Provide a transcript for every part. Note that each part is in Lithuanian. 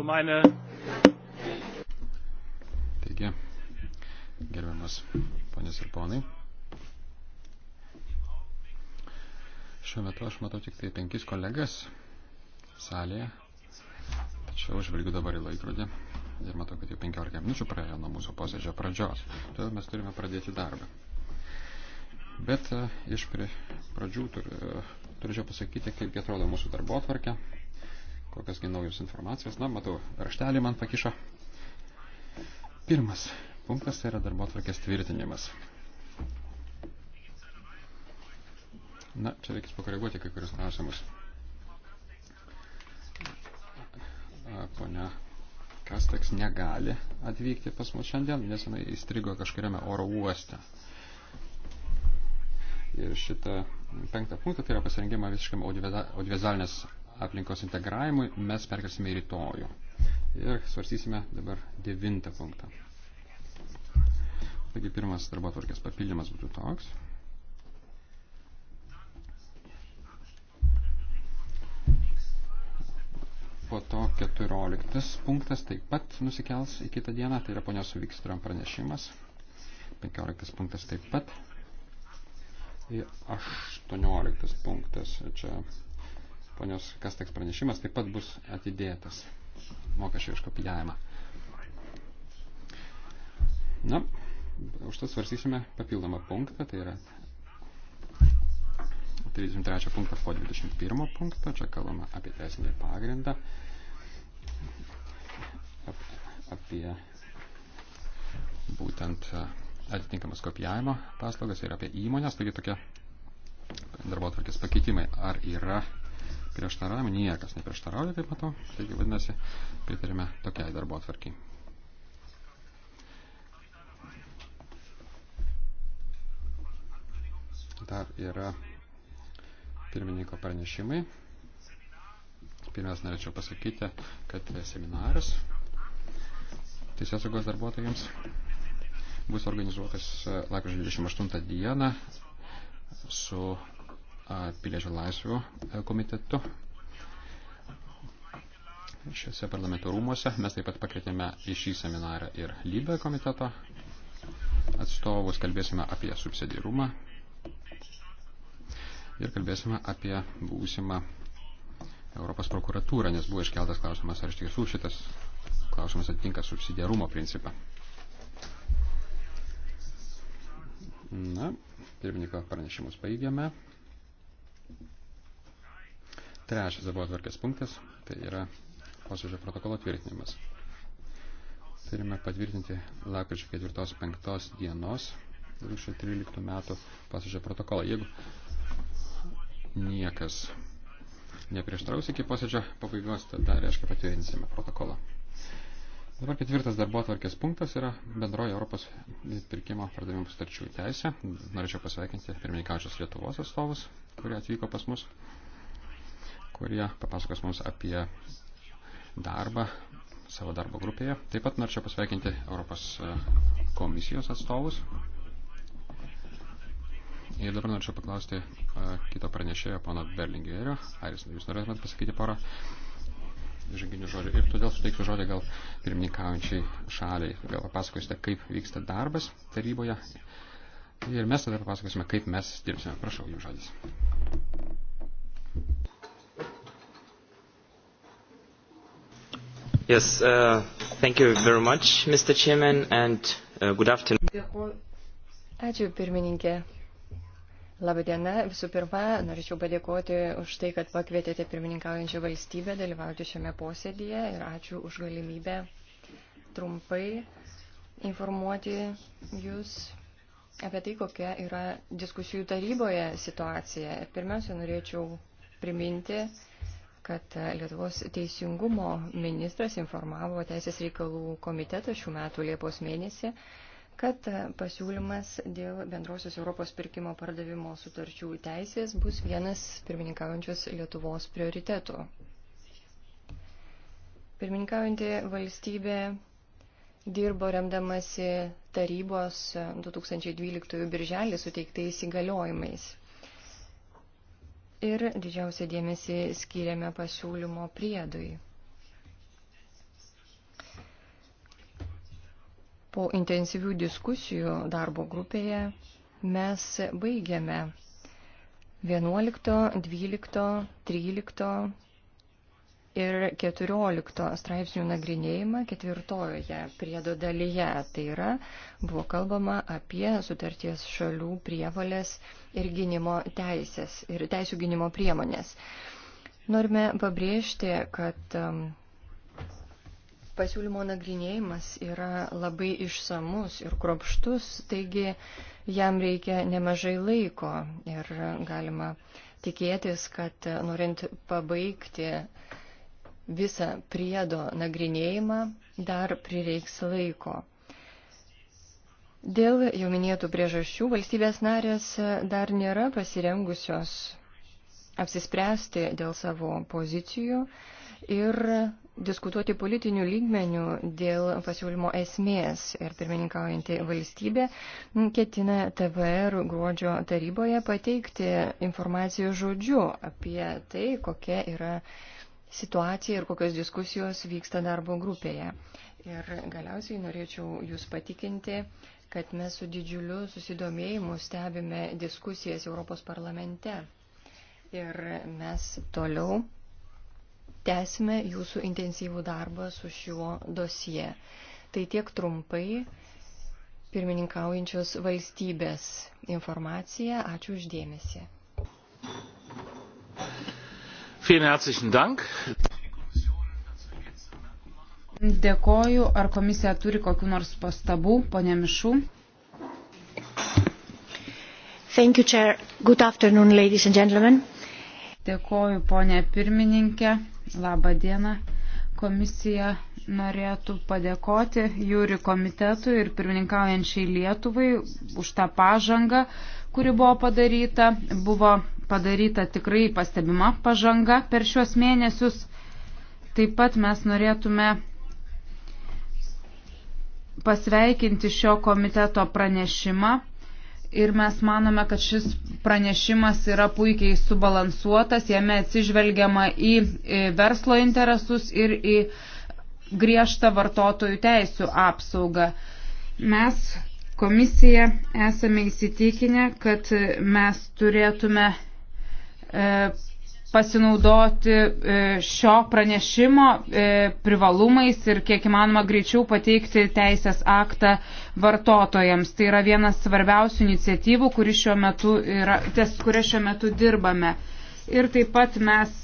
Also meine Taigi, gerbiamas ponės ir ponai. Šiuo metu aš matau tik tai penkis kolegas salėje. Tačiau žvelgiu dabar į laikrodį ir matau, kad jau 15 minučių praėjo nuo mūsų posėdžio pradžios. Todėl mes turime pradėti darbą. Bet e, iš pradžių tur, e, turėčiau pasakyti, kaip atrodo mūsų darbo atvarkė kokiasgi naujos informacijos. Na, matau, raštelį man pakišo. Pirmas punktas tai yra darbo atvarkės tvirtinimas. Na, čia reikės pakoreguoti kai kurius klausimus. Pone Kasteks negali atvykti pas mus šiandien, nes jinai įstrigo kažkuriame oro uoste. Ir šitą penktą punktą, tai yra pasirengimą visiškam audiovizualinės aplinkos integravimui mes perkelsime į rytojų. Ir svarstysime dabar devintą punktą. Taigi pirmas darbo tvarkės papildymas būtų toks. Po to 14 punktas taip pat nusikels į kitą dieną, tai yra ponios Vikstrom pranešimas. 15 punktas taip pat. Ir 18 punktas čia ponios Kasteks pranešimas taip pat bus atidėtas mokesčio iškopijavimą. Na, už tai svarstysime papildomą punktą, tai yra 33 punktas po 21 punkto, čia kalbama apie teisinį pagrindą, ap, apie būtent atitinkamas kopijavimo paslaugas ir apie įmonės, taigi tokie darbotvarkės pakeitimai. Ar yra prieštaravimų, niekas neprieštarauja, taip matau. Taigi, vadinasi, pritarėme tokiai darbo atvarkiai. Dar yra pirmininko pranešimai. Pirmiausia, norėčiau pasakyti, kad seminaras teisėsaugos darbuotojams bus organizuotas e, lakryčio 28 dieną su piliečių laisvių komitetu. Šiuose parlamento rūmose mes taip pat pakvietėme į šį seminarą ir lybę komiteto atstovus, kalbėsime apie subsidirumą ir kalbėsime apie būsimą Europos prokuratūrą, nes buvo iškeltas klausimas, ar iš tiesų šitas klausimas atitinka subsidiarumo principą. Na, pirmininko pranešimus baigiame. Trečias darbo atvarkės punktas - tai yra posėdžio protokolo tvirtinimas. Turime patvirtinti lapkričio 4-5 dienos 2013 metų posėdžio protokolą. Jeigu niekas neprieštraus iki posėdžio pabaigos, tada reiškia patvirtinsime protokolą. Dabar ketvirtas darbo atvarkės punktas yra bendroji Europos pirkimo pardavimų sutarčių teisė. Norėčiau pasveikinti pirmininkaučios Lietuvos atstovus, kurie atvyko pas mus kurie papasakos mums apie darbą savo darbo grupėje. Taip pat norėčiau pasveikinti Europos e, komisijos atstovus. Ir dabar norėčiau paklausti e, kito pranešėjo, pono Berlingerio. Aris, jūs norėtumėt pasakyti porą žinginių žodžių. Ir todėl suteiksiu žodį gal pirmininkaujančiai šaliai. Gal papasakosite, kaip vyksta darbas taryboje. Ir mes tada papasakosime, kaip mes dirbsime. Prašau, jums žodis. Yes, uh, thank you very much, Mr. Chairman, and uh, good afternoon. Ačiū, pirmininkė. Labą dieną. Visų pirma, norėčiau padėkoti už tai, kad pakvietėte pirmininkaujančią valstybę dalyvauti šiame posėdėje ir ačiū už galimybę trumpai informuoti Jūs apie tai, kokia yra diskusijų taryboje situacija. Pirmiausia, norėčiau priminti, kad Lietuvos teisingumo ministras informavo Teisės reikalų komitetą šių metų Liepos mėnesį, kad pasiūlymas dėl bendrosios Europos pirkimo pardavimo sutarčių teisės bus vienas pirmininkaujančios Lietuvos prioritetų. Pirmininkaujanti valstybė dirbo remdamasi tarybos 2012 birželį suteiktais įgaliojimais ir didžiausią dėmesį skiriame pasiūlymo priedui. Po intensyvių diskusijų darbo grupėje mes baigiame 11, 12, 13 ir 14 straipsnių nagrinėjimą ketvirtojoje priedo dalyje. Tai yra, buvo kalbama apie sutarties šalių prievalės ir gynimo teisės ir teisų gynimo priemonės. Norime pabrėžti, kad um, pasiūlymo nagrinėjimas yra labai išsamus ir kropštus, taigi jam reikia nemažai laiko ir galima tikėtis, kad norint pabaigti uh, visą priedo nagrinėjimą dar prireiks laiko. Dėl jau minėtų priežasčių valstybės narės dar nėra pasirengusios apsispręsti dėl savo pozicijų ir diskutuoti politinių lygmenių dėl pasiūlymo esmės ir pirmininkaujanti valstybė ketina TVR gruodžio taryboje pateikti informaciją žodžiu apie tai, kokia yra situacija ir kokios diskusijos vyksta darbo grupėje. Ir galiausiai norėčiau Jūs patikinti, kad mes su didžiuliu susidomėjimu stebime diskusijas Europos parlamente. Ir mes toliau tęsime Jūsų intensyvų darbą su šiuo dosie. Tai tiek trumpai pirmininkaujančios valstybės informacija. Ačiū uždėmesi. Vielen herzlichen Dank. Dėkoju. Ar komisija turi kokiu nors pastabų, ponė Mišų? Thank you, Chair. Good afternoon, ladies and gentlemen. Dėkoju, ponė pirmininkė. Labą dieną. Komisija norėtų padėkoti jūri komitetui ir pirmininkaujančiai Lietuvai už tą pažangą, kuri buvo padaryta. Buvo padaryta tikrai pastebima pažanga per šiuos mėnesius. Taip pat mes norėtume pasveikinti šio komiteto pranešimą ir mes manome, kad šis pranešimas yra puikiai subalansuotas, jame atsižvelgiama į verslo interesus ir į griežtą vartotojų teisų apsaugą. Mes komisija esame įsitikinę, kad mes turėtume e, pasinaudoti e, šio pranešimo e, privalumais ir kiek įmanoma greičiau pateikti teisės aktą vartotojams. Tai yra vienas svarbiausių iniciatyvų, kuri šiuo metu yra, ties kuria šiuo metu dirbame. Ir taip pat mes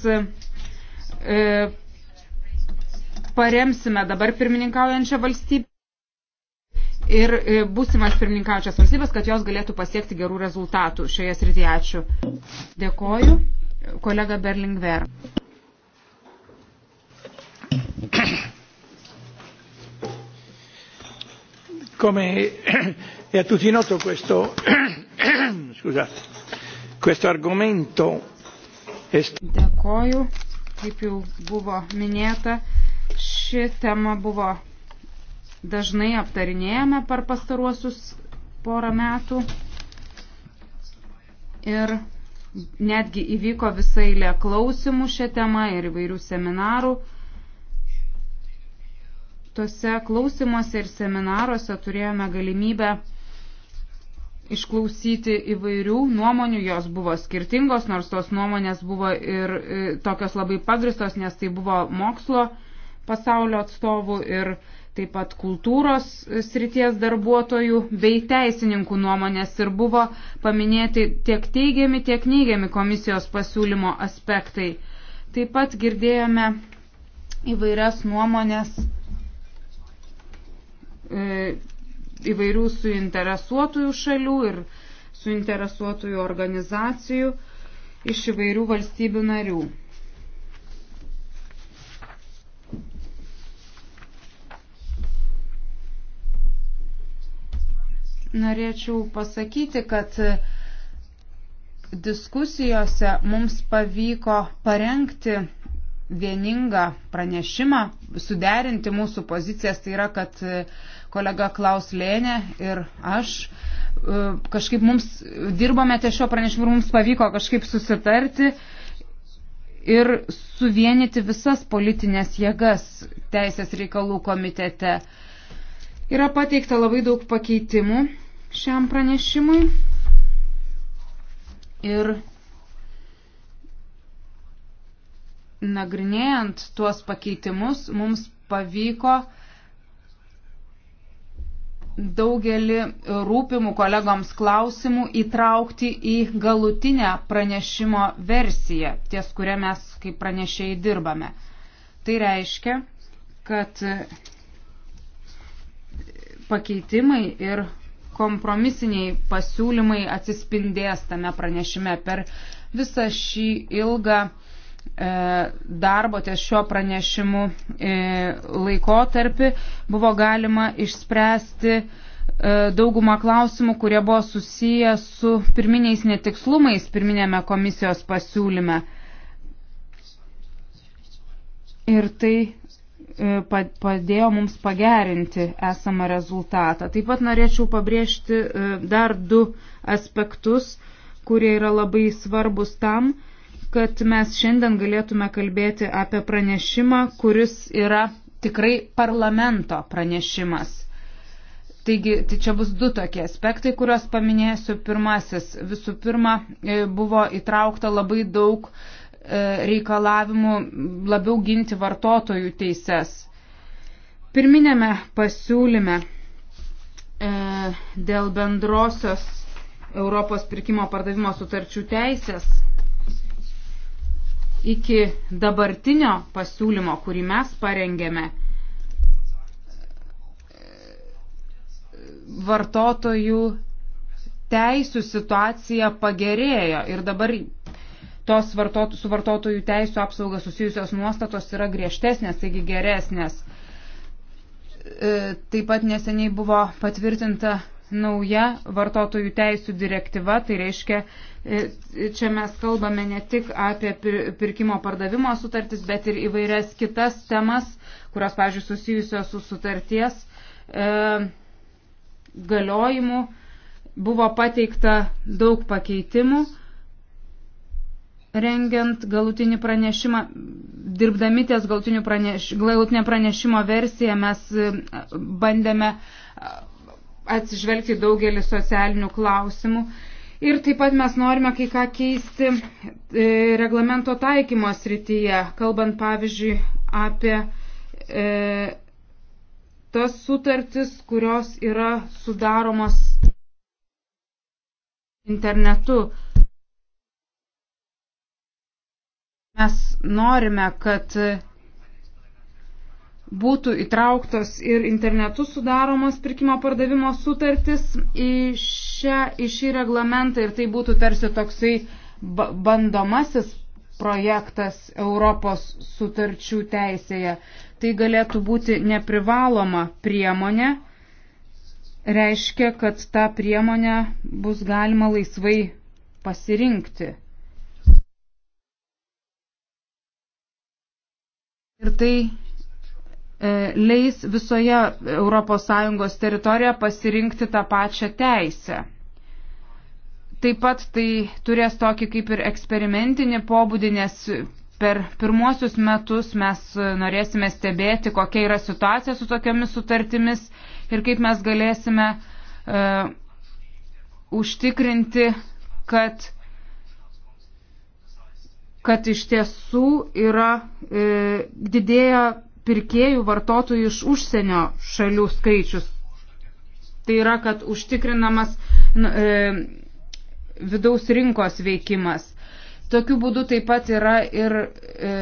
paremsime dabar pirmininkaujančią valstybę ir e, būsimas pirmininkaujančias valstybės, kad jos galėtų pasiekti gerų rezultatų šioje srityje. Ačiū. Dėkoju. Kolega Berlingver. Come è a tutti noto questo, scusate, questo argomento è... Dėkoju, kaip jau buvo minėta, Ši tema buvo dažnai aptarinėjama per pastaruosius porą metų ir netgi įvyko visai lė klausimų šią temą ir įvairių seminarų. Tose klausimuose ir seminaruose turėjome galimybę išklausyti įvairių nuomonių, jos buvo skirtingos, nors tos nuomonės buvo ir e, tokios labai pagristos, nes tai buvo mokslo pasaulio atstovų ir taip pat kultūros srities darbuotojų bei teisininkų nuomonės ir buvo paminėti tiek teigiami, tiek neigiami komisijos pasiūlymo aspektai. Taip pat girdėjome įvairias nuomonės e, įvairių suinteresuotųjų šalių ir suinteresuotųjų organizacijų iš įvairių valstybių narių. norėčiau pasakyti, kad diskusijose mums pavyko parengti vieningą pranešimą, suderinti mūsų pozicijas, tai yra, kad kolega Klaus Lėnė ir aš e, kažkaip mums dirbome ties šio pranešimu ir mums pavyko kažkaip susitarti ir suvienyti visas politinės jėgas Teisės reikalų komitete. Yra pateikta labai daug pakeitimų šiam pranešimui. Ir nagrinėjant tuos pakeitimus, mums pavyko daugelį rūpimų kolegoms klausimų įtraukti į galutinę pranešimo versiją, ties kurią mes kaip pranešėjai dirbame. Tai reiškia, kad pakeitimai ir kompromisiniai pasiūlymai atsispindės tame pranešime per visą šį ilgą e, darbo ties šio pranešimu e, laikotarpį buvo galima išspręsti e, daugumą klausimų, kurie buvo susiję su pirminiais netikslumais pirminėme komisijos pasiūlyme. Ir tai E, padėjo mums pagerinti esamą rezultatą. Taip pat norėčiau pabrėžti e, dar du aspektus, kurie yra labai svarbus tam, kad mes šiandien galėtume kalbėti apie pranešimą, kuris yra tikrai parlamento pranešimas. Taigi, tai čia bus du tokie aspektai, kuriuos paminėsiu. Pirmasis, visų pirma, e, buvo įtraukta labai daug e, E, reikalavimu labiau ginti vartotojų teises. Pirminėme pasiūlyme e, dėl bendrosios Europos pirkimo pardavimo sutarčių teisės iki dabartinio pasiūlymo, kurį mes parengėme, vartotojų teisų situacija pagerėjo ir dabar tos vartot, su vartotojų teisų apsauga susijusios nuostatos yra griežtesnės, taigi geresnės. E, taip pat neseniai buvo patvirtinta nauja vartotojų teisų direktyva, tai reiškia, e, čia mes kalbame ne tik apie pirkimo pardavimo sutartis, bet ir įvairias kitas temas, kurios, pavyzdžiui, susijusios su sutarties e, galiojimu. Buvo pateikta daug pakeitimų rengiant galutinį pranešimą, dirbdami ties galutinio praneš, pranešimo versiją mes e, bandėme atsižvelgti daugelį socialinių klausimų. Ir taip pat mes norime kai ką keisti e, reglamento taikymo srityje, kalbant pavyzdžiui apie e, tas sutartis, kurios yra sudaromos internetu. E, Mes norime, kad būtų įtrauktos ir internetu sudaromos pirkimo pardavimo sutartis į, šią, į šį reglamentą ir tai būtų tarsi toksai bandomasis projektas Europos sutarčių teisėje. Tai galėtų būti neprivaloma priemonė, reiškia, kad tą priemonę bus galima laisvai pasirinkti. Ir tai e, leis visoje ES teritorijoje pasirinkti tą pačią teisę. Taip pat tai turės tokį kaip ir eksperimentinį pobūdį, nes per pirmuosius metus mes norėsime stebėti, kokia yra situacija su tokiamis sutartimis ir kaip mes galėsime uh, užtikrinti, kad kad iš tiesų yra e, didėja pirkėjų vartotojų iš užsienio šalių skaičius. Tai yra, kad užtikrinamas e, vidaus rinkos veikimas. Tokiu būdu taip pat yra ir e,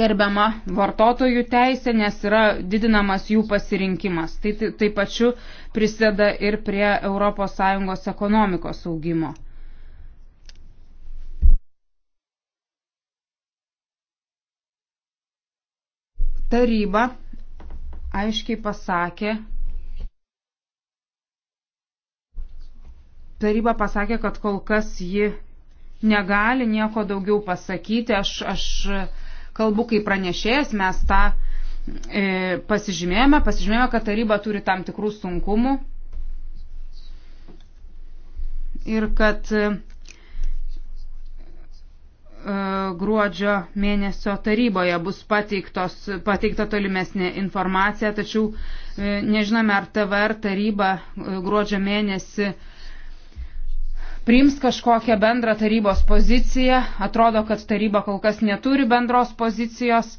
gerbiama vartotojų teisė, nes yra didinamas jų pasirinkimas. Tai taip pačiu prisėda ir prie ES ekonomikos augimo. Taryba aiškiai pasakė, taryba pasakė, kad kol kas ji negali nieko daugiau pasakyti. Aš, aš kalbu kaip pranešėjas, mes tą e, pasižymėjome, pasižymėjome, kad taryba turi tam tikrų sunkumų ir kad e, E, gruodžio mėnesio taryboje bus pateiktos, pateikta tolimesnė informacija, tačiau e, nežinome, ar TVR taryba e, gruodžio mėnesį priims kažkokią bendrą tarybos poziciją. Atrodo, kad taryba kol kas neturi bendros pozicijos.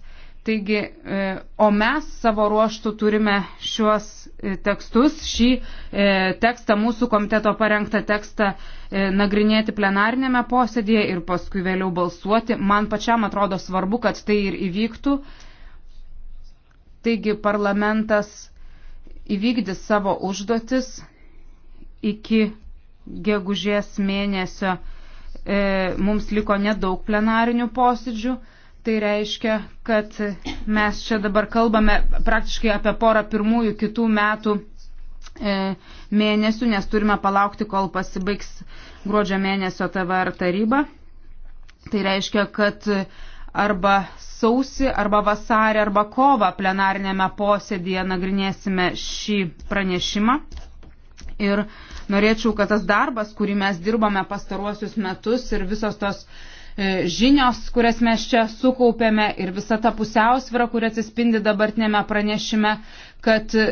Taigi, e, o mes savo ruoštų turime šiuos e, tekstus, šį e, tekstą, mūsų komiteto parengtą tekstą nagrinėti plenarinėme posėdėje ir paskui vėliau balsuoti. Man pačiam atrodo svarbu, kad tai ir įvyktų. Taigi parlamentas įvykdys savo užduotis iki gegužės mėnesio. Mums liko nedaug plenarinių posėdžių. Tai reiškia, kad mes čia dabar kalbame praktiškai apie porą pirmųjų kitų metų e, mėnesių, nes turime palaukti, kol pasibaigs gruodžio mėnesio TVR taryba. Tai reiškia, kad arba sausi, arba vasarį, arba kovą plenarinėme posėdėje nagrinėsime šį pranešimą. Ir norėčiau, kad tas darbas, kurį mes dirbame pastaruosius metus ir visos tos uh, E, žinios, kurias mes čia sukaupėme ir visa ta pusiausvira, kuri atsispindi dabartinėme pranešime, kad e,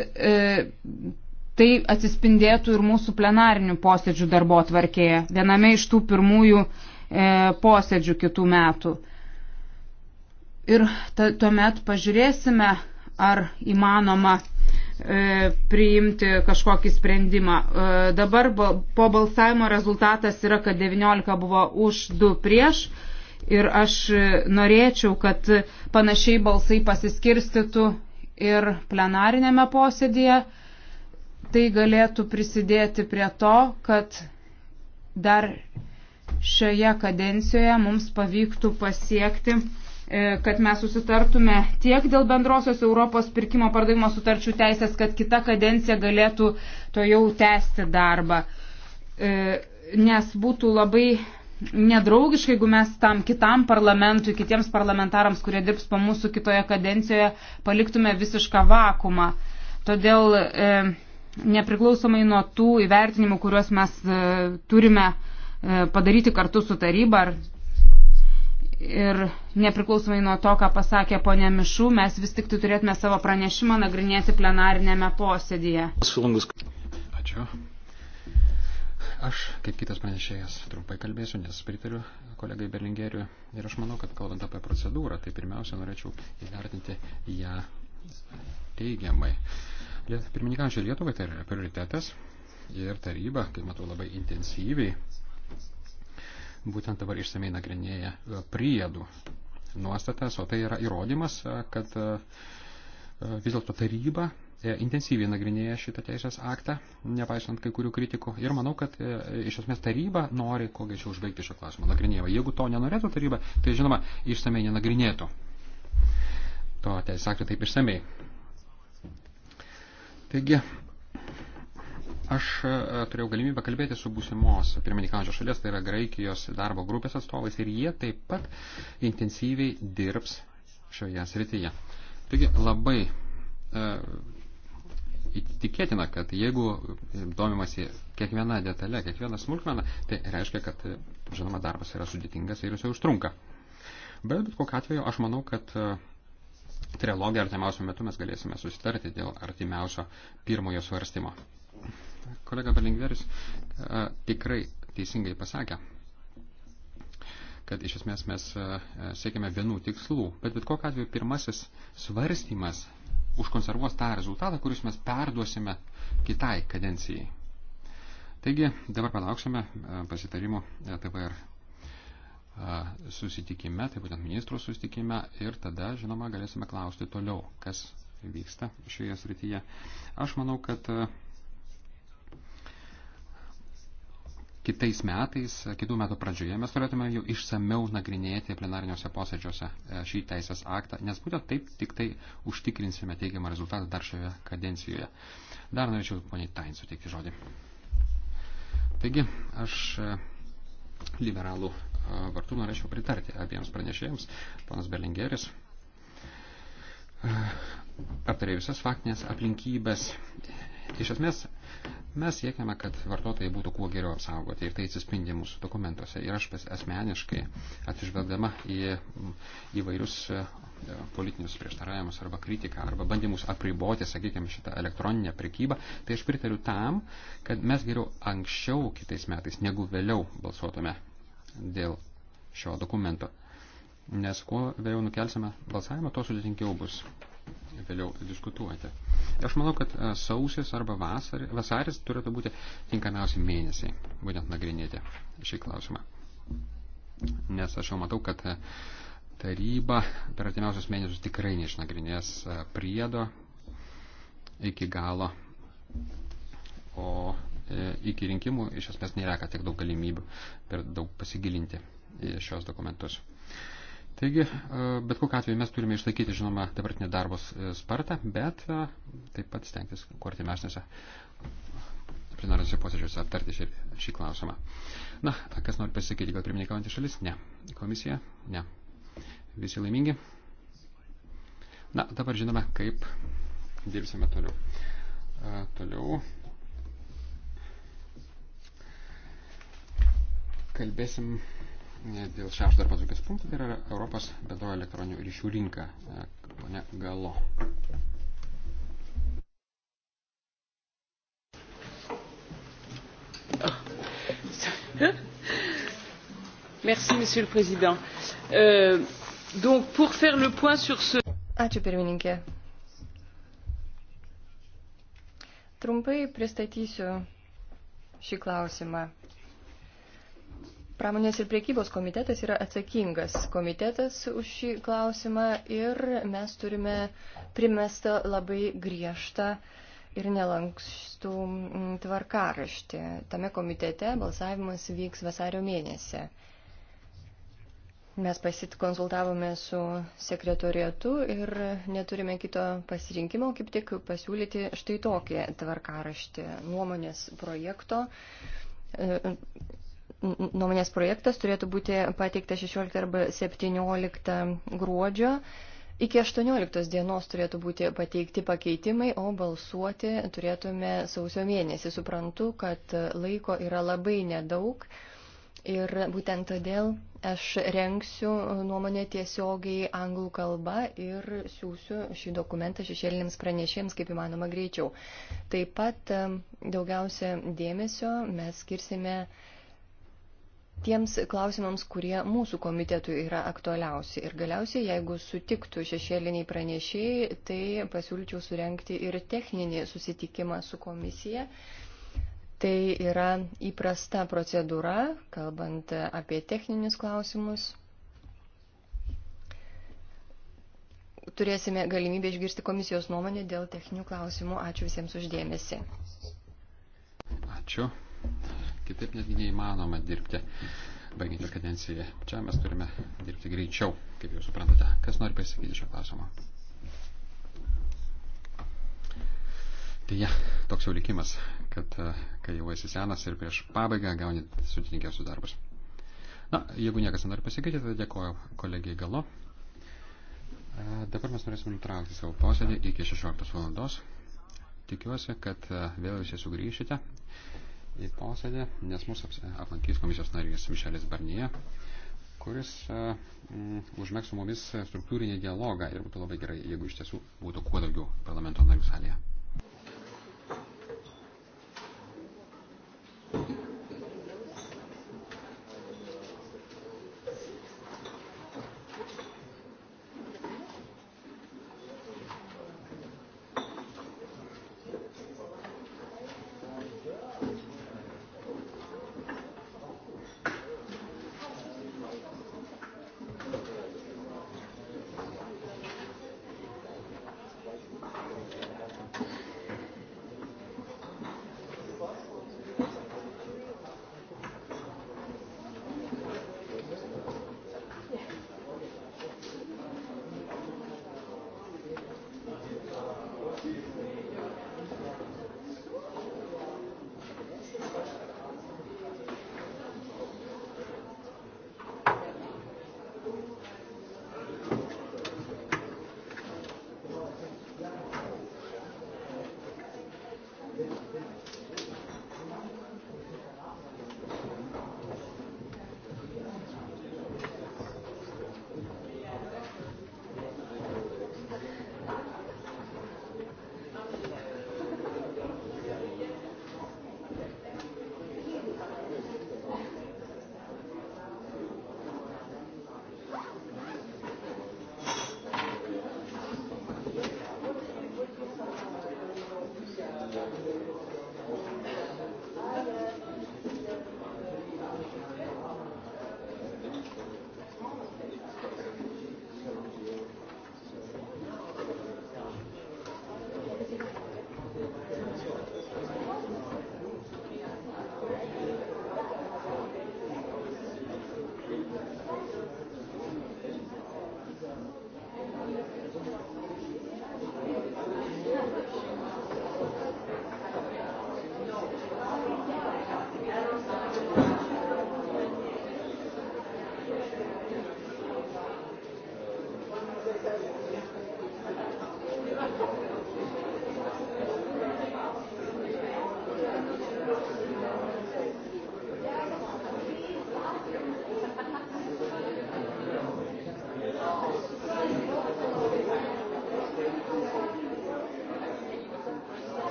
tai atsispindėtų ir mūsų plenarinių posėdžių darbo tvarkėje, viename iš tų pirmųjų e, posėdžių kitų metų. Ir tuomet pažiūrėsime, ar įmanoma E, priimti kažkokį sprendimą. E, dabar po balsavimo rezultatas yra, kad 19 buvo už, 2 prieš. Ir aš norėčiau, kad panašiai balsai pasiskirstytų ir plenarinėme posėdėje. Tai galėtų prisidėti prie to, kad dar šioje kadencijoje mums pavyktų pasiekti E, kad mes susitartume tiek dėl bendrosios Europos pirkimo pardavimo sutarčių teisės, kad kita kadencija galėtų to jau tęsti darbą. E, nes būtų labai nedraugiškai, jeigu mes tam kitam parlamentui, kitiems parlamentarams, kurie dirbs po mūsų kitoje kadencijoje, paliktume visišką vakumą. Todėl e, nepriklausomai nuo tų įvertinimų, kuriuos mes e, turime e, padaryti kartu su taryba ar ir nepriklausomai nuo to, ką pasakė ponė Mišų, mes vis tik turėtume savo pranešimą nagrinėti plenarinėme posėdėje. Ačiū. Aš, kaip kitas pranešėjas, trumpai kalbėsiu, nes pritariu kolegai Berlingeriu ir aš manau, kad kalbant apie procedūrą, tai pirmiausia norėčiau įvertinti ją teigiamai. Pirmininkančio Lietuvai tai yra prioritetas ir taryba, kaip matau, labai intensyviai būtent dabar išsamei nagrinėja e, priedų nuostatas, o tai yra įrodymas, e, kad e, vis dėlto taryba intensyviai nagrinėja šitą teisės aktą, nepaisant kai kurių kritikų. Ir manau, kad iš esmės taryba nori kuo greičiau užbaigti šio klausimo nagrinėjimą. Jeigu to nenorėtų taryba, tai žinoma, išsamei nenagrinėtų. To teisės akto taip išsamei. Taigi, Aš e, turėjau galimybę kalbėti su būsimos pirmininkančios šalies, tai yra Graikijos darbo grupės atstovais ir jie taip pat intensyviai dirbs šioje srityje. Taigi labai e, tikėtina, kad jeigu domimasi kiekviena detalė, kiekviena smulkmena, tai reiškia, kad, e, žinoma, darbas yra sudėtingas ir jisai užtrunka. Bet bet kokiu atveju aš manau, kad e, trilogija artimiausio metu mes galėsime susitarti dėl artimiausio pirmojo svarstymo kolega Berlingveris tikrai teisingai pasakė, kad iš esmės mes siekiame vienų tikslų, bet bet kokiu atveju pirmasis svarstymas užkonservuos tą rezultatą, kuris mes perduosime kitai kadencijai. Taigi dabar palauksime pasitarimų TVR susitikime, tai būtent ministro susitikime ir tada, žinoma, galėsime klausti toliau, kas vyksta šioje srityje. Aš manau, kad kitais metais, kitų metų pradžioje mes turėtume jau išsameu nagrinėti plenariniuose posėdžiuose e, šį teisės aktą, nes būtent taip tik tai užtikrinsime teigiamą rezultatą dar šioje kadencijoje. Dar norėčiau poniai Tain suteikti žodį. Taigi, aš e, liberalų e, vartų norėčiau pritarti abiems pranešėjams, panas Berlingeris. Aptarė visas faktinės aplinkybės Iš esmės, mes siekiame, kad vartotojai būtų kuo geriau apsaugoti ir tai atsispindi mūsų dokumentuose. Ir aš asmeniškai, atsižvelgdama į mm, įvairius e, politinius prieštaravimus arba kritiką arba bandymus apriboti, sakykime, šitą elektroninę prekybą, tai aš pritariu tam, kad mes geriau anksčiau kitais metais negu vėliau balsuotume dėl šio dokumento. Nes kuo vėliau nukelsime balsavimą, to sudėtingiau bus vėliau diskutuoti. Aš manau, kad e, sausis arba vasar, vasaris turėtų būti tinkamiausi mėnesiai, būtent nagrinėti šį klausimą. Nes aš jau matau, kad e, taryba per artimiausius mėnesius tikrai neišnagrinės e, priedo iki galo, o iki rinkimų iš esmės nėra tiek daug galimybių per daug pasigilinti į šios dokumentus. Taigi, e, bet kokiu atveju mes turime išlaikyti, žinoma, dabartinę darbos e, spartą, bet e, taip pat stengtis kuo artimesnėse plenariniuose posėdžiuose aptarti šį, šį klausimą. Na, kas nori pasakyti, gal pirmininkaujantį šalis? Ne. Komisija? Ne. Visi laimingi? Na, dabar žinome, kaip dirbsime toliau. A, toliau. Kalbėsim dėl šešto darbo tokios punktų, tai yra Europos bendrojo elektroninių ryšių rinka, e, ponia Galo. Merci, monsieur le président. Euh, donc, pour faire le point sur ce... Ačiū, pirmininkė. Trumpai pristatysiu šį klausimą. Pramonės ir priekybos komitetas yra atsakingas komitetas už šį klausimą ir mes turime primestą labai griežtą ir nelankstų tvarkaraštį. Tame komitete balsavimas vyks vasario mėnesį. Mes pasitkonsultavome su sekretorietu ir neturime kito pasirinkimo, kaip tik pasiūlyti štai tokį tvarkaraštį nuomonės projekto e, nuomonės projektas turėtų būti pateiktas 16 arba 17 gruodžio. Iki 18 dienos turėtų būti pateikti pakeitimai, o balsuoti turėtume sausio mėnesį. Suprantu, kad laiko yra labai nedaug ir būtent todėl aš renksiu nuomonę tiesiogiai anglų kalba ir siūsiu šį dokumentą šešėlinėms pranešėjams kaip įmanoma greičiau. Taip pat daugiausia dėmesio mes skirsime uh, tiems klausimams, kurie mūsų komitetui yra aktualiausi. Ir galiausiai, jeigu sutiktų šešėliniai pranešėjai, tai pasiūlyčiau surenkti ir techninį susitikimą su komisija. Tai yra įprasta procedūra, kalbant apie techninius klausimus. Turėsime galimybę išgirsti komisijos nuomonę dėl techninių klausimų. Ačiū visiems uždėmesi. Ačiū. Kitaip netgi neįmanoma dirbti, baigiantis kadenciją. Čia mes turime dirbti greičiau, kaip jūs suprantate. Kas nori pasakyti šio klausimo? Deja, toks jau likimas, kad e, kai jau esi senas ir prieš pabaigą gauni sudėtingiausius darbus. Na, jeigu niekas nenori pasakyti, tada dėkoju kolegijai Galo. E, dabar mes norėsime nutraukti savo posėdį iki 16 valandos. Tikiuosi, kad e, vėl visi sugrįšite į posėdį, nes mūsų aplankys komisijos narys Mišelis Barnie, kuris uh, užmėgs su mumis struktūrinį dialogą ir būtų labai gerai, jeigu iš tiesų būtų kuo daugiau parlamento narių salėje.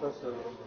tas ir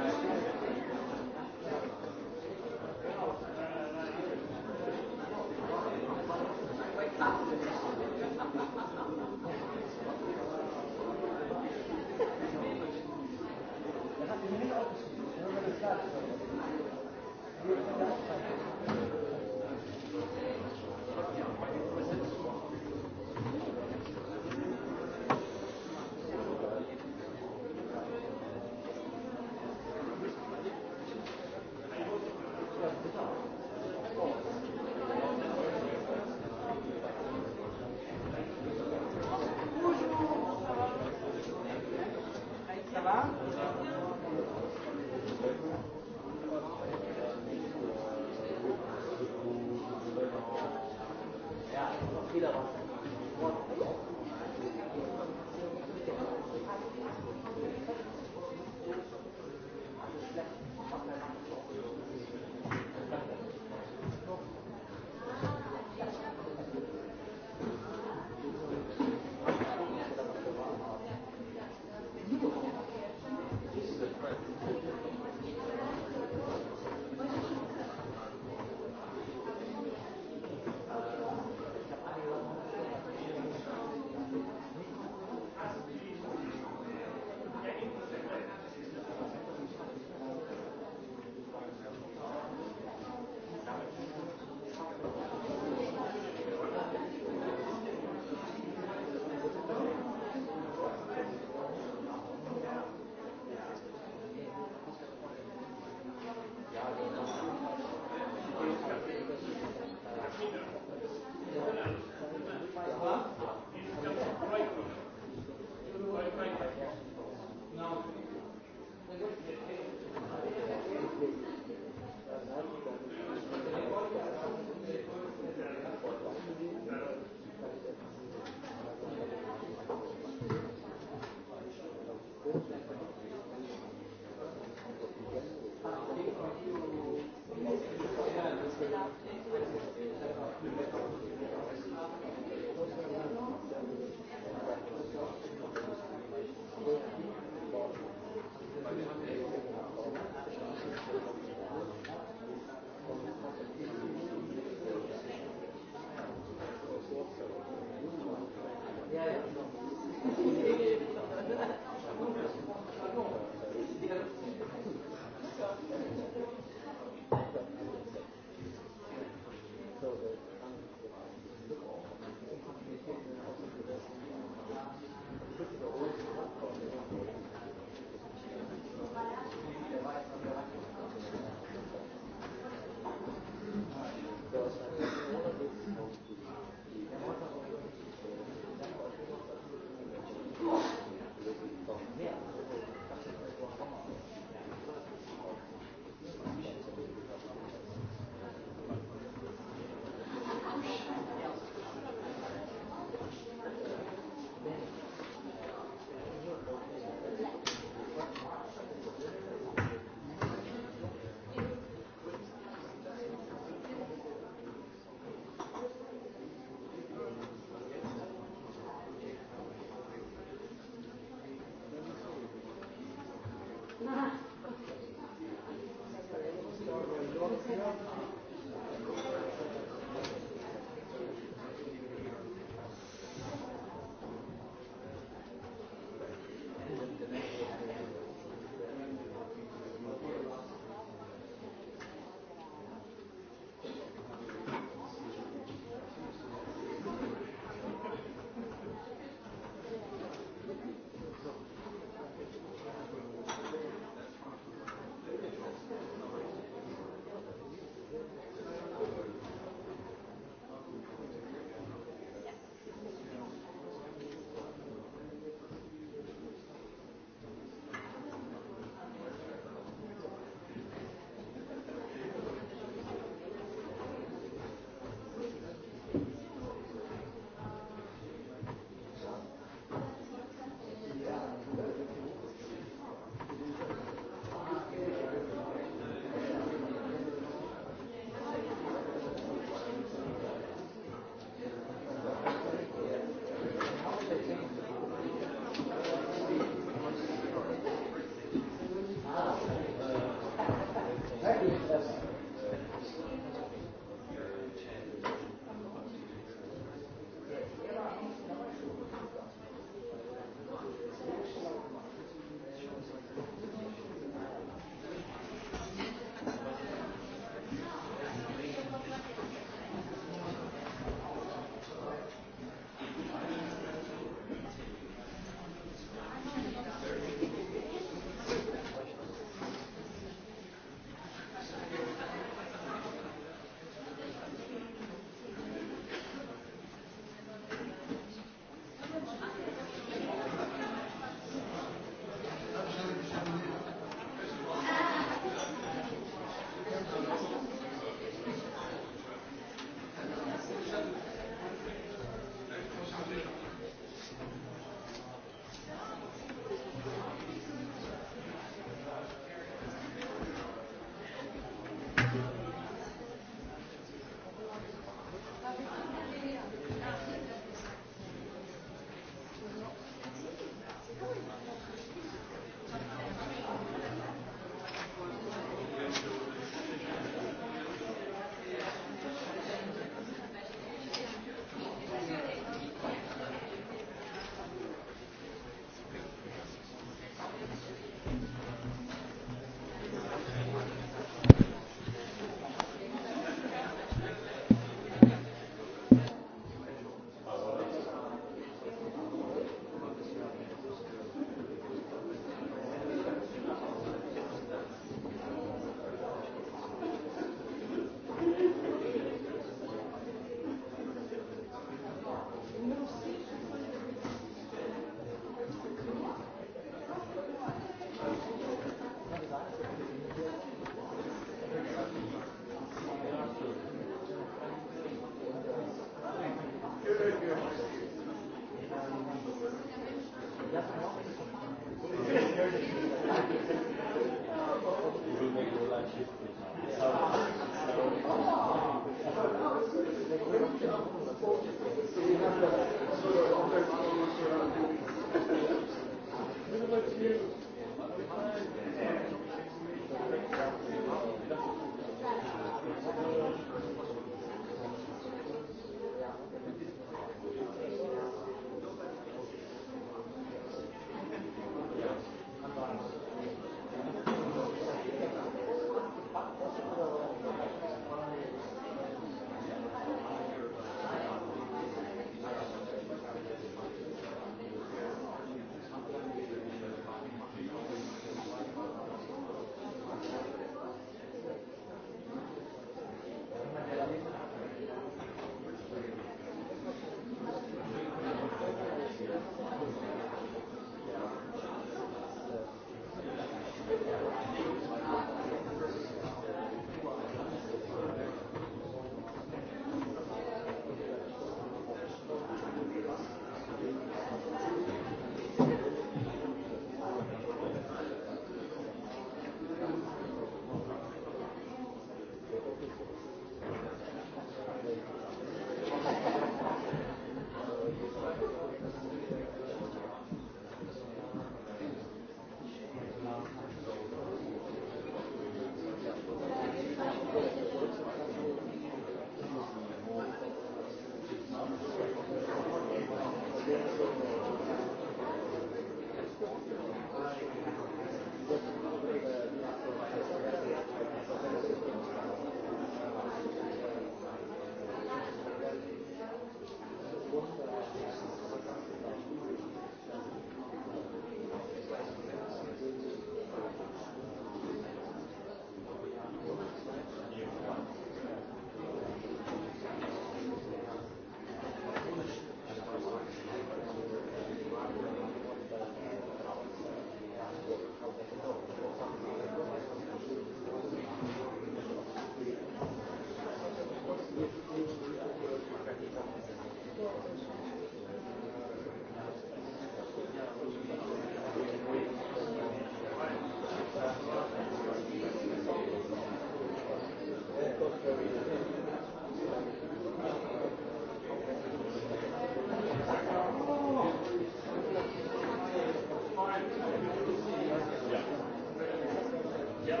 Thank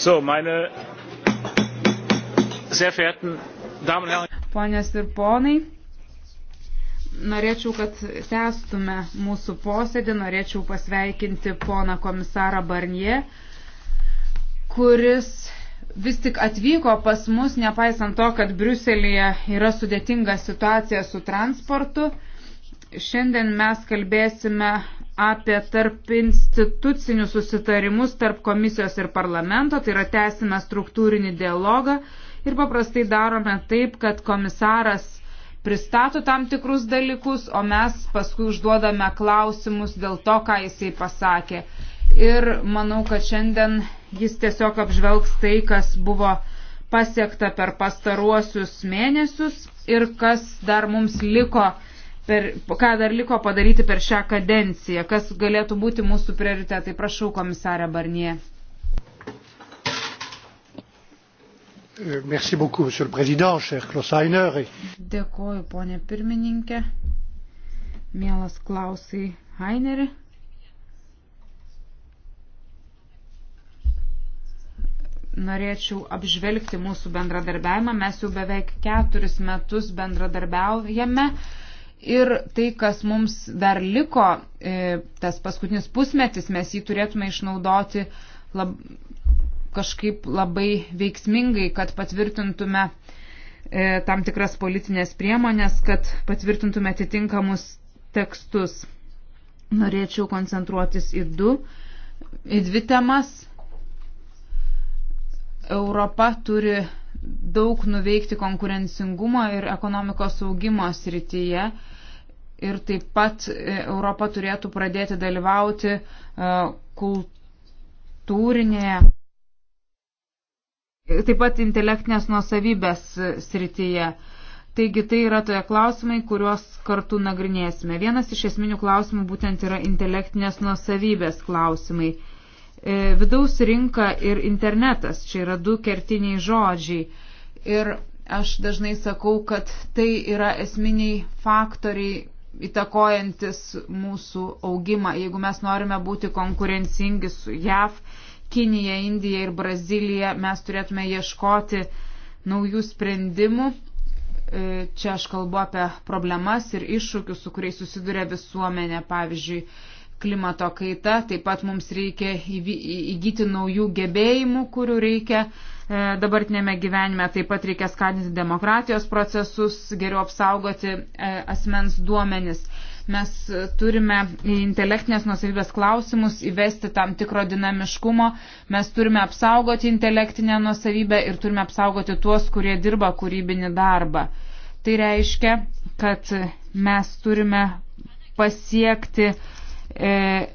So, meine sehr verehrten Damen und Herren. Ponios ir ponai, norėčiau, kad tęstume mūsų posėdį, norėčiau pasveikinti poną komisarą Barnie, kuris vis tik atvyko pas mus, nepaisant to, kad Briuselėje yra sudėtinga situacija su transportu. Šiandien mes kalbėsime apie tarp institucinius susitarimus tarp komisijos ir parlamento, tai yra tęsime struktūrinį dialogą ir paprastai darome taip, kad komisaras pristato tam tikrus dalykus, o mes paskui užduodame klausimus dėl to, ką jisai pasakė. Ir manau, kad šiandien jis tiesiog apžvelgs tai, kas buvo pasiekta per pastaruosius mėnesius ir kas dar mums liko per, ką dar liko padaryti per šią kadenciją, kas galėtų būti mūsų prioritetai. Prašau, komisarė Barnie. Euh, merci beaucoup, monsieur le président, cher Klaus Heiner. Dėkoju, ponė pirmininkė. Mielas Klausai Heineri. norėčiau apžvelgti mūsų bendradarbiavimą. Mes jau beveik keturis metus bendradarbiaujame ir tai, kas mums dar liko, e, tas paskutinis pusmetis, mes jį turėtume išnaudoti lab, kažkaip labai veiksmingai, kad patvirtintume e, tam tikras politinės priemonės, kad patvirtintume atitinkamus tekstus. Norėčiau koncentruotis į du, į dvi temas. Europa turi daug nuveikti konkurencingumo ir ekonomikos augimo srityje ir taip pat e, Europa turėtų pradėti dalyvauti e, kultūrinėje, taip pat intelektinės nuosavybės e, srityje. Taigi tai yra toje klausimai, kuriuos kartu nagrinėsime. Vienas iš esminių klausimų būtent yra intelektinės nuosavybės klausimai. Vidaus rinka ir internetas, čia yra du kertiniai žodžiai. Ir aš dažnai sakau, kad tai yra esminiai faktoriai, įtakojantis mūsų augimą. Jeigu mes norime būti konkurencingi su JAV, Kinija, Indija ir Brazilija, mes turėtume ieškoti naujų sprendimų. E, čia aš kalbu apie problemas ir iššūkius, su kuriais susiduria visuomenė, pavyzdžiui, klimato kaita, taip pat mums reikia įgyti naujų gebėjimų, kurių reikia e, dabartinėme gyvenime, taip pat reikia skatinti demokratijos procesus, geriau apsaugoti e, asmens duomenis. Mes turime į intelektinės nusavybės klausimus įvesti tam tikro dinamiškumo, mes turime apsaugoti intelektinę nusavybę ir turime apsaugoti tuos, kurie dirba kūrybinį darbą. Tai reiškia, kad mes turime pasiekti uh, e,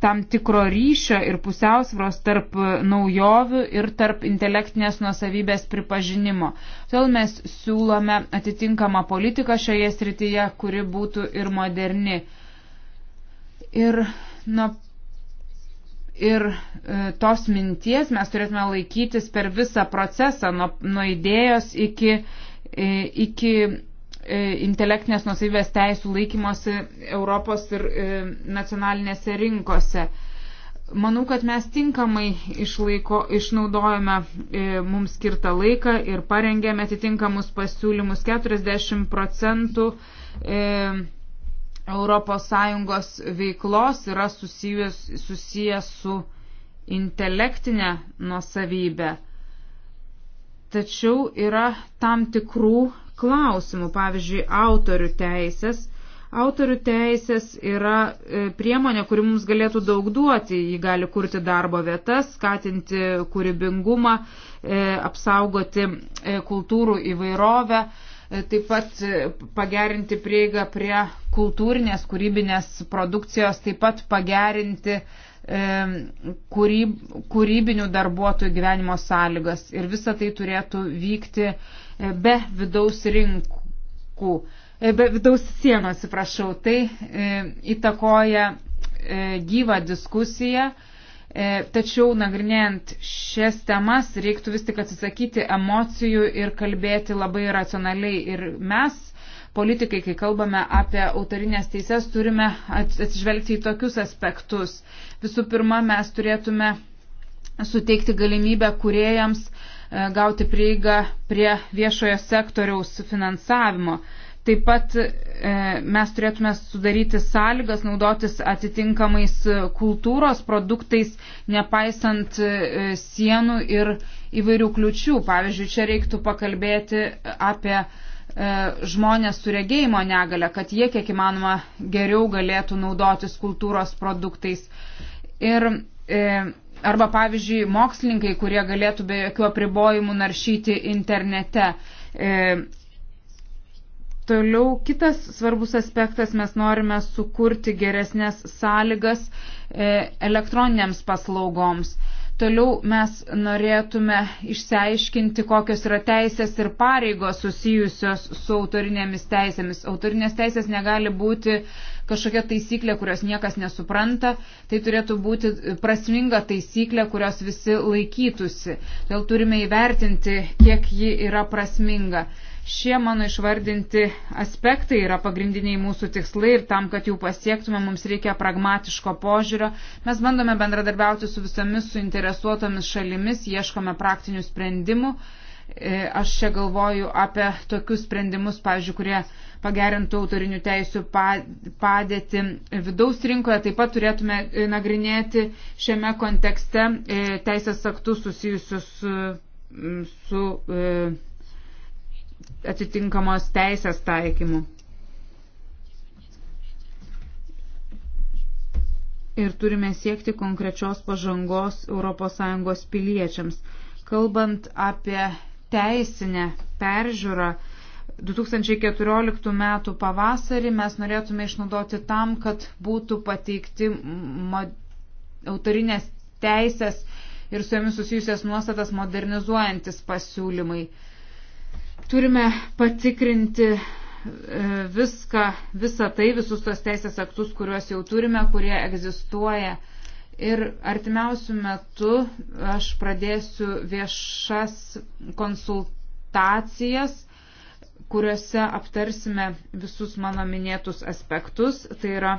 tam tikro ryšio ir pusiausvros tarp naujovių ir tarp intelektinės nuosavybės pripažinimo. Todėl mes siūlome atitinkamą politiką šioje srityje, kuri būtų ir moderni. Ir, nu, ir e, tos minties mes turėtume laikytis per visą procesą, nuo, nuo idėjos iki, e, iki E, intelektinės nusavybės teisų laikymosi Europos ir e, nacionalinėse rinkose. Manau, kad mes tinkamai išlaiko, išnaudojame e, mums skirtą laiką ir parengėme atitinkamus pasiūlymus 40 procentų. E, ES veiklos yra susijęs, susijęs su intelektinė nuosavybė. Tačiau yra tam tikrų klausimų, pavyzdžiui, autorių teisės. Autorių teisės yra e, priemonė, kuri mums galėtų daug duoti. Ji gali kurti darbo vietas, skatinti kūrybingumą, e, apsaugoti e, kultūrų įvairovę, taip pat pagerinti prieigą prie kultūrinės, kūrybinės produkcijos, taip pat pagerinti kūryb, kūrybinių darbuotojų gyvenimo sąlygas. Ir visa tai turėtų vykti E, be vidaus rinkų, e, be vidaus sienų, atsiprašau, tai e, įtakoja gyvą diskusiją. Tačiau nagrinėjant šias temas reiktų vis tik atsisakyti emocijų ir kalbėti labai racionaliai. Ir mes, politikai, kai kalbame apie autorinės teises, turime atsižvelgti į tokius aspektus. Visų pirma, mes turėtume suteikti galimybę kuriejams E, gauti prieigą prie viešojo sektoriaus finansavimo. Taip pat e, mes turėtume sudaryti sąlygas naudotis atitinkamais kultūros produktais, nepaisant e, sienų ir įvairių kliučių. Pavyzdžiui, čia reiktų pakalbėti apie žmonės su regėjimo negale, kad jie kiek įmanoma geriau galėtų naudotis kultūros produktais. Ir e, Arba, pavyzdžiui, mokslininkai, kurie galėtų be jokių apribojimų naršyti internete. E, Toliau kitas svarbus aspektas, mes norime sukurti geresnės sąlygas e, elektroniniams paslaugoms. Toliau mes norėtume išsiaiškinti, kokios yra teisės ir pareigos susijusios su autorinėmis teisėmis. Autorinės teisės negali būti kažkokia taisyklė, kurios niekas nesupranta. Tai turėtų būti prasminga taisyklė, kurios visi laikytųsi. Todėl turime įvertinti, kiek ji yra prasminga. Šie mano išvardinti aspektai yra pagrindiniai mūsų tikslai ir tam, kad jų pasiektume, mums reikia pragmatiško požiūrio. Mes bandome bendradarbiauti su visomis suinteresuotomis šalimis, ieškome praktinių sprendimų. E, aš čia galvoju apie tokius sprendimus, pavyzdžiui, kurie pagerintų autorinių teisų padėti vidaus rinkoje. Taip pat turėtume e, nagrinėti šiame kontekste e, teisės aktus susijusius su. su atitinkamos teisės taikymu. Ir turime siekti konkrečios pažangos ES piliečiams. Kalbant apie teisinę peržiūrą, 2014 m. pavasarį mes norėtume išnaudoti tam, kad būtų pateikti autorinės teisės ir su jomis susijusias nuostatas modernizuojantis pasiūlymai. Turime patikrinti e, viską, visą tai, visus tos teisės aktus, kuriuos jau turime, kurie egzistuoja. Ir artimiausių metų aš pradėsiu viešas konsultacijas, kuriuose aptarsime visus mano minėtus aspektus. Tai yra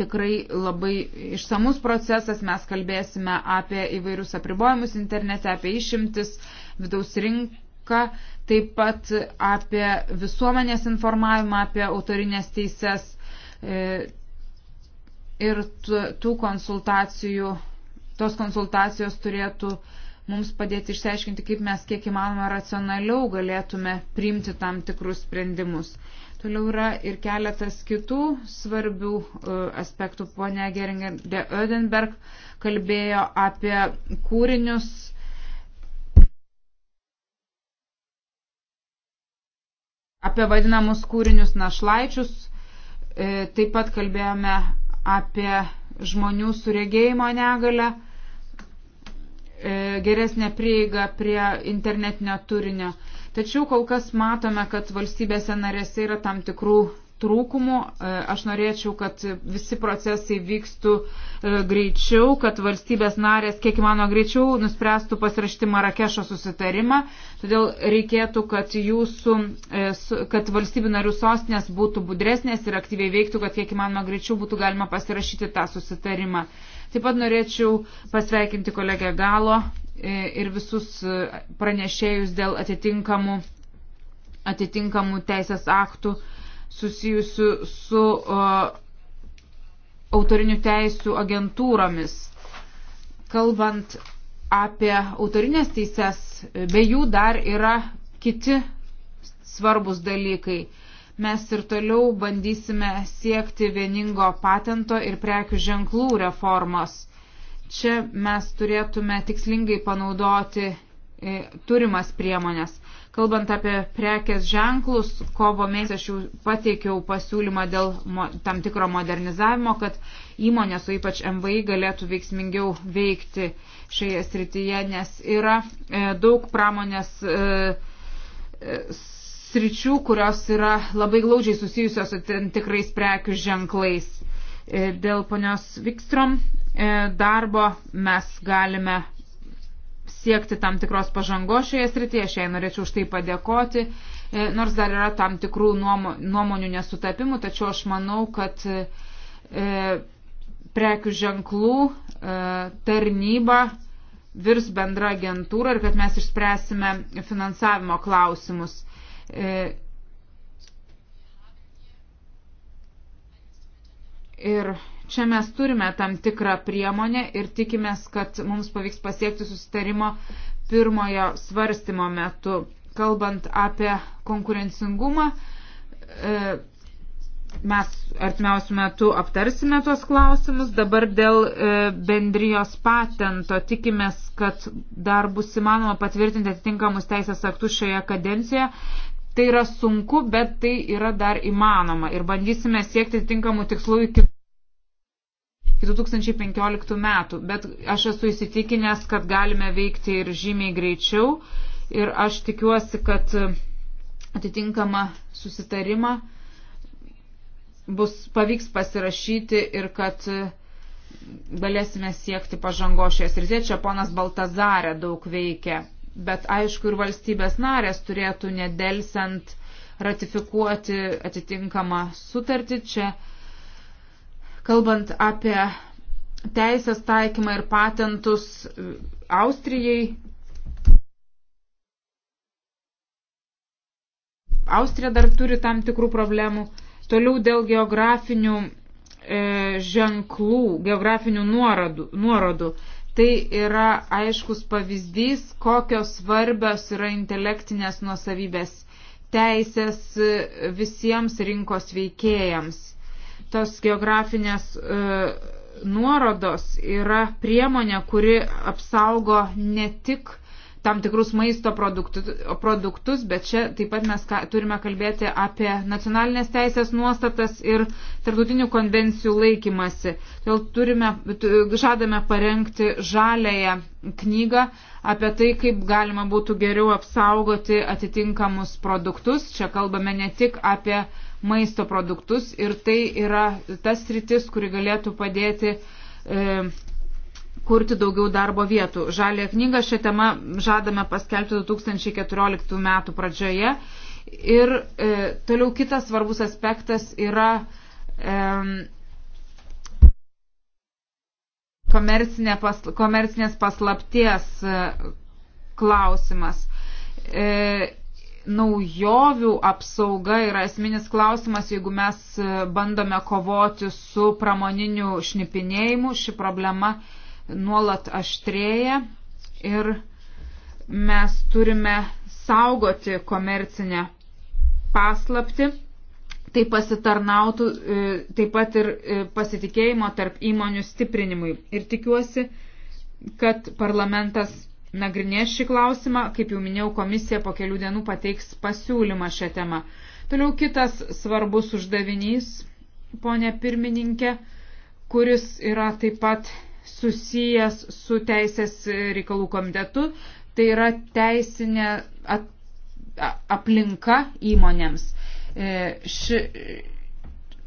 tikrai labai išsamus procesas, mes kalbėsime apie įvairius apribojimus internete, apie išimtis, vidaus rinką tvarką, taip pat apie visuomenės informavimą, apie autorinės teises e, ir tų konsultacijų, tos konsultacijos turėtų mums padėti išsiaiškinti, kaip mes kiek įmanoma racionaliau galėtume priimti tam tikrus sprendimus. Toliau yra ir keletas kitų svarbių e, aspektų. Pone Geringer de Ödenberg kalbėjo apie kūrinius, apie vadinamus kūrinius našlaičius, e, taip pat kalbėjome apie žmonių suregėjimo negalę, e, geresnę prieigą prie internetinio turinio. Tačiau kol kas matome, kad valstybėse narėse yra tam tikrų trūkumų. E, aš norėčiau, kad visi procesai vykstų e, greičiau, kad valstybės narės kiek įmano greičiau nuspręstų pasirašti Marakešo susitarimą. Todėl reikėtų, kad, jūsų, e, kad valstybių narių sostinės būtų budresnės ir aktyviai veiktų, kad kiek įmanoma greičiau būtų galima pasirašyti tą susitarimą. Taip pat norėčiau pasveikinti kolegę Galo ir visus pranešėjus dėl atitinkamų, atitinkamų teisės aktų susijusių su uh, autorinių teisų agentūromis. Kalbant apie autorinės teises, be jų dar yra kiti svarbus dalykai. Mes ir toliau bandysime siekti vieningo patento ir prekių ženklų reformos. Čia mes turėtume tikslingai panaudoti e, turimas priemonės. Kalbant apie prekės ženklus, kovo mėnesį aš jau pateikiau pasiūlymą dėl mo, tam tikro modernizavimo, kad įmonės, o ypač MVI, galėtų veiksmingiau veikti šioje srityje, nes yra e, daug pramonės e, e, sričių, kurios yra labai glaudžiai susijusios su ten tikrais prekių ženklais. E, dėl ponios Vikstrom e, darbo mes galime siekti tam tikros pažangos šioje srityje, aš jai norėčiau už tai padėkoti, e, nors dar yra tam tikrų nuomonių nesutapimų, tačiau aš manau, kad e, prekių ženklų e, tarnyba virs bendra agentūra ir kad mes išspręsime finansavimo klausimus. Ir Čia mes turime tam tikrą priemonę ir tikimės, kad mums pavyks pasiekti susitarimo pirmojo svarstymo metu. Kalbant apie konkurencingumą, e, mes artimiausių metų aptarsime tuos klausimus. Dabar dėl e, bendrijos patento tikimės, kad dar bus įmanoma patvirtinti atitinkamus teisės aktus šioje kadencijoje. Tai yra sunku, bet tai yra dar įmanoma ir bandysime siekti atitinkamų tikslų iki iki 2015 metų, bet aš esu įsitikinęs, kad galime veikti ir žymiai greičiau ir aš tikiuosi, kad atitinkama susitarima bus pavyks pasirašyti ir kad galėsime siekti pažangos šioje srityje. Čia ponas Baltazarė daug veikia, bet aišku ir valstybės narės turėtų nedelsiant ratifikuoti atitinkamą sutartį. Čia Kalbant apie teisės taikymą ir patentus Austrijai. Austrija dar turi tam tikrų problemų. Toliau dėl geografinių e, ženklų, geografinių nuorodų, nuorodų. Tai yra aiškus pavyzdys, kokios svarbios yra intelektinės nuosavybės teisės e, visiems rinkos veikėjams tos geografinės e, nuorodos yra priemonė, kuri apsaugo ne tik tam tikrus maisto produktus, bet čia taip pat mes turime kalbėti apie nacionalinės teisės nuostatas ir tarptautinių konvencijų laikymasi. Todėl turime, žadame parengti žalėją knygą apie tai, kaip galima būtų geriau apsaugoti atitinkamus produktus. Čia kalbame ne tik apie uh, maisto produktus ir tai yra tas rytis, kuri galėtų padėti e, kurti daugiau darbo vietų. Žalė knyga šią temą žadame paskelbti 2014 metų pradžioje. Ir e, toliau kitas svarbus aspektas yra e, komercinė pas, komercinės paslapties e, klausimas. E, naujovių apsauga yra esminis klausimas, jeigu mes e, bandome kovoti su pramoniniu šnipinėjimu. Ši problema nuolat aštrėja ir mes turime saugoti komercinę paslapti. Tai pasitarnautų e, taip pat ir e, pasitikėjimo tarp įmonių stiprinimui. Ir tikiuosi, kad parlamentas nagrinės šį klausimą. Kaip jau minėjau, komisija po kelių dienų pateiks pasiūlymą šią temą. Toliau kitas svarbus uždavinys, ponė pirmininkė, kuris yra taip pat susijęs su Teisės reikalų komitetu, tai yra teisinė at, a, aplinka įmonėms. E, ši,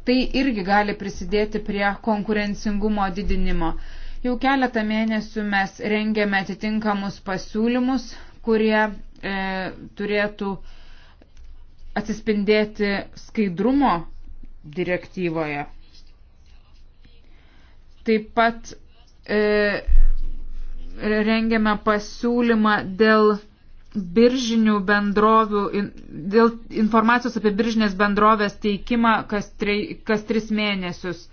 tai irgi gali prisidėti prie konkurencingumo didinimo. E, Jau keletą mėnesių mes rengėme atitinkamus pasiūlymus, kurie e, turėtų atsispindėti skaidrumo direktyvoje. Taip pat e, rengiame pasiūlymą dėl biržinių bendrovių, in, dėl informacijos apie biržinės bendrovės teikimą kas, tre, kas tris mėnesius.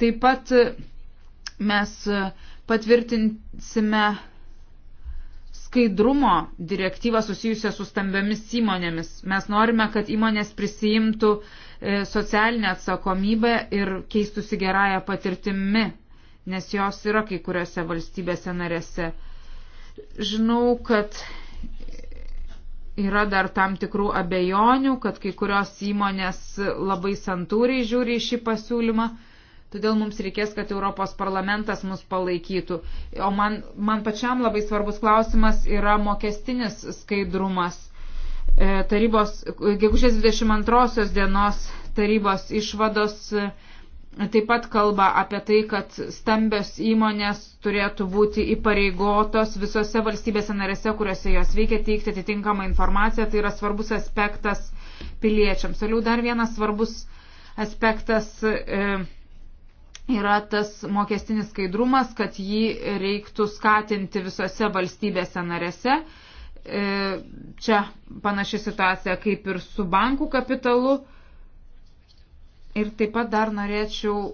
Taip pat Mes patvirtinsime skaidrumo direktyvą susijusią su stambiamis įmonėmis. Mes norime, kad įmonės prisijimtų e, socialinę atsakomybę ir keistųsi gerąją patirtimi, nes jos yra kai kuriuose valstybėse narėse. Žinau, kad yra dar tam tikrų abejonių, kad kai kurios įmonės labai santūriai žiūri į šį pasiūlymą todėl mums reikės, kad Europos parlamentas mus palaikytų. O man, man pačiam labai svarbus klausimas yra mokestinis skaidrumas. E, tarybos, gegužės 22 dienos tarybos išvados e, taip pat kalba apie tai, kad stambios įmonės turėtų būti įpareigotos visose valstybėse narėse, kuriuose jos veikia, teikti atitinkamą informaciją. Tai yra svarbus aspektas piliečiams. Toliau dar vienas svarbus aspektas. E, yra tas mokestinis skaidrumas, kad jį reiktų skatinti visose valstybėse narėse. E, čia panaši situacija kaip ir su bankų kapitalu. Ir taip pat dar norėčiau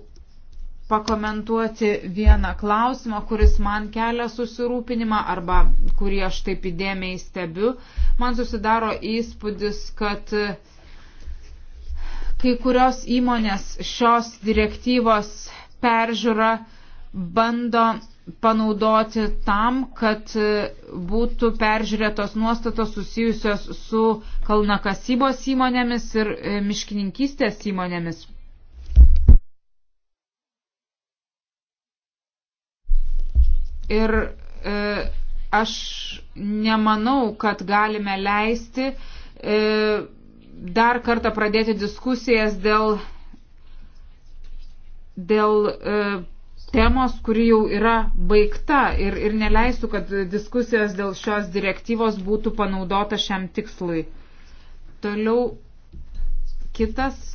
pakomentuoti vieną klausimą, kuris man kelia susirūpinimą arba kurį aš taip įdėmiai stebiu. Man susidaro įspūdis, kad kai kurios įmonės šios direktyvos peržiūrą bando panaudoti tam, kad būtų peržiūrėtos nuostatos susijusios su kalnakasybos įmonėmis ir e, miškininkystės įmonėmis. Ir e, aš nemanau, kad galime leisti e, dar kartą pradėti diskusijas dėl dėl e, temos, kuri jau yra baigta ir, ir neleisiu, kad diskusijos dėl šios direktyvos būtų panaudota šiam tikslui. Toliau kitas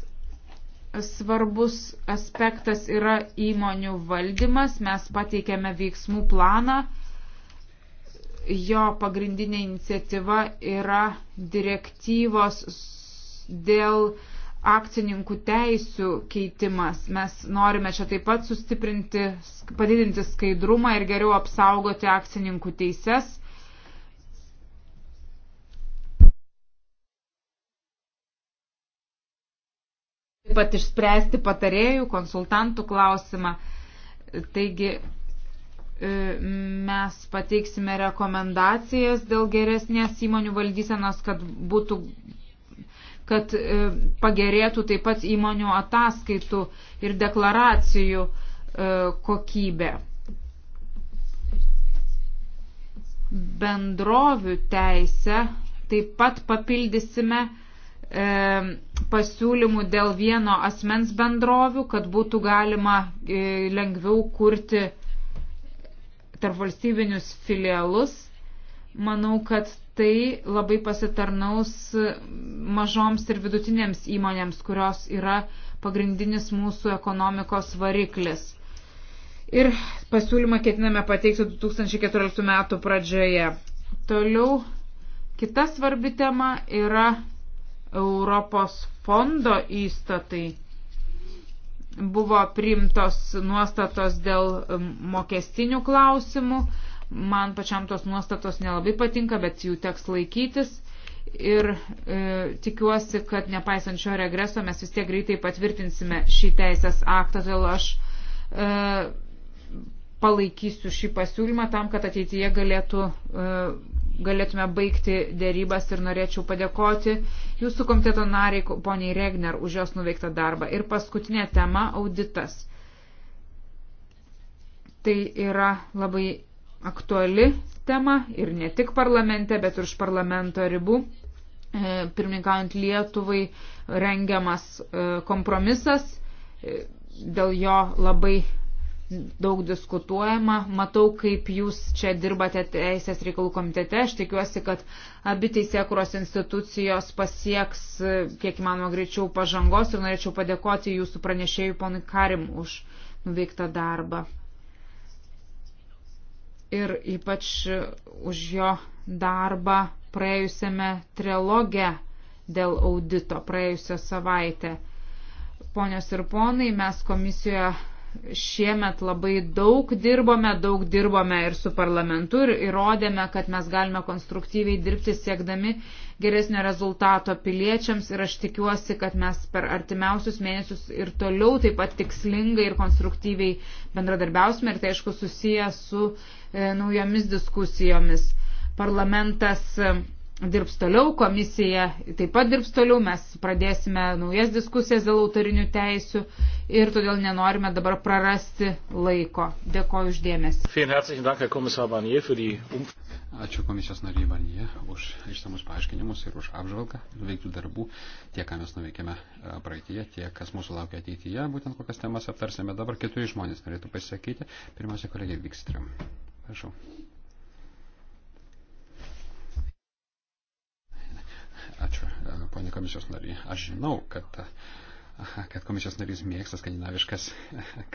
svarbus aspektas yra įmonių valdymas. Mes pateikėme veiksmų planą. Jo pagrindinė iniciatyva yra direktyvos dėl uh, akcininkų teisių keitimas. Mes norime čia taip pat sustiprinti, padidinti skaidrumą ir geriau apsaugoti akcininkų teises. Taip pat išspręsti patarėjų, konsultantų klausimą. Taigi e, mes pateiksime rekomendacijas dėl geresnės įmonių valdysenos, kad būtų kad e, pagerėtų taip pat įmonių ataskaitų ir deklaracijų e, kokybė. Bendrovių teisę taip pat papildysime e, pasiūlymų dėl vieno asmens bendrovių, kad būtų galima e, lengviau kurti tarpvalstybinius filialus. Manau, kad tai labai pasitarnaus mažoms ir vidutinėms įmonėms, kurios yra pagrindinis mūsų ekonomikos variklis. Ir pasiūlymą ketiname pateikti 2014 metų pradžioje. Toliau kita svarbi tema yra Europos fondo įstatai. Buvo priimtos nuostatos dėl mokestinių klausimų Man pačiam tos nuostatos nelabai patinka, bet jų teks laikytis. Ir e, tikiuosi, kad nepaisant šio regreso mes vis tiek greitai patvirtinsime šį teisės aktą, todėl aš e, palaikysiu šį pasiūlymą tam, kad ateityje galėtų, e, galėtume baigti dėrybas ir norėčiau padėkoti jūsų komiteto nariai, poniai Regner, už jos nuveiktą darbą. Ir paskutinė tema - auditas. Tai yra labai aktuali tema ir ne tik parlamente, bet ir už parlamento ribų. E, pirmininkaujant Lietuvai rengiamas e, kompromisas, e, dėl jo labai daug diskutuojama. Matau, kaip jūs čia dirbate Teisės reikalų komitete. Aš tikiuosi, kad abi teisėkuros institucijos pasieks kiek įmanoma greičiau pažangos ir norėčiau padėkoti jūsų pranešėjui ponui Karim už nuveiktą darbą ir ypač už jo darbą praėjusiame trilogė dėl audito praėjusią savaitę. Ponios ir ponai, mes komisijoje šiemet labai daug dirbome, daug dirbome ir su parlamentu ir įrodėme, kad mes galime konstruktyviai dirbti siekdami geresnio rezultato piliečiams ir aš tikiuosi, kad mes per artimiausius mėnesius ir toliau taip pat tikslingai ir konstruktyviai bendradarbiausime ir tai aišku susiję su uh, E, naujomis diskusijomis. Parlamentas e, dirbs toliau, komisija taip pat dirbs toliau, mes pradėsime naujas diskusijas dėl autorinių teisių ir todėl nenorime dabar prarasti laiko. Dėkoju uždėmesi. Ačiū komisijos nariai Vanie už išsamus paaiškinimus ir už apžvalgą nuveiktų darbų, tiek ką mes nuveikėme e, praeitie, tiek kas mūsų laukia ateityje, būtent kokias temas aptarsime dabar. Keturi žmonės norėtų pasisakyti. Pirmiausia, kolegė Vikstrim. Prašau. Ačiū, ponė komisijos nariai. Aš žinau, kad, kad komisijos narys mėgsta skandinaviškas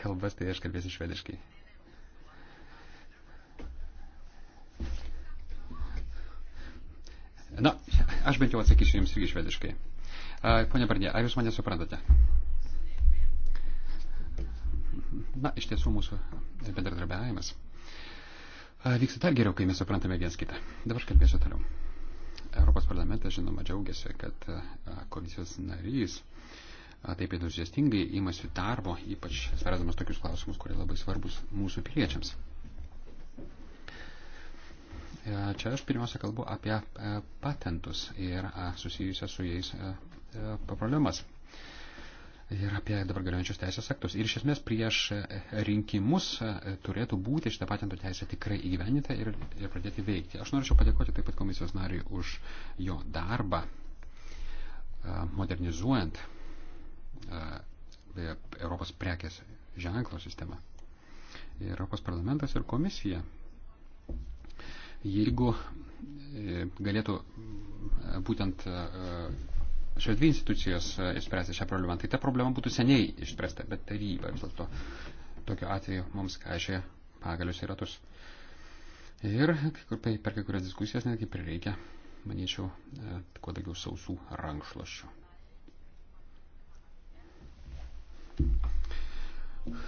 kalbas, tai aš kalbėsiu švediškai. Na, aš bent jau atsakysiu jums irgi švediškai. Pone Barnė, ar jūs mane suprantate? Na, iš tiesų mūsų bendradarbiavimas vyksta dar geriau, kai mes suprantame viens kitą. Dabar kalbėsiu toliau. Europos parlamentas, žinoma, džiaugiasi, kad komisijos narys taip entuziastingai imasi darbo, ypač svardamas tokius klausimus, kurie labai svarbus mūsų piliečiams. Čia aš pirmiausia kalbu apie patentus ir susijusią su jais problemas ir apie dabar galiojančius teisės aktus. Ir iš esmės prieš rinkimus e, turėtų būti šitą patentų teisę tikrai įgyveninta ir, ir pradėti veikti. Aš norėčiau padėkoti taip pat komisijos nariui už jo darbą e, modernizuojant e, Europos prekės ženklo sistemą. Europos parlamentas ir komisija, jeigu galėtų būtent šios dvi institucijos e, išspręsti šią problemą, tai ta problema būtų seniai išspręsta, bet taryba vis dėlto tokiu atveju mums kažė pagalius į ratus. Ir per kai kurias diskusijas netgi prireikia, manyčiau, e, kuo daugiau sausų rankšluošių.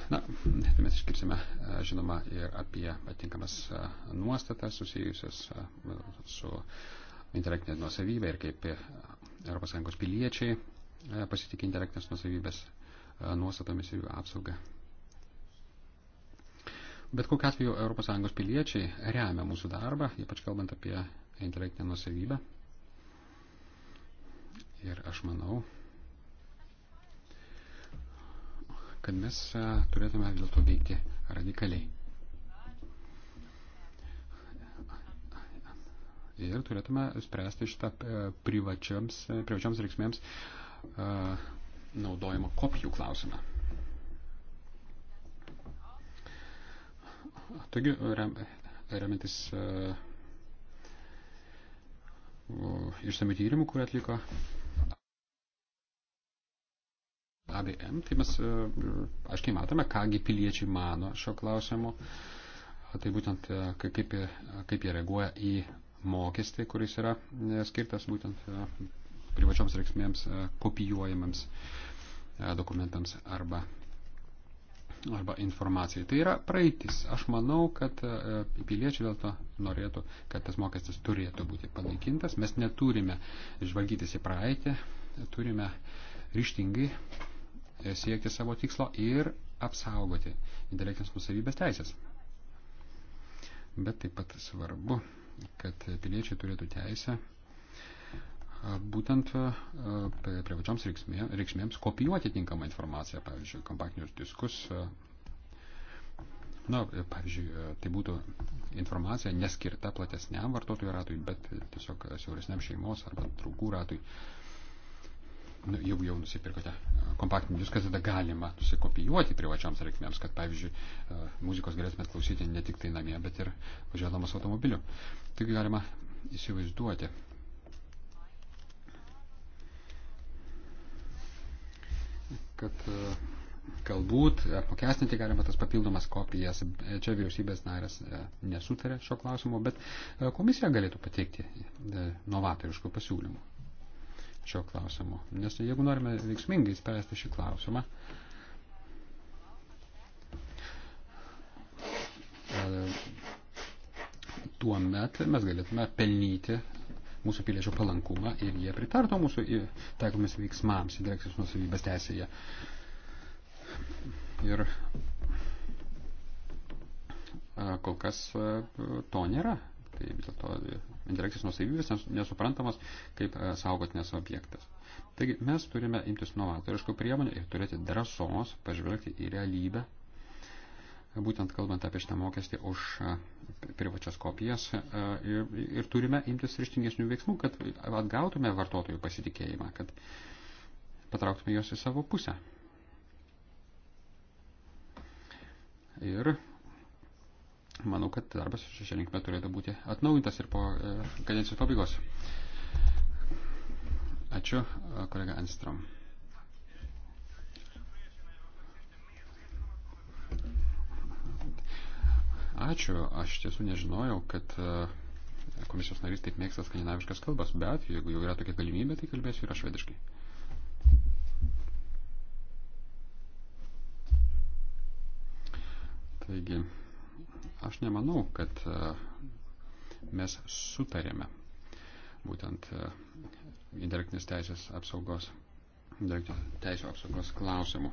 Na, tai mes iškirsime, e, žinoma, ir apie atinkamas nuostatas susijusias su intelektinė nuosavybė ir kaip ES piliečiai e, pasitikė intelektinės nusavybės e, nuostatomis ir jų apsaugą. Bet kokiu atveju ES piliečiai remia mūsų darbą, ypač kalbant apie intelektinę nusavybę. Ir aš manau, kad mes e, turėtume dėl to veikti radikaliai. ir turėtume spręsti šitą privačiams, e, privačiams e, reikmėms e, naudojimo kopijų klausimą. Taigi, rem, remiantis išsami tyrimų, kurį atliko ABM, tai mes aiškiai matome, kągi piliečiai mano šio klausimu. Tai būtent kaip, kaip jie reaguoja į mokestį, kuris yra e, skirtas būtent e, privačioms reikmėms e, kopijuojamams dokumentams arba, arba informacijai. Tai yra praeitis. Aš manau, kad piliečiai dėl to norėtų, kad tas mokestis turėtų būti panaikintas. Mes neturime žvalgytis į praeitį, turime ryštingai siekti savo tikslo ir apsaugoti intelektinės nusavybės teisės. Bet taip pat svarbu kad piliečiai turėtų teisę būtent privačioms reikšmė, reikšmėms kopijuoti tinkamą informaciją, pavyzdžiui, kompaktinius diskus. Na, pavyzdžiui, tai būtų informacija neskirta platesniam vartotojų ratui, bet tiesiog siauresniam šeimos arba draugų ratui. Uh, Nu, jeigu jau nusipirkote e, kompaktinį diską, tada galima nusikopijuoti privačioms reikmėms, kad pavyzdžiui e, muzikos galėtumėt klausyti ne tik tai namie, bet ir važiuodamas automobiliu. Taigi galima įsivaizduoti. kad e, galbūt apmokestinti galima tas papildomas kopijas. Čia vyriausybės narės nesutarė šio klausimo, bet komisija galėtų pateikti novatoriškų pasiūlymų šio klausimu. Nes jeigu norime veiksmingai spręsti šį klausimą, e, tuo met mes galėtume pelnyti mūsų piliečių palankumą ir jie pritarto mūsų taikomis veiksmams direkcijos nusavybės teisėje. Ir e, kol kas e, to nėra tai vis dėlto e, intelektinės nusavybės nesuprantamas kaip e, saugotinės objektas. Taigi mes turime imtis novatoriškų priemonių ir turėti drąsos pažvelgti į realybę, būtent kalbant apie šitą mokestį už e, privačias kopijas ir, ir turime imtis ryštingesnių veiksmų, kad atgautume vartotojų pasitikėjimą, kad patrauktume juos į savo pusę. Ir manau, kad darbas šią linkmę turėtų būti atnaujintas ir po e, kadencijos pabaigos. Ačiū, e, kolega Anstrom. Ačiū, aš tiesų nežinojau, kad e, komisijos narys taip mėgsta skandinaviškas kalbas, bet jeigu jau yra tokia galimybė, tai kalbėsiu ir aš švediškai. Taigi, Aš nemanau, kad e, mes sutarėme būtent e, intelektinės teisės apsaugos, intelektinės teisės apsaugos klausimų.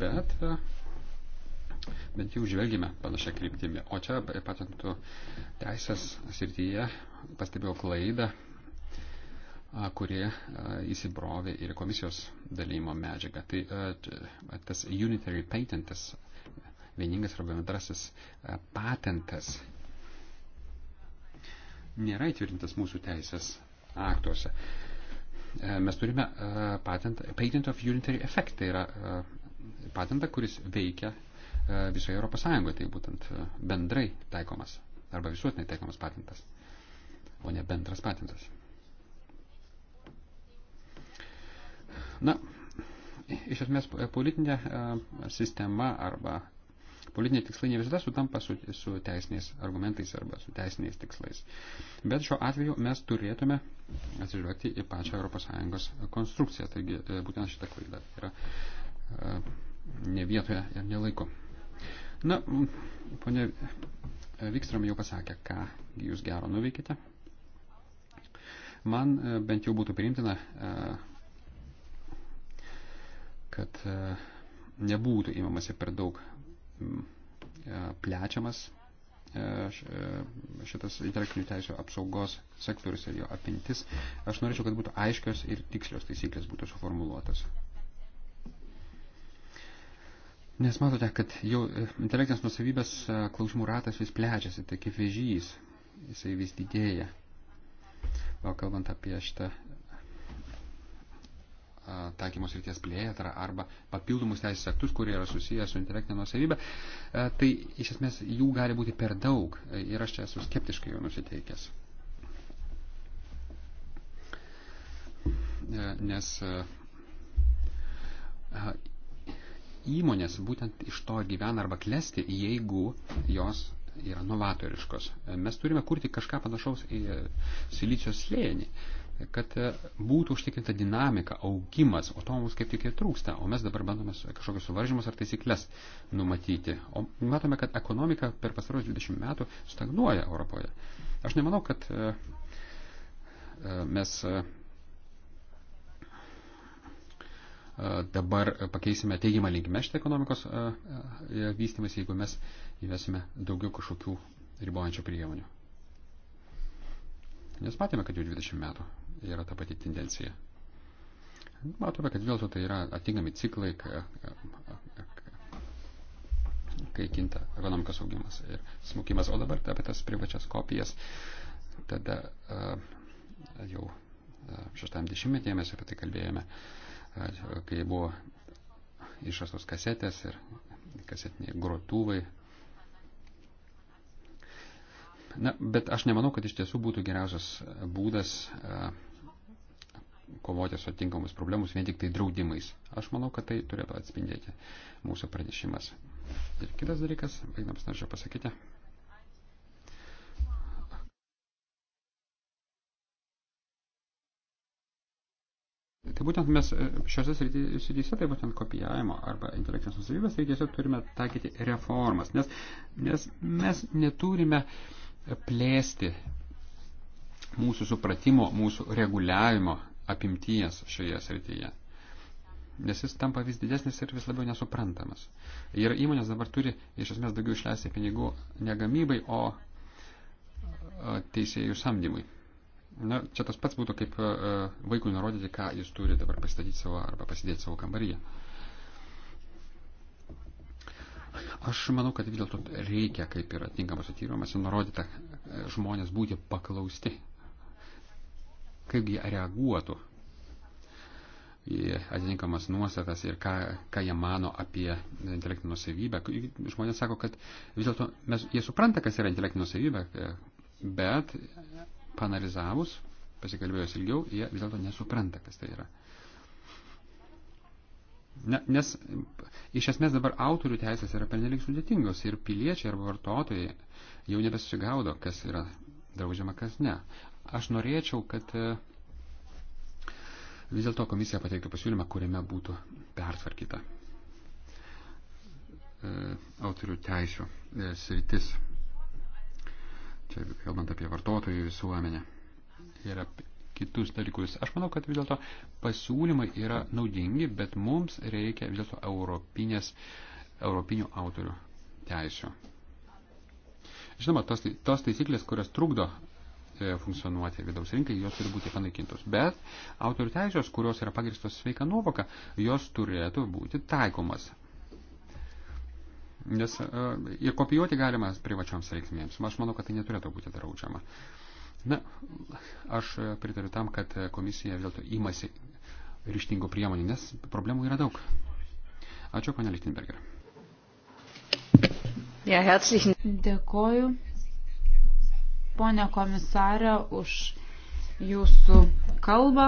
Bet e, bent jau žvelgime panašią kryptimį. O čia patentų teisės srityje pastebėjau klaidą, kurie įsibrovė ir komisijos dalymo medžiagą. Tai tas unitary patentas vieningas arba bendrasis e, patentas nėra įtvirtintas mūsų teisės aktuose. E, mes turime e, patentą, patent of unitary effect, tai yra patentą, kuris veikia visoje Europos Sąjungoje, tai būtent bendrai taikomas arba visuotinai taikomas patentas, o ne bendras patentas. Na, iš esmės politinė sistema arba Politiniai tikslai ne visada sutampa su, su teisiniais argumentais arba su teisiniais tikslais. Bet šiuo atveju mes turėtume atsižvelgti į pačią ES konstrukciją. Taigi e, būtent šita klaida yra e, ne vietoje ir ne laiku. Na, ponė Vikstram jau pasakė, ką jūs gero nuveikite. Man e, bent jau būtų priimtina, kad nebūtų įmamasi per daug E, plečiamas e, e, šitas intelektinių teisų apsaugos sektorius ir jo apimtis. Aš norėčiau, kad būtų aiškios ir tikslios taisyklės būtų suformuluotas. Nes matote, kad jau intelektinės nusavybės klausimų ratas vis plečiasi, tai kaip vežys, jisai vis didėja. O kalbant apie šitą taikymos ryties plėtrą arba papildomus teisės aktus, kurie yra susijęs su intelektinė nusavybė, tai iš esmės jų gali būti per daug ir aš čia esu skeptiškai jau nusiteikęs. Nes įmonės būtent iš to gyvena arba klesti, jeigu jos yra novatoriškos. Mes turime kurti kažką panašaus į e, silicijos slėnį. Uh, kad e, būtų užtikrinta dinamika, augimas, o to mums kaip tik ir trūksta, o mes dabar bandome kažkokius suvaržymus ar taisyklės numatyti. O matome, kad ekonomika per pastarojus 20 metų stagnuoja Europoje. Aš nemanau, kad e, e, mes dabar pakeisime teigiamą linkmę šitą ekonomikos vystimas, jeigu mes įvesime daugiau kažkokių ribojančių priemonių. Nes matėme, kad jau 20 metų yra ta pati tendencija. Matome, kad vėl tai yra atitinkami ciklai, kai kinta ekonomikos augimas ir smukimas. O dabar apie tas privačias kopijas, tada jau šeštam dešimtmetyje mes apie tai kalbėjome, kai buvo išrastos kasetės ir kasetiniai grotuvai. Na, bet aš nemanau, kad iš tiesų būtų geriausias būdas kovoti su atinkamus problemus vien tik tai draudimais. Aš manau, kad tai turėtų atspindėti mūsų pranešimas. Ir kitas dalykas, baigdamas norėčiau pasakyti. Tai būtent mes e, šiose srityse, tai būtent kopijavimo arba intelektinės nusavybės srityse turime taikyti reformas, nes, nes mes neturime plėsti mūsų supratimo, mūsų reguliavimo apimties šioje srityje. Nes jis tampa vis didesnis ir vis labiau nesuprantamas. Ir įmonės dabar turi iš esmės daugiau išleisti pinigų ne gamybai, o teisėjų samdymui. Na, čia tas pats būtų kaip e, vaikui nurodyti, ką jis turi dabar pastatyti savo arba pasidėti savo kambaryje. Aš manau, kad vis dėlto reikia, kaip yra tinkamas atyrimas, nurodyta e, žmonės būti paklausti kaip jie reaguotų į atitinkamas nuostatas ir ką, ką jie mano apie intelektinę nusavybę. Žmonės sako, kad vis dėlto jie supranta, kas yra intelektinė nusavybė, bet panalizavus, pasikalbėjus ilgiau, jie vis dėlto nesupranta, kas tai yra. Ne, nes iš esmės dabar autorių teisės yra pernelik sudėtingos ir piliečiai arba vartotojai jau nebesusigaudo, kas yra draudžiama, kas ne. Aš norėčiau, kad e, vis dėlto komisija pateiktų pasiūlymą, kuriame būtų pertvarkyta e, autorių teisų e, sritis. Čia kalbant apie vartotojų visuomenę ir apie kitus dalykus. Aš manau, kad vis dėlto pasiūlymai yra naudingi, bet mums reikia vis dėlto europinės, europinių autorių teisų. Žinoma, tos, tos taisyklės, kurios trukdo galėtų e, funkcionuoti vidaus rinkai, jos turi būti panaikintos. Bet autorių teisės, kurios yra pagristos sveika nuovoka, jos turėtų būti taikomas. Nes e, ir kopijuoti galima privačioms reikmėms. Aš manau, kad tai neturėtų būti draudžiama. Na, aš pritariu tam, kad komisija vėl to įmasi ryštingo priemonių, nes problemų yra daug. Ačiū, pane Lichtenberger. Ja, herzlichen. Dėkoju ponė komisarė, už jūsų kalbą.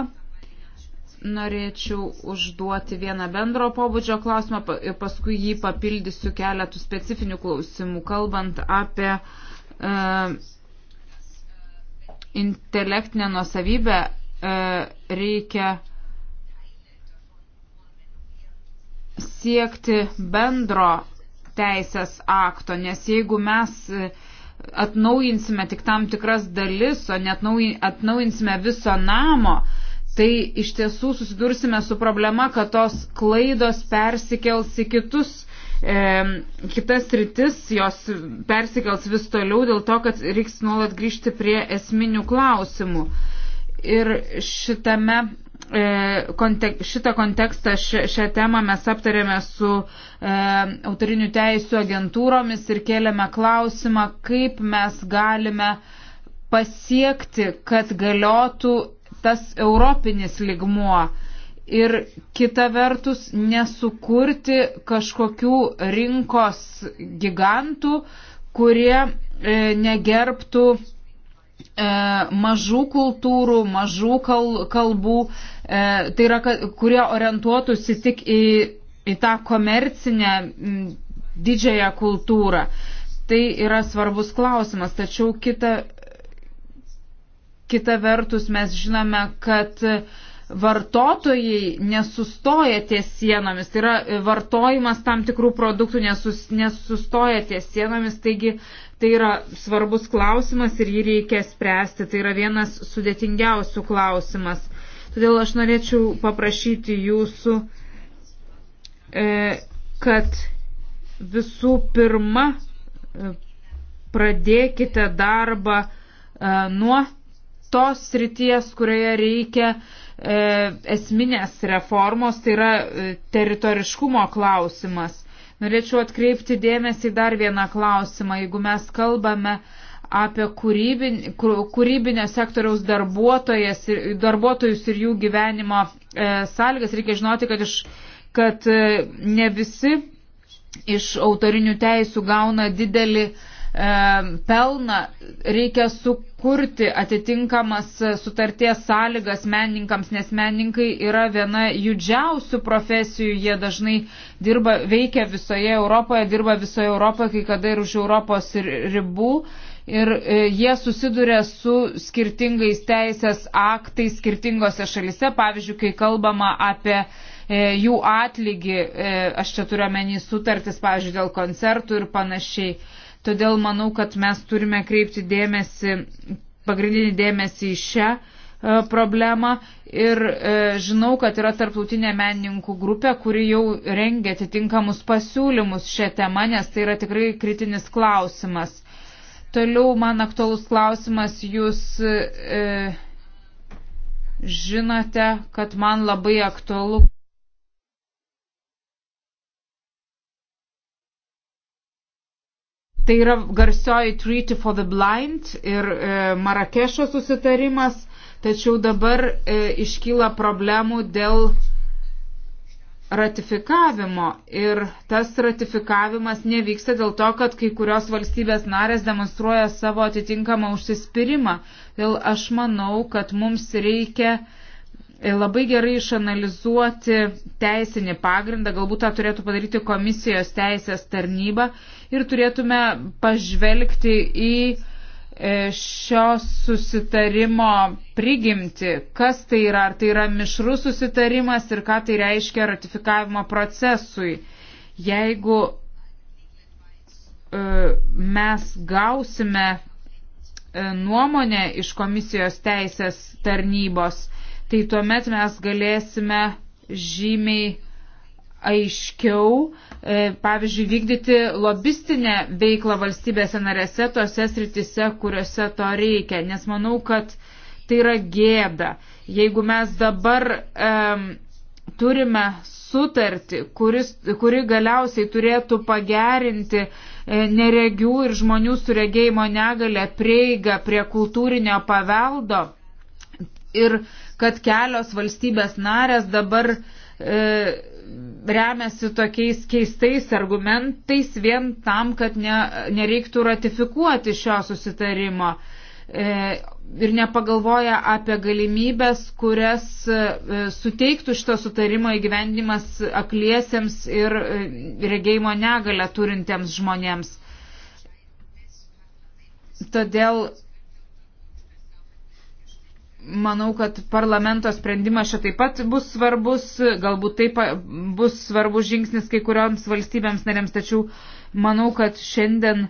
Norėčiau užduoti vieną bendro pobūdžio klausimą ir paskui jį papildysiu keletų specifinių klausimų, kalbant apie e, intelektinę nuosavybę. E, reikia siekti bendro teisės akto, nes jeigu mes e, atnaujinsime tik tam tikras dalis, o net atnaujinsime viso namo, tai iš tiesų susidursime su problema, kad tos klaidos persikels į kitus, e, kitas rytis, jos persikels vis toliau dėl to, kad reiks nuolat grįžti prie esminių klausimų. Ir šitame E, kontek šitą kontekstą, šią temą mes aptarėme su e, autorinių teisų agentūromis ir kėlėme klausimą, kaip mes galime pasiekti, kad galiotų tas europinis ligmuo ir kita vertus nesukurti kažkokių rinkos gigantų, kurie e, negerbtų E, mažų kultūrų, mažų kalbų, e, tai yra, kurie orientuotųsi tik į, į tą komercinę didžiąją kultūrą. Tai yra svarbus klausimas, tačiau kita, kita vertus mes žinome, kad vartotojai nesustoja ties sienomis, tai yra vartojimas tam tikrų produktų nesus, nesustoja ties sienomis, taigi uh, Tai yra svarbus klausimas ir jį reikia spręsti. Tai yra vienas sudėtingiausių klausimas. Todėl aš norėčiau paprašyti jūsų, e, kad visų pirma e, pradėkite darbą e, nuo tos srities, kurioje reikia esminės reformos, tai yra teritoriškumo klausimas. Norėčiau atkreipti dėmesį dar vieną klausimą. Jeigu mes kalbame apie kūrybin, kūrybinio sektoriaus ir, darbuotojus ir jų gyvenimo e, sąlygas, reikia žinoti, kad, iš, kad e, ne visi iš autorinių teisų gauna didelį e, E, pelną, reikia sukurti atitinkamas sutarties sąlygas menininkams, nes menininkai yra viena judžiausių profesijų, jie dažnai dirba, veikia visoje Europoje, dirba visoje Europoje, kai kada ir už Europos ribų. Ir e, jie susiduria su skirtingais teisės aktais skirtingose šalise, pavyzdžiui, kai kalbama apie e, jų atlygį, aš čia turiu menį sutartis, pavyzdžiui, dėl koncertų ir panašiai. Todėl manau, kad mes turime kreipti dėmesį, pagrindinį dėmesį į šią e, problemą ir e, žinau, kad yra tarptautinė menininkų grupė, kuri jau rengia atitinkamus pasiūlymus šią temą, nes tai yra tikrai kritinis klausimas. Toliau man aktualus klausimas, jūs e, žinote, kad man labai aktualu Tai yra garsioji Treaty for the Blind ir e, Marakešo susitarimas, tačiau dabar e, iškyla problemų dėl ratifikavimo ir tas ratifikavimas nevyksta dėl to, kad kai kurios valstybės narės demonstruoja savo atitinkamą užsispyrimą. Dėl aš manau, kad mums reikia e, E, labai gerai išanalizuoti teisinį pagrindą, galbūt tą turėtų padaryti komisijos teisės tarnyba ir turėtume pažvelgti į e, šio susitarimo prigimti, kas tai yra, ar tai yra mišrus susitarimas ir ką tai reiškia ratifikavimo procesui. Jeigu e, mes gausime nuomonę iš komisijos teisės tarnybos, tai tuomet mes galėsime žymiai aiškiau, e, pavyzdžiui, vykdyti lobistinę veiklą valstybėse narėse, tose sritise, kuriuose to reikia. Nes manau, kad tai yra gėda. Jeigu mes dabar um, e, turime sutartį, kuris, kuri galiausiai turėtų pagerinti e, neregių ir žmonių suregėjimo negalę prieigą prie kultūrinio paveldo ir uh, kad kelios valstybės narės dabar e, remiasi tokiais keistais argumentais vien tam, kad ne, nereiktų ratifikuoti šio susitarimo. E, ir nepagalvoja apie galimybės, kurias e, suteiktų šito sutarimo įgyvendimas akliesiems ir e, regėjimo negalę turintiems žmonėms. Todėl Manau, kad parlamento sprendimas čia taip pat bus svarbus, galbūt taip bus svarbus žingsnis kai kurioms valstybėms narėms, tačiau manau, kad šiandien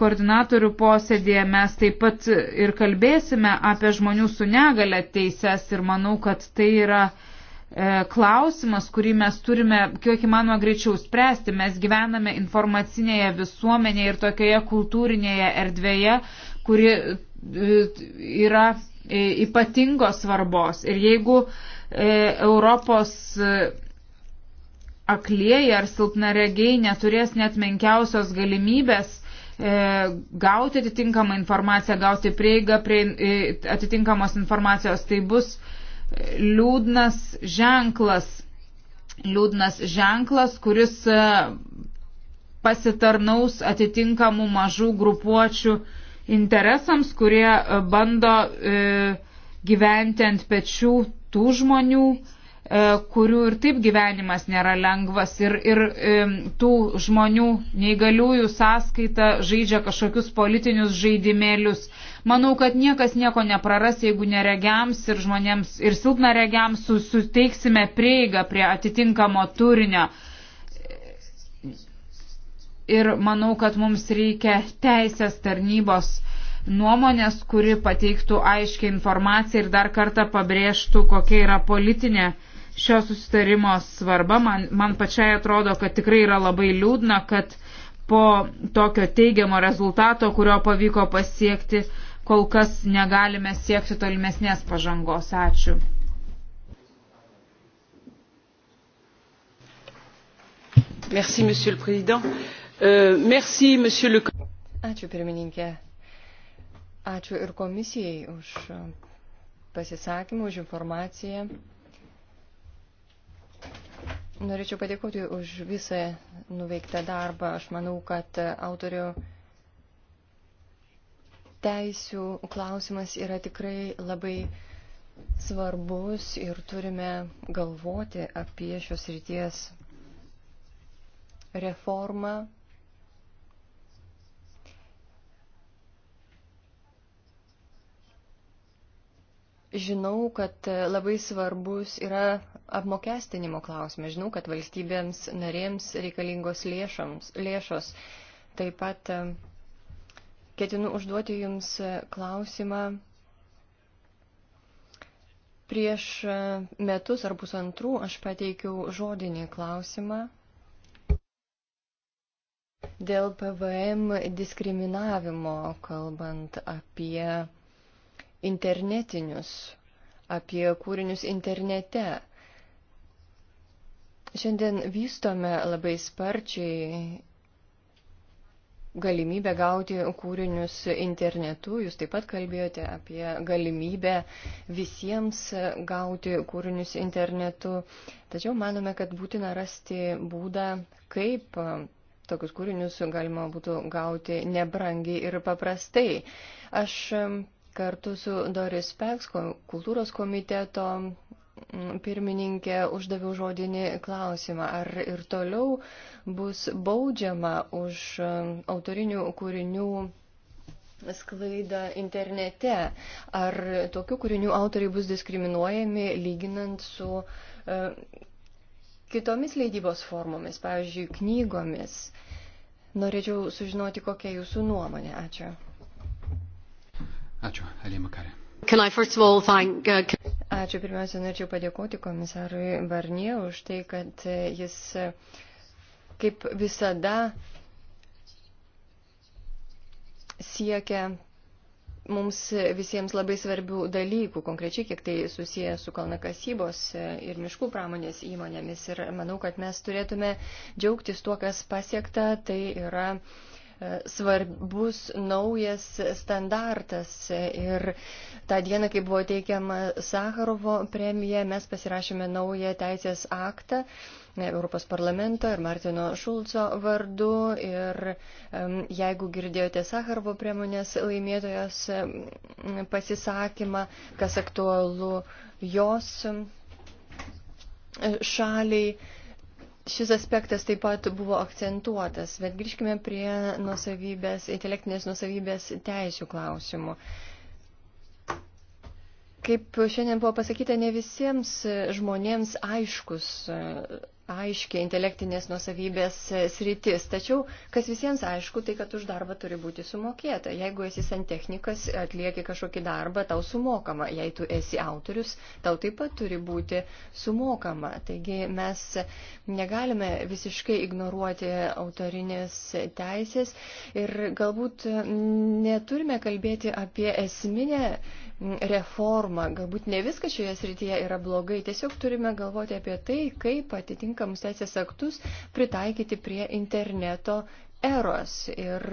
koordinatorių posėdėje mes taip pat ir kalbėsime apie žmonių su negale teises ir manau, kad tai yra e, klausimas, kurį mes turime kiek įmanoma greičiau spręsti. Mes gyvename informacinėje visuomenėje ir tokioje kultūrinėje erdvėje, kuri e, yra E, ypatingos svarbos. Ir jeigu e, Europos e, aklieji ar silpnaregiai neturės net menkiausios galimybės gauti atitinkamą informaciją, gauti prieigą prie atitinkamos informacijos, tai bus liūdnas ženklas, liūdnas ženklas, kuris pasitarnaus atitinkamų mažų grupuočių uh, interesams, kurie e, bando e, gyventi ant pečių tų žmonių, e, kurių ir taip gyvenimas nėra lengvas ir, ir tų žmonių neįgaliųjų sąskaita žaidžia kažkokius politinius žaidimėlius. Manau, kad niekas nieko nepraras, jeigu neregiams ir žmonėms ir silpnaregiams suteiksime prieigą prie atitinkamo turinio ir manau, kad mums reikia teisės tarnybos nuomonės, kuri pateiktų aiškiai informaciją ir dar kartą pabrėžtų, kokia yra politinė šio susitarimo svarba. Man, man pačiai atrodo, kad tikrai yra labai liūdna, kad po tokio teigiamo rezultato, kurio pavyko pasiekti, kol kas negalime siekti tolimesnės pažangos. Ačiū. Merci, Monsieur le Président. E, merci, monsieur le. Ačiū pirmininkė. Ačiū ir komisijai už pasisakymą, už informaciją. Norėčiau padėkoti už visą nuveiktą darbą. Aš manau, kad autorių teisių klausimas yra tikrai labai svarbus ir turime galvoti apie šios ryties reformą Žinau, kad labai svarbus yra apmokestinimo klausimas. Žinau, kad valstybėms narėms reikalingos lėšams, lėšos. Taip pat e, ketinu užduoti Jums e, klausimą. Prieš e, metus ar pusantrų aš pateikiau žodinį klausimą dėl PVM diskriminavimo, kalbant apie internetinius, apie kūrinius internete. Šiandien vystome labai sparčiai galimybę gauti kūrinius internetu. Jūs taip pat kalbėjote apie galimybę visiems gauti kūrinius internetu. Tačiau manome, kad būtina rasti būdą, kaip tokius kūrinius galima būtų gauti nebrangiai ir paprastai. Aš kartu su Doris Peks, kultūros komiteto mm, pirmininkė, uždaviau žodinį klausimą, ar ir toliau bus baudžiama už mm, autorinių kūrinių sklaidą internete, ar tokių kūrinių autoriai bus diskriminuojami lyginant su mm, kitomis leidybos formomis, pavyzdžiui, knygomis. Norėčiau sužinoti, kokia jūsų nuomonė. Ačiū. Ačiū, Alė Makarė. Uh, Ačiū pirmiausia, norėčiau padėkoti komisarui Barnie už tai, kad e, jis e, kaip visada siekia mums visiems labai svarbių dalykų, konkrečiai kiek tai susiję su kalnakasybos e, ir miškų pramonės įmonėmis. Ir manau, kad mes turėtume džiaugtis tuo, kas pasiekta. Tai yra uh, svarbus naujas standartas. Ir tą dieną, kai buvo teikiama Sakarovo premija, mes pasirašėme naują teisės aktą. Europos parlamento ir Martino Šulco vardu. Ir jeigu girdėjote Sakarvo priemonės laimėtojos pasisakymą, kas aktualu jos šaliai, Šis aspektas taip pat buvo akcentuotas, bet grįžkime prie nusavybės, intelektinės nusavybės teisų klausimų. Kaip šiandien buvo pasakyta, ne visiems žmonėms aiškus aiškiai intelektinės nusavybės e, sritis. Tačiau, kas visiems aišku, tai kad už darbą turi būti sumokėta. Jeigu esi santechnikas, atlieki kažkokį darbą, tau sumokama. Jei tu esi autorius, tau taip pat turi būti sumokama. Taigi mes negalime visiškai ignoruoti autorinės teisės ir galbūt neturime kalbėti apie esminę reformą. Galbūt ne viskas šioje srityje yra blogai, tiesiog turime galvoti apie tai, kaip atitinkamus teisės aktus pritaikyti prie interneto eros. Ir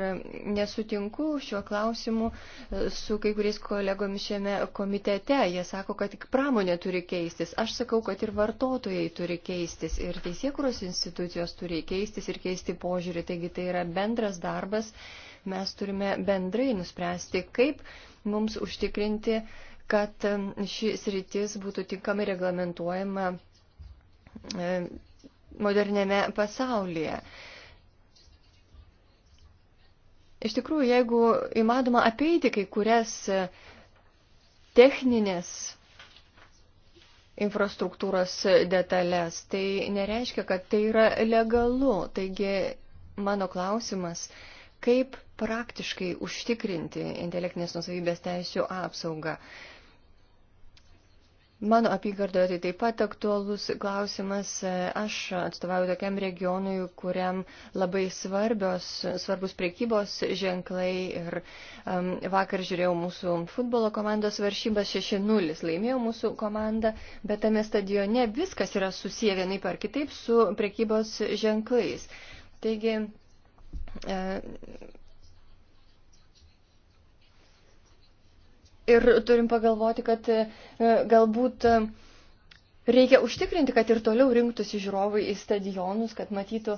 nesutinku šiuo klausimu e, su kai kuriais kolegomis šiame komitete. Jie sako, kad tik pramonė turi keistis. Aš sakau, kad ir vartotojai turi keistis. Ir teisėkuros institucijos turi keistis ir keisti požiūrį. Taigi tai yra bendras darbas. Mes turime bendrai nuspręsti, kaip mums užtikrinti, kad ši sritis būtų tinkamai reglamentuojama moderniame pasaulyje. Iš tikrųjų, jeigu įmanoma apeiti kai kurias e, techninės infrastruktūros e, detalės, tai nereiškia, kad tai yra legalu. Taigi mano klausimas kaip praktiškai užtikrinti intelektinės nusavybės teisų apsaugą. Mano apygardoje tai taip pat aktualus klausimas. Aš atstovauju tokiam regionui, kuriam labai svarbios, svarbus priekybos ženklai. Ir um, vakar žiūrėjau mūsų futbolo komandos varšybas 6-0. Laimėjo mūsų komanda, bet tame stadione viskas yra susiję vienaip ar kitaip su priekybos ženklais. Taigi E, ir turim pagalvoti, kad e, galbūt e, reikia užtikrinti, kad ir toliau rinktųsi žiūrovai į stadionus, kad matytų,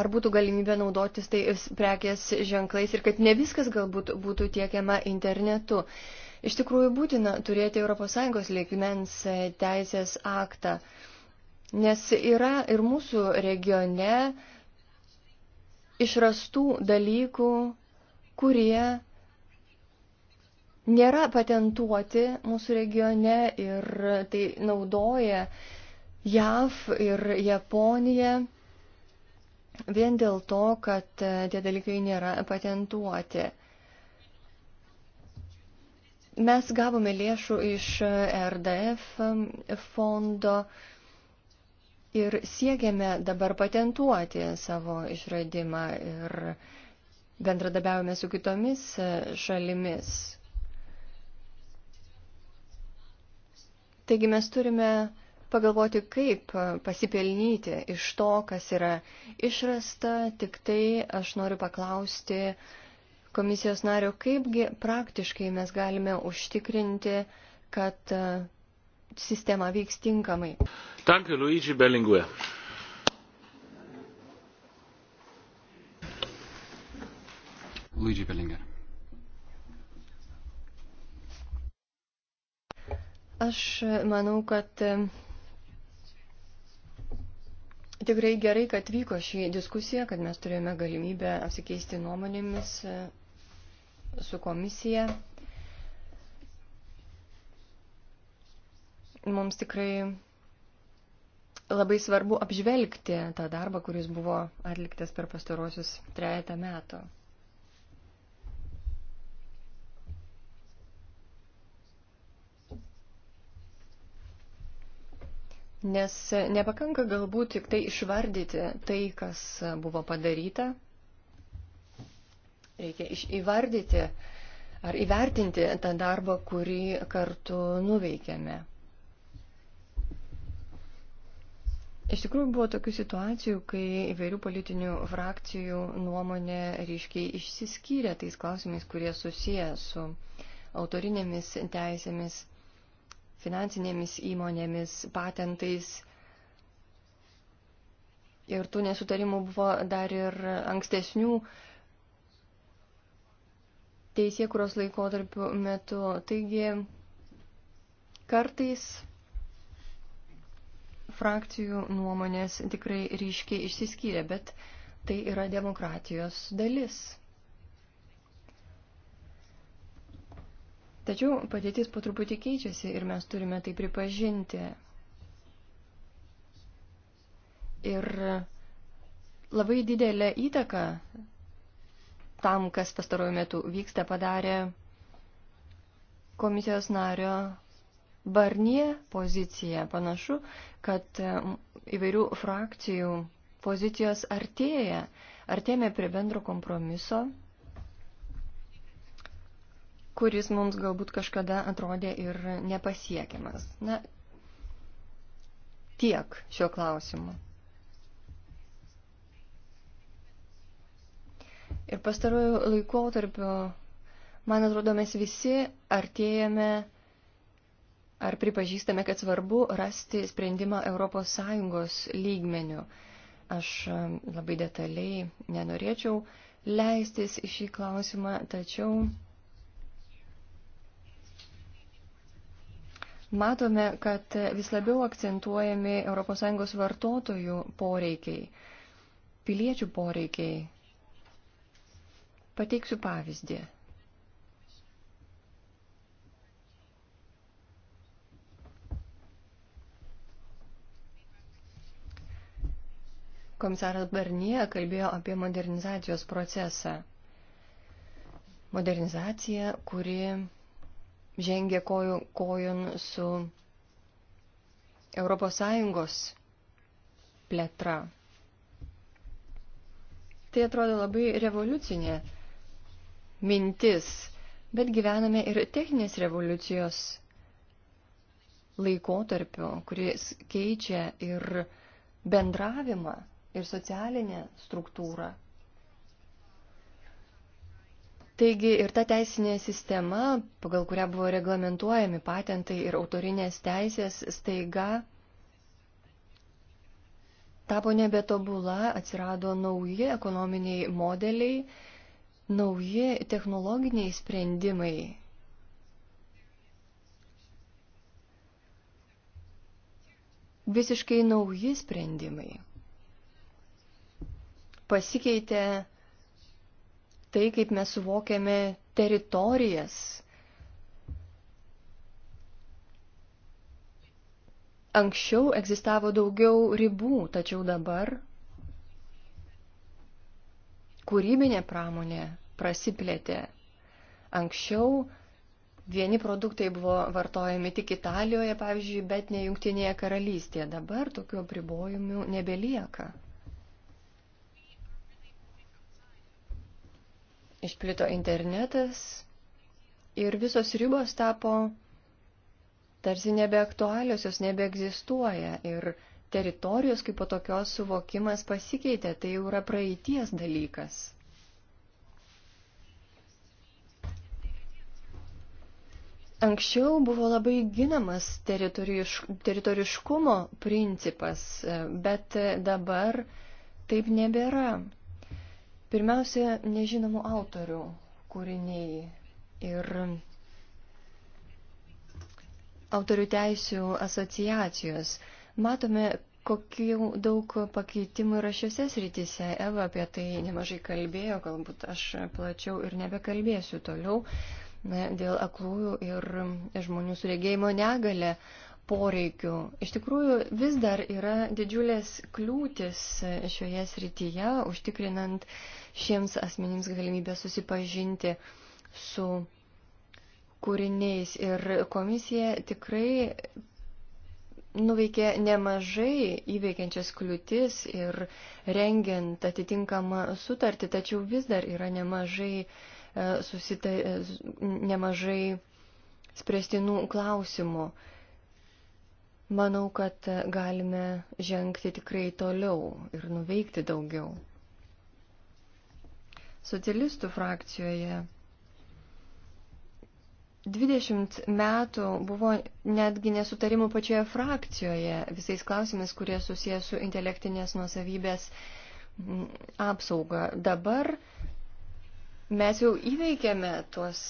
ar būtų galimybė naudotis tai prekės ženklais ir kad ne viskas galbūt būtų tiekiama internetu. Iš tikrųjų būtina turėti ES lygmens teisės aktą, nes yra ir mūsų regione uh, išrastų dalykų, kurie nėra patentuoti mūsų regione ir tai naudoja JAV ir Japonija vien dėl to, kad e, tie dalykai nėra patentuoti. Mes gavome lėšų iš e, RDF fondo ir siekiame dabar patentuoti savo išradimą ir bendradabiavome su kitomis šalimis. Taigi mes turime pagalvoti, kaip pasipelnyti iš to, kas yra išrasta. Tik tai aš noriu paklausti komisijos nario, kaipgi praktiškai mes galime užtikrinti, kad sistema veiks tinkamai. Danke, Luigi Bellingue. Luigi Bellinger. Aš manau, kad e, tikrai gerai, kad vyko šį diskusiją, kad mes turėjome galimybę apsikeisti nuomonėmis e, su komisija mums tikrai labai svarbu apžvelgti tą darbą, kuris buvo atliktas per pastarosius trejata metų. Nes nepakanka galbūt tik tai išvardyti tai, kas buvo padaryta. Reikia įvardyti ar įvertinti tą darbą, kurį kartu nuveikėme. Iš tikrųjų buvo tokių situacijų, kai įvairių politinių frakcijų nuomonė ryškiai išsiskyrė tais klausimais, kurie susiję su autorinėmis teisėmis, finansinėmis įmonėmis, patentais. Ir tų nesutarimų buvo dar ir ankstesnių teisėkuros laikotarpių metu. Taigi kartais frakcijų nuomonės tikrai ryškiai išsiskyrė, bet tai yra demokratijos dalis. Tačiau padėtis po truputį keičiasi ir mes turime tai pripažinti. Ir labai didelę įtaką tam, kas pastaruoju metu vyksta, padarė komisijos nario Barnie poziciją. Panašu, kad e, įvairių frakcijų pozicijos artėja. Artėjame prie bendro kompromiso, kuris mums galbūt kažkada atrodė ir nepasiekiamas. Na, tiek šio klausimu. Ir pastaruoju laikotarpiu, man atrodo, mes visi artėjame Ar pripažįstame, kad svarbu rasti sprendimą ES lygmenių? Aš um, labai detaliai nenorėčiau leistis į šį klausimą, tačiau matome, kad vis labiau akcentuojami ES vartotojų poreikiai, piliečių poreikiai. Pateiksiu pavyzdį. Komisaras Barnie kalbėjo apie modernizacijos procesą. Modernizacija, kuri žengia kojon su ES plėtra. Tai atrodo labai revoliucinė mintis, bet gyvename ir techninės revoliucijos laikotarpiu, kuris keičia ir bendravimą ir socialinę struktūrą. Taigi ir ta teisinė sistema, pagal kurią buvo reglamentuojami patentai ir autorinės teisės, staiga tapo nebetobula, atsirado nauji ekonominiai modeliai, nauji technologiniai sprendimai, visiškai nauji sprendimai pasikeitė tai, kaip mes suvokiame teritorijas. Anksčiau egzistavo daugiau ribų, tačiau dabar kūrybinė pramonė prasiplėtė. Anksčiau vieni produktai buvo vartojami tik Italijoje, pavyzdžiui, bet ne Jungtinėje karalystėje. Dabar tokių apribojimų nebelieka. Išplito internetas ir visos ribos tapo tarsi nebeaktualios, jos nebeegzistuoja ir teritorijos kaip po tokios suvokimas pasikeitė, tai jau yra praeities dalykas. Anksčiau buvo labai ginamas teritoriš, teritoriškumo principas, bet dabar taip nebėra. Pirmiausia, nežinomų autorių kūriniai ir autorių teisių asociacijos. Matome, kokių daug pakeitimų yra šiuose srityse. Eva apie tai nemažai kalbėjo, galbūt aš plačiau ir nebekalbėsiu toliau. Na, dėl aklųjų ir žmonių su regėjimo negale poreikių. Iš tikrųjų, vis dar yra didžiulės kliūtis šioje srityje, užtikrinant šiems asmenims galimybę susipažinti su kūriniais. Ir komisija tikrai nuveikė nemažai įveikiančias kliūtis ir rengiant atitinkamą sutartį, tačiau vis dar yra nemažai, e, susita, nemažai spręstinų klausimų. Manau, kad galime žengti tikrai toliau ir nuveikti daugiau. Socialistų frakcijoje 20 metų buvo netgi nesutarimų pačioje frakcijoje visais klausimais, kurie susijęs su intelektinės nuosavybės apsauga. Dabar mes jau įveikėme tuos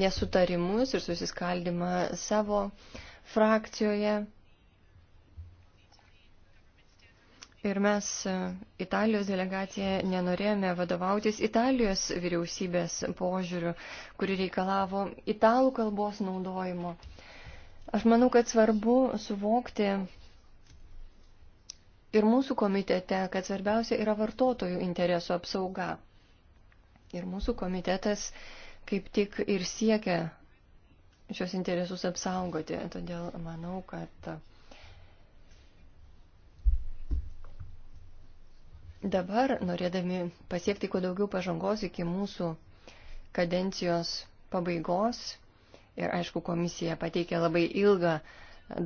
nesutarimus ir susiskaldimą savo uh, frakcijoje. Ir mes, e, Italijos delegacija, nenorėjome vadovautis Italijos vyriausybės požiūriu, kuri reikalavo italų kalbos naudojimo. Aš manau, kad svarbu suvokti ir mūsų komitete, kad svarbiausia yra vartotojų interesų apsauga. Ir mūsų komitetas kaip tik ir siekia šios interesus apsaugoti. Todėl manau, kad dabar, norėdami pasiekti kuo daugiau pažangos iki mūsų kadencijos pabaigos, ir aišku, komisija pateikė labai ilgą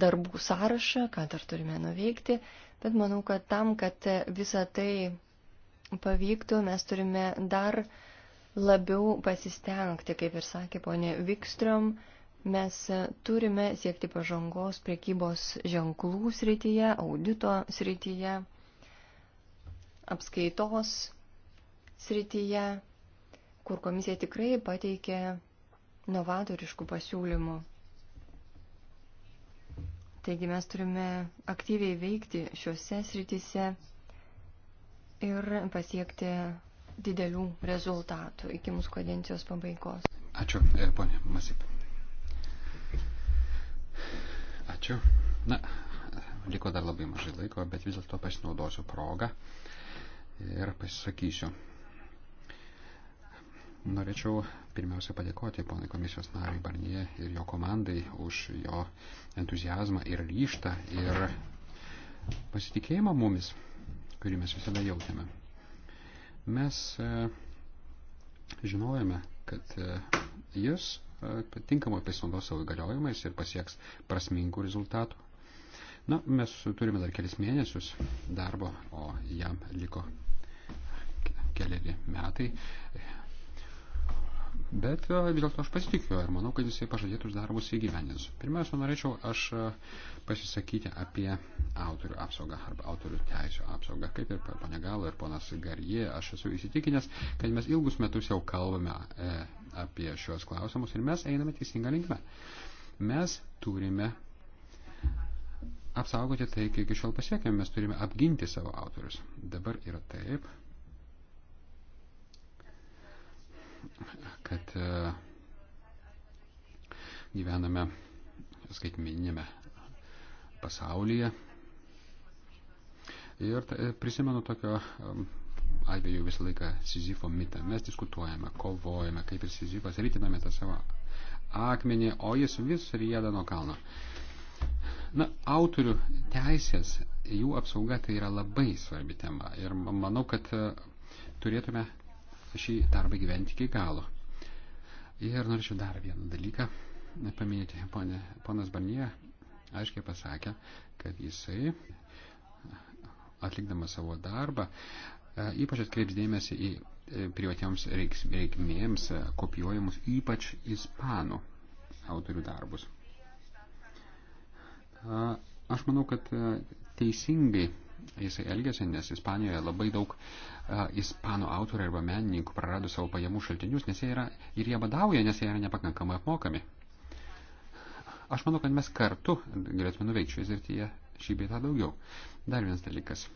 darbų sąrašą, ką dar turime nuveikti, bet manau, kad tam, kad visa tai pavyktų, mes turime dar labiau pasistengti, kaip ir sakė ponė Vikstrom, uh, Mes e, turime siekti pažangos priekybos ženklų srityje, audito srityje, apskaitos srityje, kur komisija tikrai pateikė novatoriškų pasiūlymų. Taigi mes turime aktyviai veikti šiuose srityse ir pasiekti didelių rezultatų iki mūsų kadencijos pabaigos. Ačiū, e, ponė Masip. Ačiū. Na, liko dar labai mažai laiko, bet vis dėlto pasinaudosiu progą ir pasisakysiu. Norėčiau pirmiausia padėkoti ponai komisijos nariui Barnie ir jo komandai už jo entuzijazmą ir ryštą ir pasitikėjimą mumis, kurį mes visada jautėme. Mes e, žinojame, kad e, jis E, tinkamai pasinaudos savo įgaliojimais ir pasieks prasmingų rezultatų. Na, mes turime dar kelis mėnesius darbo, o jam liko keliari metai. Bet e, vis dėlto aš pasitikiu ir manau, kad jisai pažadėtus darbus įgyvendins. Pirmiausia, norėčiau aš e, pasisakyti apie autorių apsaugą arba autorių teisų apsaugą. Kaip ir pane Galo ir ponas Garjė, aš esu įsitikinęs, kad mes ilgus metus jau kalbame e, apie šios klausimus ir mes einame teisingą linkmę. Mes turime apsaugoti tai, kiek iki šiol pasiekėme, mes turime apginti savo autorius. Dabar yra taip, kad e, gyvename skaitmeninėme pasaulyje. Ir e, prisimenu tokio atveju visą laiką Sizifo mitą. Mes diskutuojame, kovojame, kaip ir Sizifas, rytiname tą savo akmenį, o jis vis rieda nuo kalno. Na, autorių teisės, jų apsauga tai yra labai svarbi tema ir manau, kad e, turėtume šį darbą gyventi iki galo. Ir norėčiau dar vieną dalyką paminėti. Pone, ponas Barnie aiškiai pasakė, kad jisai atlikdamas savo darbą E, ypač atkreips dėmesį į e, privatiems reikmėms e, kopijuojamus ypač ispanų autorių darbus. Aš manau, kad teisingai jisai elgėsi, nes Ispanijoje labai daug uh, ispanų autorių arba menininkų prarado savo pajamų šaltinius, nes jie yra ir jie badauja, nes jie yra nepakankamai apmokami. Aš manau, kad mes kartu galėtume nuveikti šioje srityje šį beitą daugiau. Dar vienas dalykas.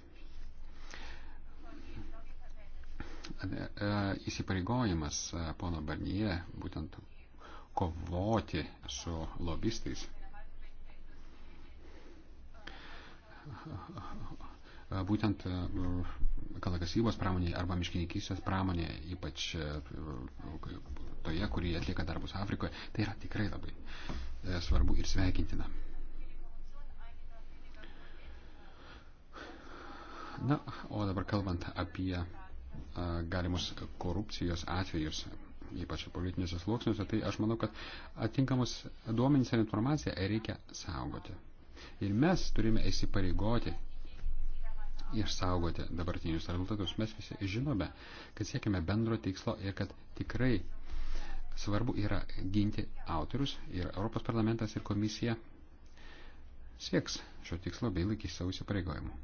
įsipareigojimas e, pono Barnyje būtent kovoti su lobistais būtent e, kalakasybos pramonėje arba miškininkystės pramonėje, ypač e, toje, kurie atlieka darbus Afrikoje, tai yra tikrai labai svarbu ir sveikintina. Na, o dabar kalbant apie galimus korupcijos atvejus, ypač politinėse sluoksniuose, tai aš manau, kad atinkamus duomenys ir informaciją reikia saugoti. Ir mes turime įsipareigoti išsaugoti dabartinius rezultatus. Mes visi žinome, kad siekime bendro tikslo ir kad tikrai svarbu yra ginti autorius ir Europos parlamentas ir komisija sieks šio tikslo bei laikys savo įsipareigojimų.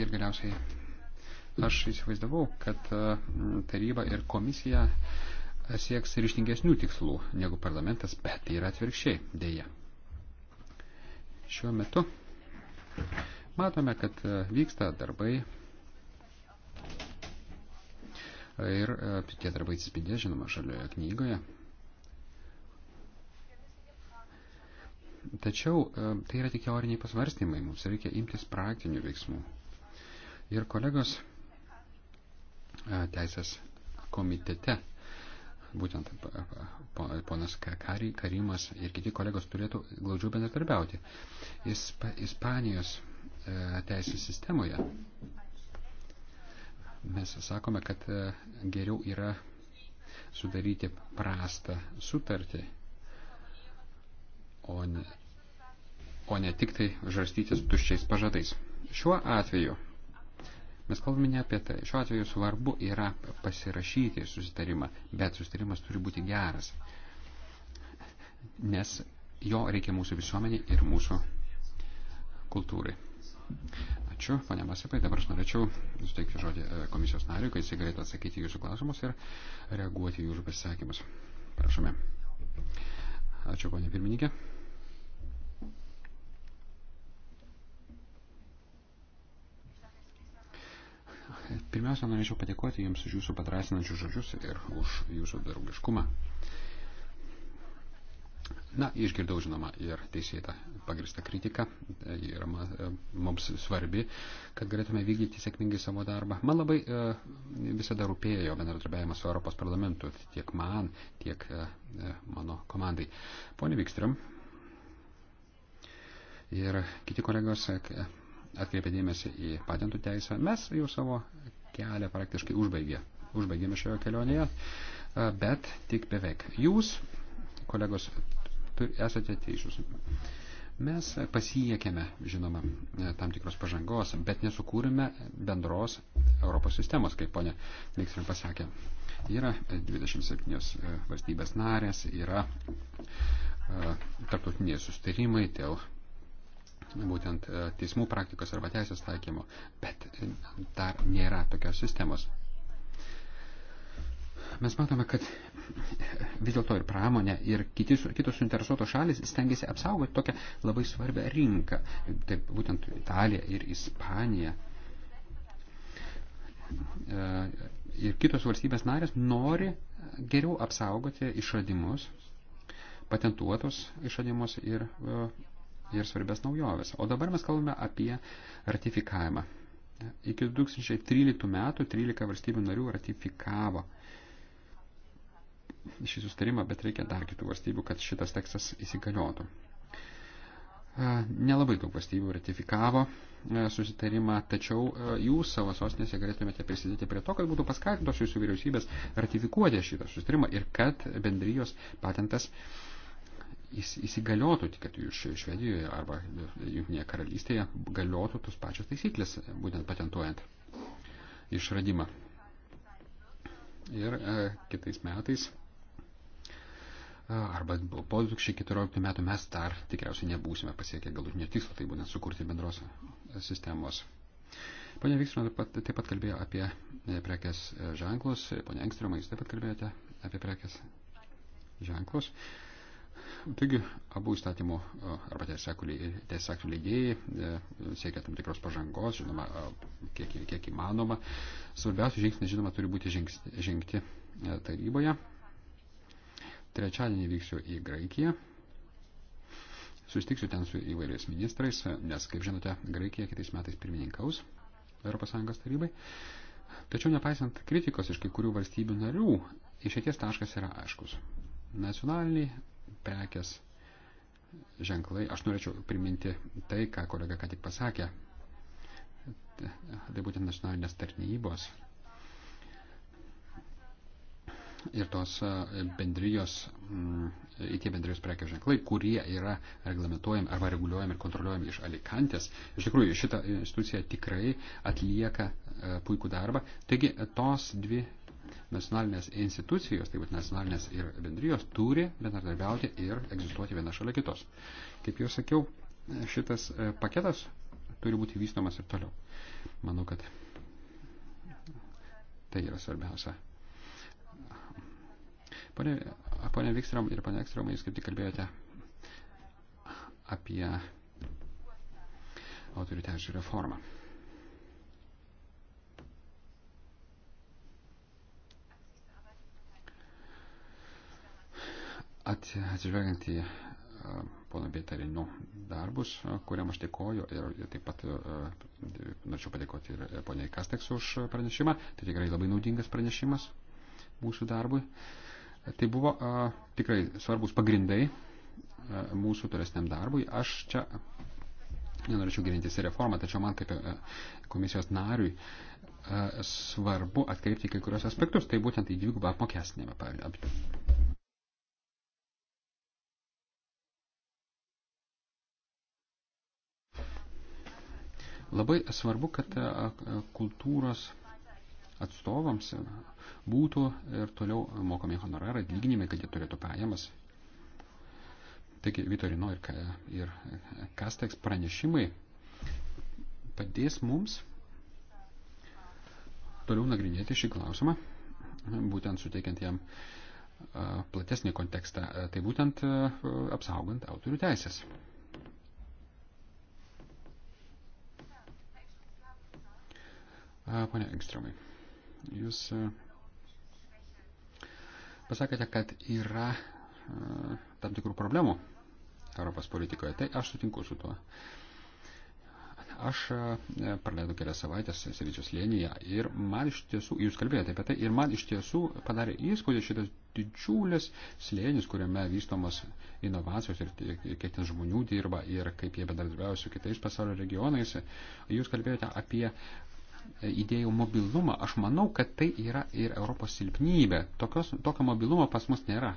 Ir galiausiai aš įsivaizdavau, kad e, taryba ir komisija sieks ryštingesnių tikslų negu parlamentas, bet tai yra atvirkščiai dėja. Šiuo metu matome, kad e, vyksta darbai ir e, tie darbai atsispindės, žinoma, žalioje knygoje. Tačiau e, tai yra tik teoriniai pasvarstymai, mums reikia imtis praktinių veiksmų. Ir kolegos e, teisės komitete, būtent ponas Karimas ir kiti kolegos turėtų glaudžiau bendradarbiauti. Isp Ispanijos e, teisės sistemoje mes sakome, kad geriau yra sudaryti prastą sutartį o ne, o ne tik tai žarstytis tuščiais pažadais. Šiuo atveju Mes kalbame ne apie tai. Šiuo atveju svarbu yra pasirašyti susitarimą, bet susitarimas turi būti geras. Nes jo reikia mūsų visuomenė ir mūsų kultūrai. Ačiū, ponia Masipai. Dabar aš norėčiau suteikti žodį e, komisijos nariui, kad jis galėtų atsakyti jūsų klausimus ir reaguoti jūsų pasisakymus. Prašome. Ačiū, ponia pirmininkė. Pirmiausia, norėčiau padėkoti Jums už Jūsų padrasinančius žodžius ir už Jūsų draugiškumą. Na, išgirdau, žinoma, ir teisėtą pagristą kritiką, tai yra e, mums svarbi, kad galėtume vykdyti sėkmingai savo darbą. Man labai e, visada rūpėjo bendradarbiavimas su Europos parlamentu, tiek man, tiek e, e mano komandai. Pone Vikstram ir kiti kolegos. E, atkreipė dėmesį į patentų teisę. Mes jau savo kelią praktiškai užbaigė. užbaigėme šioje kelionėje, bet tik beveik. Jūs, kolegos, esate teisūs. Mes pasiekėme, žinoma, tam tikros pažangos, bet nesukūrėme bendros Europos sistemos, kaip ponė Vikstrin pasakė. Yra 27 e, valstybės narės, yra e, tarptautiniai sustarimai dėl būtent e, teismų praktikos arba teisės taikymo, bet dar nėra tokios sistemos. Mes matome, kad vis dėlto ir pramonė, ir kiti, kitos suinteresuotos šalis stengiasi apsaugoti tokią labai svarbią rinką, taip būtent Italija ir Ispanija. E, ir kitos valstybės narės nori geriau apsaugoti išradimus, patentuotos išradimus ir e, ir svarbės naujoves. O dabar mes kalbame apie ratifikavimą. Iki 2013 metų 13 valstybių narių ratifikavo šį sustarimą, bet reikia dar kitų valstybių, kad šitas tekstas įsigaliotų. E, nelabai daug valstybių ratifikavo e, susitarimą, tačiau e, jūs savo sostinėse galėtumėte prisidėti prie to, kad būtų paskatintos jūsų vyriausybės ratifikuoti šitą susitarimą ir kad bendrijos patentas uh, įsigaliotų, tik kad jūs Švedijoje arba Junktinėje karalystėje galiotų tos pačios taisyklės, būtent patentuojant išradimą. Ir e, kitais metais, e, arba po 2014 metų mes dar tikriausiai nebūsime pasiekę galutinio tikslo, tai būtent sukurti bendros sistemos. Pane Vyksmė taip, pat, taip pat kalbėjo apie e, prekės e, ženklus, pane Engstromai, jūs taip pat kalbėjote apie prekės ženklus. E, Taigi, abu įstatymų arba teisės aktų leidėjai e, siekia tam tikros pažangos, žinoma, kiek, kiek įmanoma. Svarbiausias žingsnis, žinoma, turi būti žings, žengti e, taryboje. Trečiadienį vyksiu į Graikiją. Sustiksiu ten su įvairiais ministrais, nes, kaip žinote, Graikija kitais metais pirmininkaus ES tarybai. Tačiau nepaisant kritikos iš kai kurių valstybių narių, išėties taškas yra aiškus. Nacionaliniai prekės ženklai. Aš norėčiau priminti tai, ką kolega ką tik pasakė. Tai būtent nacionalinės tarnybos ir tos e, bendrijos, mm, ir tie bendrijos prekės ženklai, kurie yra reglamentuojami arba reguliuojami ir kontroliuojami iš Alikantės. Iš tikrųjų, šita institucija tikrai atlieka e, puikų darbą. Taigi, tos dvi nacionalinės institucijos, taip pat nacionalinės ir bendrijos, turi bendradarbiauti ir egzistuoti viena šalia kitos. Kaip jau sakiau, šitas e, paketas turi būti vystomas ir toliau. Manau, kad tai yra svarbiausia. Pane, pane Vikstrom ir pane Ekstrom, jūs kaip tik kalbėjote apie autorių teisų reformą. Atsižvelgiant į e, pono Beitarino darbus, e, kuriam aš dėkoju ir taip pat e, norėčiau padėkoti ir poniai Kasteks už pranešimą. Tai tikrai labai naudingas pranešimas mūsų darbui. Tai buvo a, tikrai svarbus pagrindai a, mūsų tolesniam darbui. Aš čia nenorėčiau gilintis į reformą, tačiau man kaip a, komisijos nariui a, svarbu atkreipti kai kurios aspektus, tai būtent į dvigubą apmokestinimą, pavyzdžiui, Labai svarbu, kad e, e, kultūros atstovams e, būtų ir toliau mokami honorarai, atlyginimai, kad jie turėtų pajamas. Taigi Vitorino ir, ir Kasteks pranešimai padės mums toliau nagrinėti šį klausimą, būtent suteikiant jam platesnį kontekstą, tai būtent apsaugant autorių teisės. Pone Engstromai, jūs e, pasakėte, kad yra e, tam tikrų problemų Europos politikoje. Tai aš sutinku su tuo. Aš e, praleidau kelias savaitės Sevičios lėnyje ir man iš tiesų, jūs kalbėjote apie tai, ir man iš tiesų padarė įspūdį šitas didžiulis slėnis, kuriame vystomas inovacijos ir kiek ten žmonių dirba ir kaip jie bendradarbiauja su kitais pasaulio regionais. Jūs kalbėjote apie idėjų mobilumą, aš manau, kad tai yra ir Europos silpnybė. Tokios, tokio mobilumo pas mus nėra.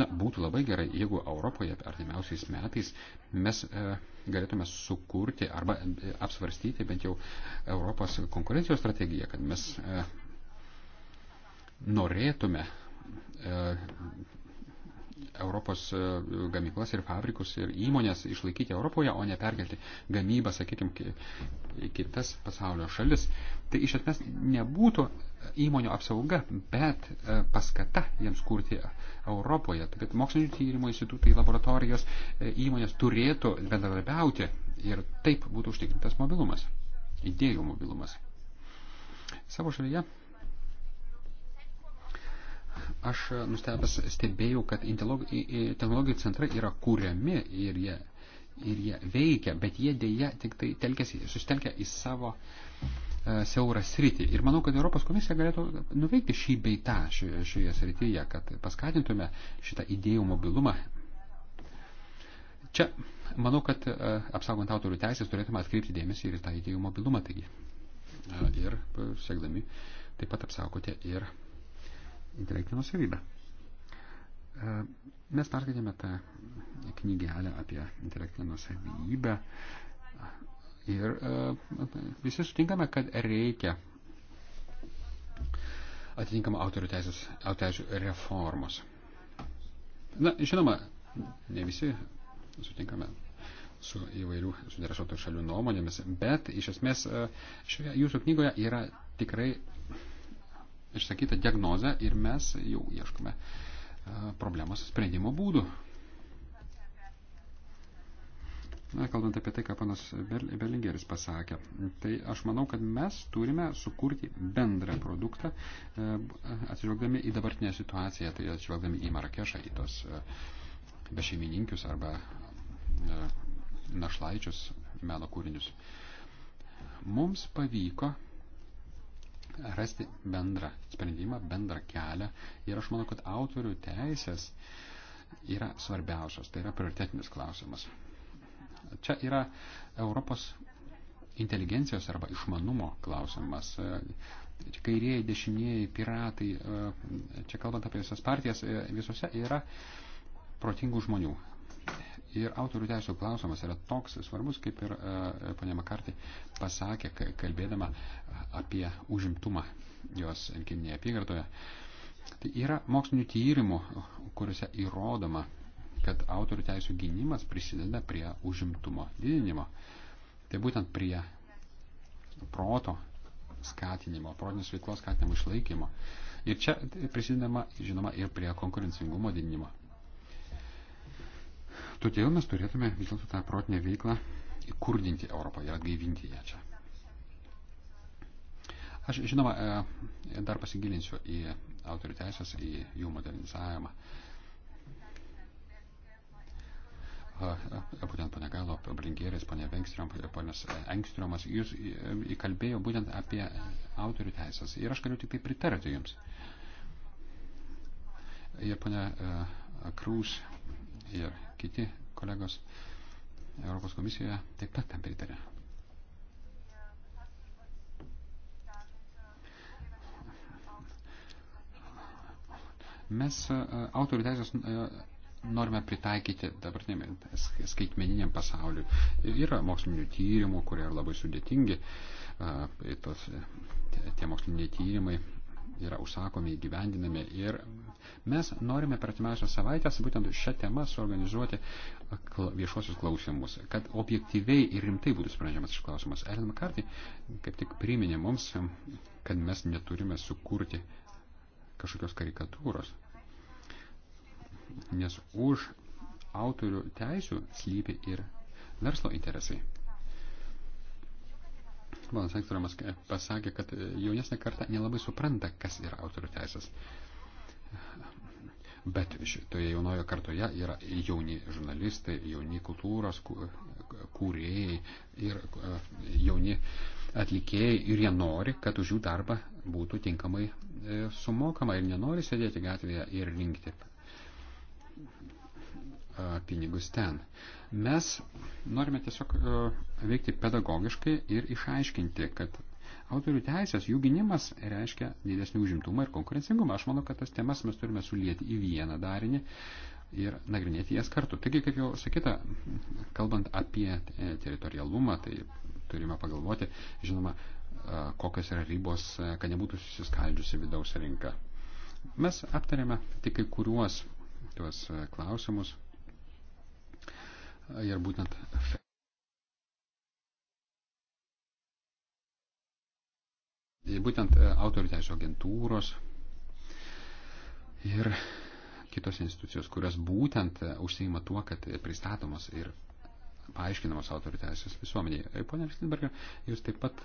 Na, būtų labai gerai, jeigu Europoje artimiausiais metais mes e, galėtume sukurti arba e, apsvarstyti bent jau Europos konkurencijos strategiją, kad mes e, norėtume e, Europos e, gamyklas ir fabrikus ir įmonės išlaikyti Europoje, o ne perkelti gamybą, sakykime, į kitas pasaulio šalis. Tai iš esmės nebūtų įmonių apsauga, bet e, paskata jiems kurti Europoje. Tai kad mokslinio tyrimo institutai, laboratorijos, e, įmonės turėtų bendradarbiauti ir taip būtų užtikrintas mobilumas, idėjų mobilumas. Savo šalyje Aš e, nustebęs stebėjau, kad technologijų centrai yra kūriami ir jie, ir jie veikia, bet jie dėja tik tai telkėsi, susitelkia į savo e, siaurą sritį. Ir manau, kad Europos komisija galėtų nuveikti šį beitą šioje, šioje srityje, kad paskatintume šitą idėjų mobilumą. Čia manau, kad e, apsaugant autorių teisės turėtume atkreipti dėmesį ir į tą idėjų mobilumą. Taigi. E, ir e, siekdami taip pat apsaugoti ir intelektinę nusavybę. E, mes perskaitėme tą knygelę apie intelektinę nusavybę ir e, visi sutinkame, kad reikia atitinkama autorių teisės, autorių reformos. Na, žinoma, ne visi sutinkame su įvairių suinteresuotų šalių nuomonėmis, bet iš esmės e, šioje jūsų knygoje yra tikrai išsakytą diagnozę ir mes jau ieškome e, problemos sprendimo būdų. Na, kalbant apie tai, ką panas Berlingeris pasakė, tai aš manau, kad mes turime sukurti bendrą produktą, e, atsižvelgdami į dabartinę situaciją, tai atsižvelgdami į Marakešą, į tos e, bešeimininkius arba našlaičius meno kūrinius. Mums pavyko rasti bendrą sprendimą, bendrą kelią. Ir aš manau, kad autorių teisės yra svarbiausios, tai yra prioritetinis klausimas. Čia yra Europos inteligencijos arba išmanumo klausimas. Kairieji, dešinieji, piratai, e, čia kalbant apie visas partijas, e, visose yra protingų žmonių. Ir autorių teisų klausimas yra toks svarbus, kaip ir e, ponė Makartė pasakė, kalbėdama apie užimtumą jos rinkiminėje apygardoje. Tai yra mokslinių tyrimų, kuriuose įrodoma, kad autorių teisų gynimas prisideda prie užimtumo didinimo. Tai būtent prie proto skatinimo, protinės veiklos skatinimo išlaikymo. Ir čia prisidedama, žinoma, ir prie konkurencingumo didinimo. Todėl mes turėtume vis dėlto tą protinę veiklą įkurdinti Europoje, atgaivinti ją čia. Aš, žinoma, e, dar pasigilinsiu į autorių teisės, į jų modernizavimą. būtent pane Galo, Blinkėris, pane Vengstrom, panas Engstromas, jūs įkalbėjo būtent apie autorių teisės ir aš galiu tik tai pritarti jums. Ir pane Krūs ir kiti kolegos Europos komisijoje taip pat tam pritarė. Mes e, autorių teisės e, norime pritaikyti dabartiniam skaitmeniniam pasauliu. Yra mokslinių tyrimų, kurie yra labai sudėtingi. E, tos, tie moksliniai tyrimai yra užsakomi, įgyvendinami ir Mes norime per atimiausias savaitės būtent šią temą suorganizuoti viešuosius klausimus, kad objektyviai ir rimtai būtų sprendžiamas šis klausimas. Ellen McCarthy kaip tik priminė mums, kad mes neturime sukurti kažkokios karikatūros, nes už autorių teisių slypi ir verslo interesai. Valas Sektoriumas pasakė, kad jaunesnė karta nelabai supranta, kas yra autorių teisės. Bet šitoje jaunojo kartoje yra jauni žurnalistai, jauni kultūros kūrėjai ir e, jauni atlikėjai ir jie nori, kad už jų darbą būtų tinkamai e, sumokama ir nenori sėdėti gatvėje ir rinkti e, pinigus ten. Mes norime tiesiog veikti pedagogiškai ir išaiškinti, kad autorių teisės, jų gynimas reiškia didesnį užimtumą ir konkurencingumą. Aš manau, kad tas temas mes turime sulieti į vieną darinį ir nagrinėti jas kartu. Taigi, kaip jau sakyta, kalbant apie teritorialumą, tai turime pagalvoti, žinoma, kokios yra ribos, kad nebūtų susiskaldžiusi vidaus rinka. Mes aptarėme tik kai kuriuos tuos klausimus ir būtent būtent e, autorių teisų agentūros ir kitos institucijos, kurios būtent e, užsieima tuo, kad pristatomos ir paaiškinamos autorių teisės visuomeniai. E, pone Šlitberger, jūs taip pat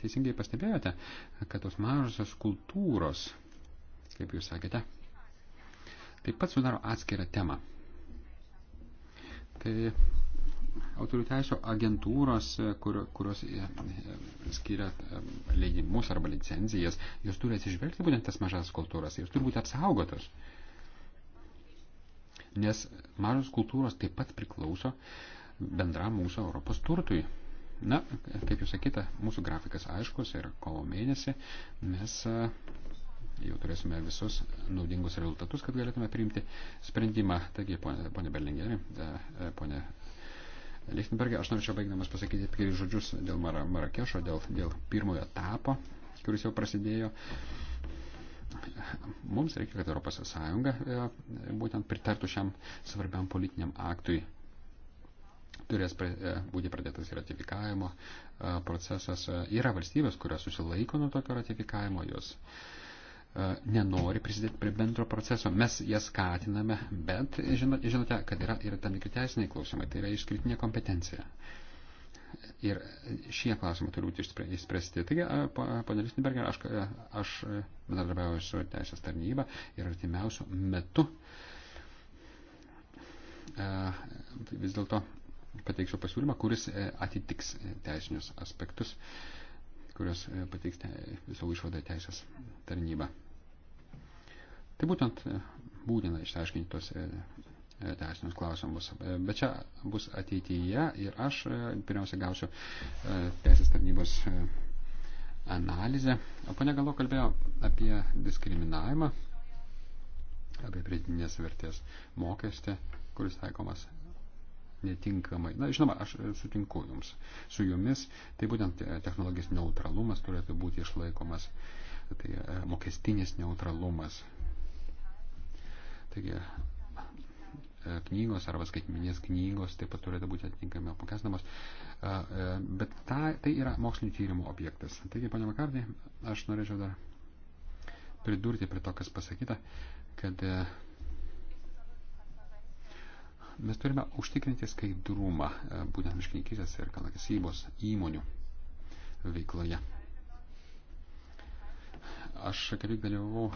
teisingai pastebėjote, kad tos mažosios kultūros, kaip jūs sakėte, taip pat sudaro atskirą temą. Tai autorių teisų agentūros, kur, kurios e, e, skiria e, leidimus arba licenzijas, jos turi atsižvelgti būtent tas mažas kultūras, jos turi būti apsaugotos. Nes mažos kultūros taip pat priklauso bendram mūsų Europos turtui. Na, kaip jūs sakyta, mūsų grafikas aiškus ir kovo mėnesį mes jau turėsime visus naudingus rezultatus, kad galėtume priimti sprendimą. Taigi, ponė, ponė Berlingeri, ponė Lichtenbergė. Aš norėčiau baigdamas pasakyti kelius žodžius dėl Mar Marakešo, dėl, dėl pirmojo etapo, kuris jau prasidėjo. Mums reikia, kad Europos Sąjunga e, būtent pritartų šiam svarbiam politiniam aktui. Turės e, būti pradėtas ratifikavimo e, procesas. Yra valstybės, kurios susilaiko nuo tokio ratifikavimo, jos uh, E, nenori prisidėti prie bendro proceso. Mes jas skatiname, bet žinote, kad yra ir tam tikri teisiniai klausimai, tai yra išskirtinė kompetencija. Ir šie klausimai turi būti išspręsti. Taigi, e, ponė Lichtenberger, aš, e, aš bendradarbiauju su teisės tarnyba ir artimiausių metų tai vis dėlto pateiksiu pasiūlymą, kuris atitiks teisinius aspektus, kurios pateiks te, visų išvadą teisės tarnybą. Tai būtent e, būtina išsiaiškinti tos e, e, teisinius klausimus. Bet čia bus ateityje ir aš pirmiausia gausiu teisės tarnybos analizę. Pane Galo kalbėjo apie diskriminavimą, apie pridinės vertės mokestį, kuris taikomas netinkamai. Na, žinoma, aš sutinku jums su jumis, tai būtent technologijos neutralumas turėtų būti išlaikomas, tai mokestinis neutralumas Taigi, e, knygos arba skaitminės knygos taip pat turėtų būti atitinkamai apmokestinamos. E, e, bet ta, tai yra mokslinio tyrimo objektas. Taigi, ponia Makardė, aš norėčiau dar pridurti prie to, kas pasakyta, kad mes turime užtikrinti skaidrumą būtent miškininkysės ir kalnakasybos įmonių veikloje. Aš kaip tik dalyvavau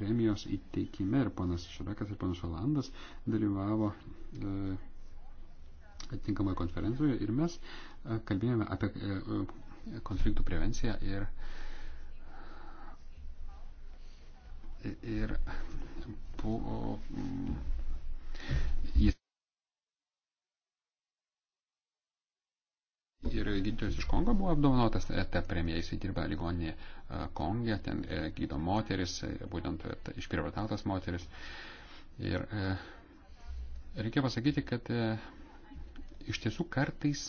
premijos įteikime ir panas Širakas ir panas Olandas dalyvavo e, atitinkamoje konferencijoje ir mes e, kalbėjome apie e, e konfliktų prevenciją ir, ir buvo, mm, jis ir gydytojas iš Kongo buvo apdovanotas e, tą premiją, jisai dirba ligoninėje e, Konge, ten e, gydo moteris, būtent išprievartautas moteris. Ir reikia pasakyti, kad iš tiesų kartais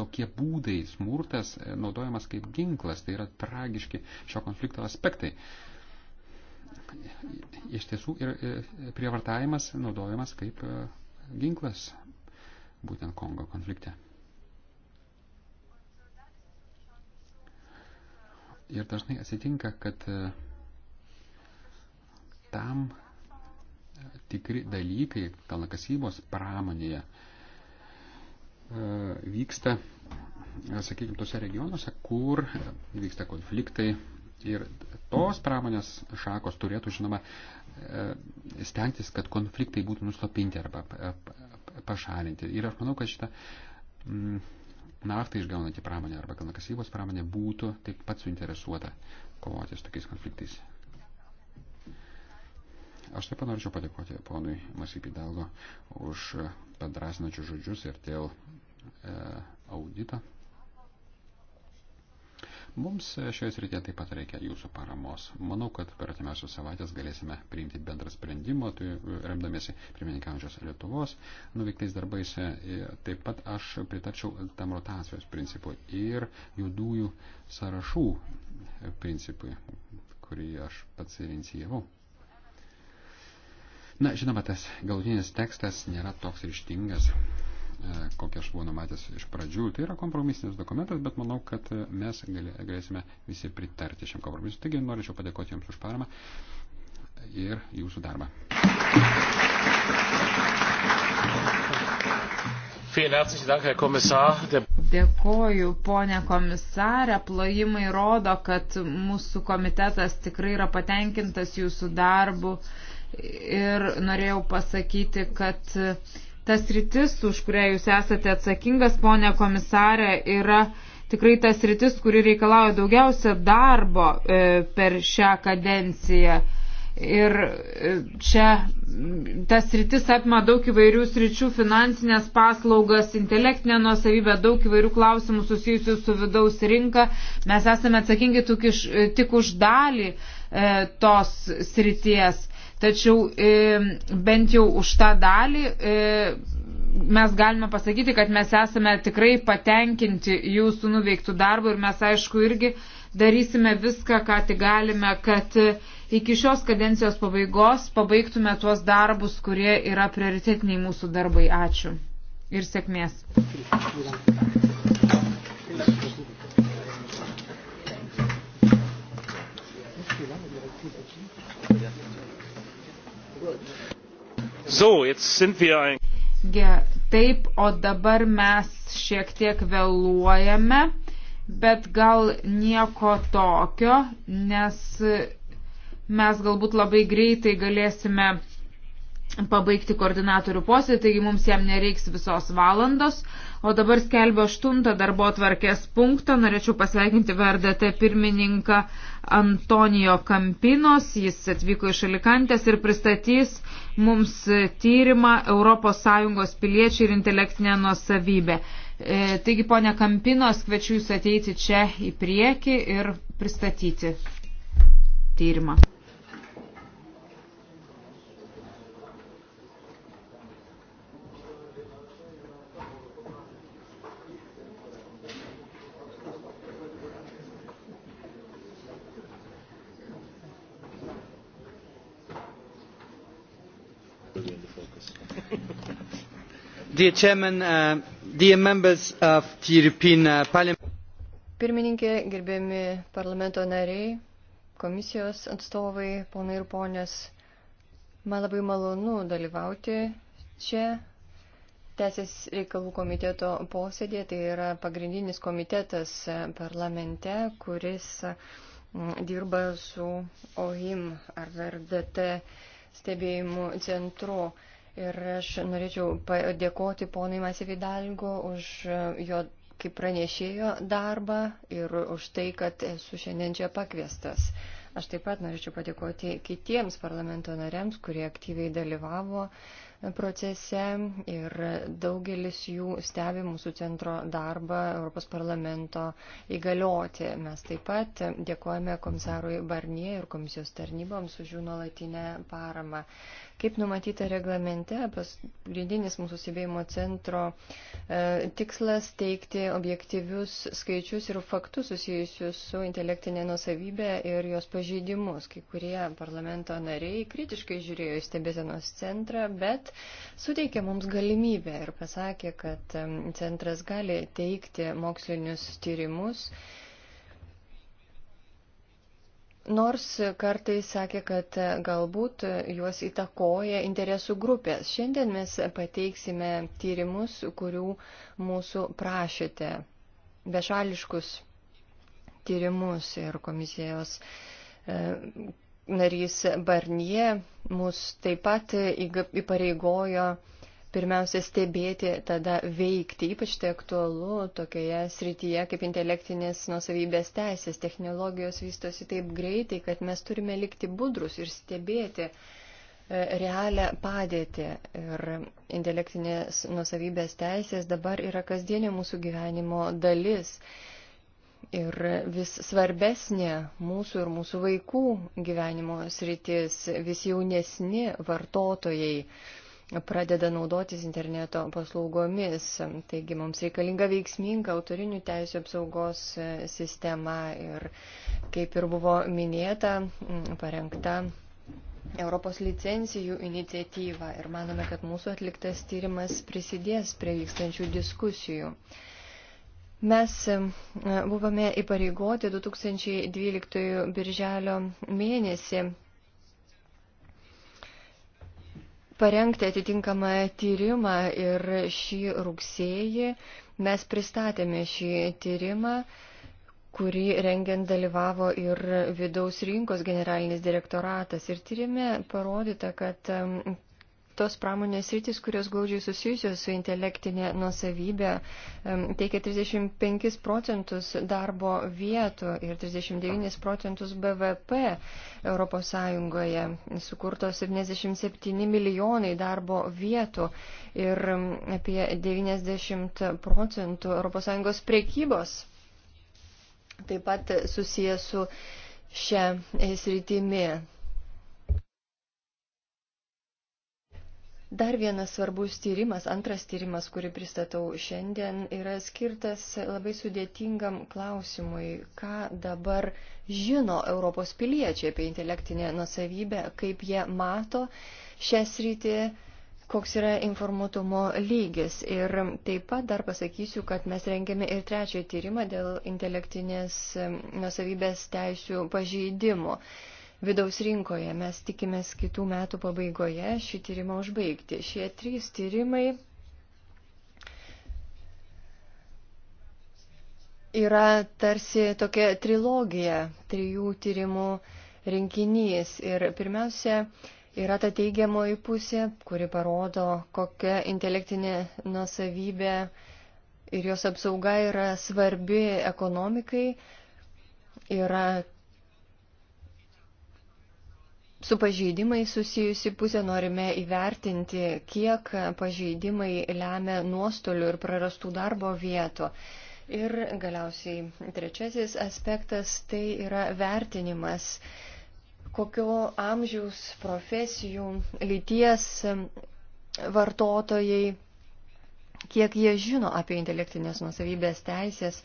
tokie būdai, smurtas naudojamas kaip ginklas, tai yra tragiški šio konflikto aspektai. Iš tiesų ir prievartavimas naudojamas kaip ginklas būtent Kongo konflikte. Ir dažnai atsitinka, kad e, tam e, tikri dalykai kalnakasybos pramonėje e, vyksta, sakykime, tose regionuose, kur vyksta konfliktai. Ir tos pramonės šakos turėtų, žinoma, stengtis, kad konfliktai būtų nuslopinti arba pašalinti. Ir aš manau, kad šitą naftą išgaunanti pramonė arba kalnakasybos pramonė būtų taip pat suinteresuota kovoti su tokiais konfliktais. Aš taip pat norėčiau padėkoti ponui Masipidalgo už padrasinančius žodžius ir dėl e, audito Mums šioje srityje taip pat reikia jūsų paramos. Manau, kad per atimiausius savaitės galėsime priimti bendrą sprendimą, tai e, remdamėsi pirmininkaujančios Lietuvos nuveiktais darbais. E, taip pat aš pritarčiau tam rotacijos principui ir juodųjų sąrašų principui, kurį aš pats ir inicijavau. Na, žinoma, tas galutinis tekstas nėra toks ryštingas, E, kokią aš buvau numatęs iš pradžių. Tai yra kompromisinis dokumentas, bet manau, kad mes galėsime visi pritarti šiam kompromisui. Taigi norėčiau padėkoti Jums už paramą ir Jūsų darbą. Dėkoju, ponė komisarė. Plojimai rodo, kad mūsų komitetas tikrai yra patenkintas jūsų darbu. Ir norėjau pasakyti, kad tas rytis, už kurią jūs esate atsakingas, ponė komisarė, yra tikrai tas rytis, kuri reikalauja daugiausia darbo e, per šią kadenciją. Ir e, čia tas rytis apima daug įvairių sričių - finansinės paslaugas, intelektinę nuosavybę, daug įvairių klausimų susijusių su vidaus rinka. Mes esame atsakingi e, tik už dalį tos srities tačiau e, bent jau už tą dalį e, mes galime pasakyti, kad mes esame tikrai patenkinti jūsų nuveiktų darbų ir mes aišku irgi darysime viską, ką tik galime, kad iki šios kadencijos pabaigos pabaigtume tuos darbus, kurie yra prioritetiniai mūsų darbai. Ačiū ir sėkmės. So, jetzt sind wir ein. Ge, taip, o dabar mes šiek tiek vėluojame, bet gal nieko tokio, nes mes galbūt labai greitai galėsime pabaigti koordinatorių posėdį, taigi mums jam nereiks visos valandos. O dabar skelbiu aštuntą darbo tvarkės punktą. Norėčiau pasveikinti VRDT pirmininką Antonijo Kampinos. Jis atvyko iš Alikantės ir pristatys mums tyrimą ES piliečiai ir intelektinė nuosavybė. E, taigi, ponia Kampinos, kviečiu Jūs ateiti čia į priekį ir pristatyti tyrimą. Dear Chairman, uh, dear members of the European uh, Parliament. Pirmininkė, gerbėmi parlamento nariai, komisijos atstovai, ponai ir ponės, man labai malonu dalyvauti čia. Teisės reikalų komiteto posėdė tai yra pagrindinis komitetas parlamente, kuris mm, dirba su OHIM ar RDT stebėjimų centru. Ir aš norėčiau padėkoti ponui Masividalgo už jo kaip pranešėjo darbą ir už tai, kad esu šiandien čia pakviestas. Aš taip pat norėčiau padėkoti kitiems parlamento nariams, kurie aktyviai dalyvavo procese ir daugelis jų stebi mūsų centro darbą Europos parlamento įgalioti. Mes taip pat dėkojame komisarui Barnie ir komisijos tarnyboms už jų nuolatinę paramą. Kaip numatyta reglamente, pagrindinis mūsų stebėjimo centro e, tikslas teikti objektyvius skaičius ir faktus susijusius su intelektinė nusavybė ir jos pažeidimus. Kai kurie parlamento nariai kritiškai žiūrėjo į stebėsenos centrą, bet suteikė mums galimybę ir pasakė, kad centras gali teikti mokslinius tyrimus Nors kartais sakė, kad galbūt juos įtakoja interesų grupės. Šiandien mes pateiksime tyrimus, kurių mūsų prašėte, bešališkus tyrimus ir komisijos e, narys Barnie mus taip pat įpareigojo pirmiausia stebėti, tada veikti. Ypač tai aktualu tokioje srityje kaip intelektinės nusavybės teisės. Technologijos vystosi taip greitai, kad mes turime likti budrus ir stebėti e, realią padėtį. Ir intelektinės nusavybės teisės dabar yra kasdienė mūsų gyvenimo dalis. Ir vis svarbesnė mūsų ir mūsų vaikų gyvenimo sritis, vis jaunesni vartotojai pradeda naudotis interneto paslaugomis. Taigi mums reikalinga veiksminga autorinių teisų apsaugos e, sistema ir, kaip ir buvo minėta, parengta Europos licencijų iniciatyva ir manome, kad mūsų atliktas tyrimas prisidės prie vykstančių diskusijų. Mes e, buvome įpareigoti 2012 birželio mėnesį parengti atitinkamą tyrimą ir šį rugsėjį mes pristatėme šį tyrimą, kurį rengiant dalyvavo ir vidaus rinkos generalinis direktoratas. Ir tyrimė parodyta, kad tos pramonės rytis, kurios glaudžiai susijusios su intelektinė nusavybė, teikia 35 procentus darbo vietų ir 39 procentus BVP ES. Sukurto 77 milijonai darbo vietų ir apie 90 procentų ES prekybos. Taip pat susijęs su šią e, sritimi. Dar vienas svarbus tyrimas, antras tyrimas, kurį pristatau šiandien, yra skirtas labai sudėtingam klausimui, ką dabar žino Europos piliečiai apie intelektinę nusavybę, kaip jie mato šią sritį, koks yra informuotumo lygis. Ir taip pat dar pasakysiu, kad mes rengėme ir trečią tyrimą dėl intelektinės nusavybės teisių pažeidimo vidaus rinkoje. Mes tikimės kitų metų pabaigoje šį tyrimą užbaigti. Šie trys tyrimai yra tarsi tokia trilogija, trijų tyrimų rinkinys. Ir pirmiausia, yra ta teigiamoji pusė, kuri parodo, kokia intelektinė nusavybė ir jos apsauga yra svarbi ekonomikai. Yra Su pažeidimai susijusi pusė norime įvertinti, kiek pažeidimai lemia nuostolių ir prarastų darbo vietų. Ir galiausiai trečiasis aspektas tai yra vertinimas, kokio amžiaus profesijų lyties vartotojai kiek jie žino apie intelektinės nusavybės teisės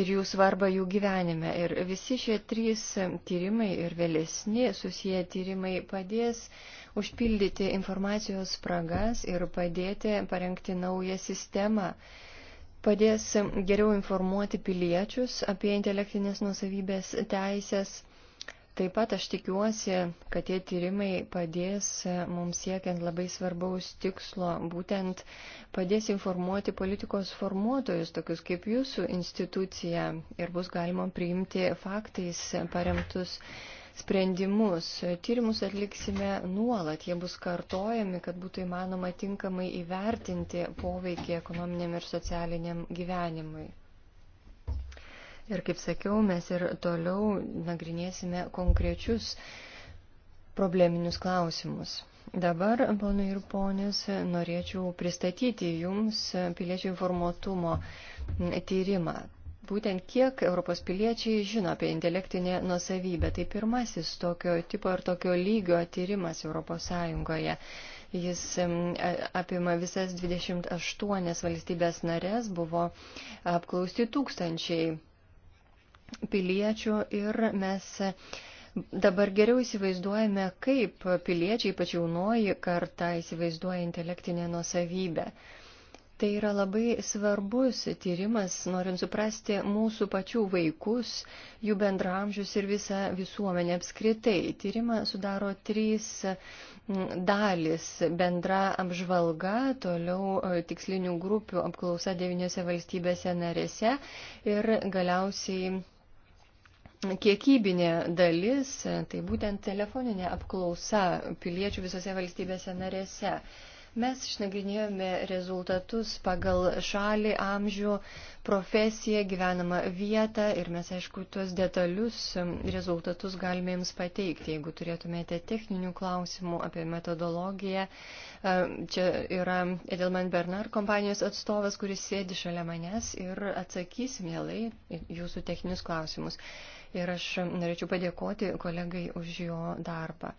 ir jų svarbą jų gyvenime. Ir visi šie trys tyrimai ir vėlesni susiję tyrimai padės užpildyti informacijos spragas ir padėti parengti naują sistemą padės geriau informuoti piliečius apie intelektinės nusavybės teisės Taip pat aš tikiuosi, kad tie tyrimai padės e, mums siekiant labai svarbaus tikslo, būtent padės informuoti politikos formuotojus, tokius kaip jūsų institucija, ir bus galima priimti faktais paremtus sprendimus. Tyrimus atliksime nuolat, jie bus kartojami, kad būtų įmanoma tinkamai įvertinti poveikį ekonominiam ir socialiniam gyvenimui. Ir kaip sakiau, mes ir toliau nagrinėsime konkrečius probleminius klausimus. Dabar, ponai ir ponės, norėčiau pristatyti Jums piliečių informuotumo tyrimą. Būtent kiek Europos piliečiai žino apie intelektinę nusavybę. Tai pirmasis tokio tipo ir tokio lygio tyrimas Europos Sąjungoje. Jis apima visas 28 valstybės narės, buvo apklausti tūkstančiai piliečių ir mes dabar geriau įsivaizduojame, kaip piliečiai, ypač jaunoji karta, įsivaizduoja intelektinę nuosavybę. Tai yra labai svarbus tyrimas, norint suprasti mūsų pačių vaikus, jų bendramžius ir visą visuomenę apskritai. Tyrimą sudaro trys dalis - bendra apžvalga, toliau e, tikslinių grupių apklausa devyniose valstybėse narėse ir galiausiai kiekybinė dalis, tai būtent telefoninė apklausa piliečių visose valstybėse narėse. Mes išnagrinėjome rezultatus pagal šalį, amžių, profesiją, gyvenamą vietą ir mes, aišku, tuos detalius rezultatus galime jums pateikti. Jeigu turėtumėte techninių klausimų apie metodologiją, čia yra Edelman Bernard kompanijos atstovas, kuris sėdi šalia manęs ir atsakys mielai jūsų techninius klausimus ir aš norėčiau padėkoti kolegai už jo darbą.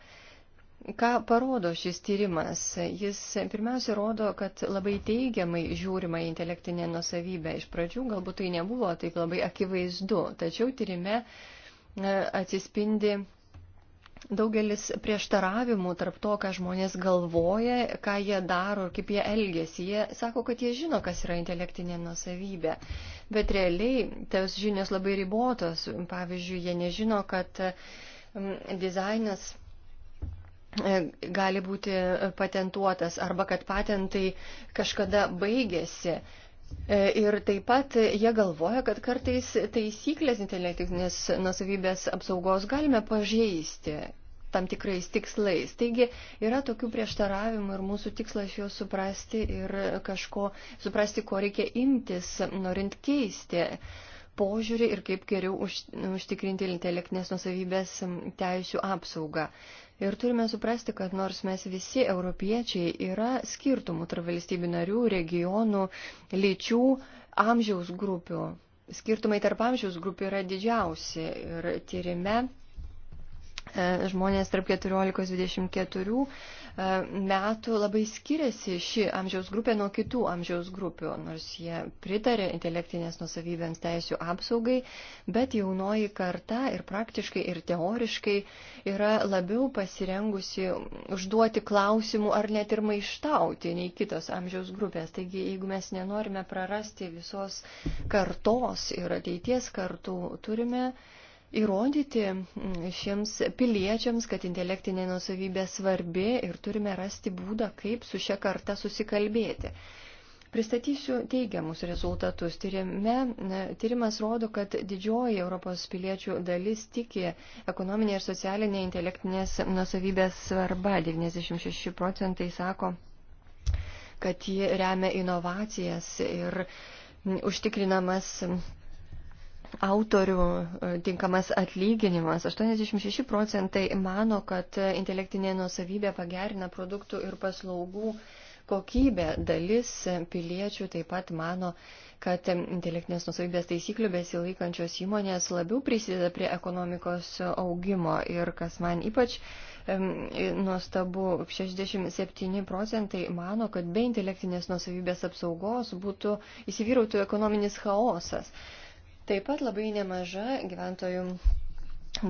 Ką parodo šis tyrimas? Jis pirmiausia rodo, kad labai teigiamai žiūrima į intelektinę nusavybę. Iš pradžių galbūt tai nebuvo taip labai akivaizdu, tačiau tyrime e, atsispindi daugelis prieštaravimų tarp to, ką žmonės galvoja, ką jie daro ir kaip jie elgesi. Jie sako, kad jie žino, kas yra intelektinė nusavybė, bet realiai tos žinios labai ribotos. Pavyzdžiui, jie nežino, kad mm, dizainas e, gali būti patentuotas arba kad patentai kažkada baigėsi. E, ir taip pat jie galvoja, kad kartais taisyklės intelektinės nusavybės apsaugos galime pažeisti tam tikrais tikslais. Taigi yra tokių prieštaravimų ir mūsų tikslas juos suprasti ir kažko, suprasti, ko reikia imtis, norint keisti požiūrį ir kaip geriau už, užtikrinti intelektinės nusavybės teisų apsaugą. Ir turime suprasti, kad nors mes visi europiečiai yra skirtumų tarp valstybių narių, regionų, lyčių, amžiaus grupių. Skirtumai tarp amžiaus grupių yra didžiausi. Ir tyrime e, žmonės tarp 14-24 E, metų labai skiriasi ši amžiaus grupė nuo kitų amžiaus grupių, nors jie pritarė intelektinės nusavybėms teisų apsaugai, bet jaunoji karta ir praktiškai ir teoriškai yra labiau pasirengusi užduoti klausimų ar net ir maištauti nei kitos amžiaus grupės. Taigi, jeigu mes nenorime prarasti visos kartos ir ateities kartų, turime įrodyti mm, šiems piliečiams, kad intelektinė nusavybė svarbi ir turime rasti būdą, kaip su šia karta susikalbėti. Pristatysiu teigiamus rezultatus. Tyrime, tyrimas rodo, kad didžioji Europos piliečių dalis tiki ekonominė ir socialinė intelektinės nusavybės svarba. 96 procentai sako, kad ji remia inovacijas ir mm, užtikrinamas autorių e, tinkamas atlyginimas. 86 procentai mano, kad intelektinė nuosavybė pagerina produktų ir paslaugų kokybę. Dalis piliečių taip pat mano, kad intelektinės nusavybės taisyklių besilaikančios įmonės labiau prisideda prie ekonomikos augimo. Ir kas man ypač nuostabu, 67 procentai mano, kad be intelektinės nusavybės apsaugos būtų įsivyrautų ekonominis chaosas. Taip pat labai nemaža gyventojų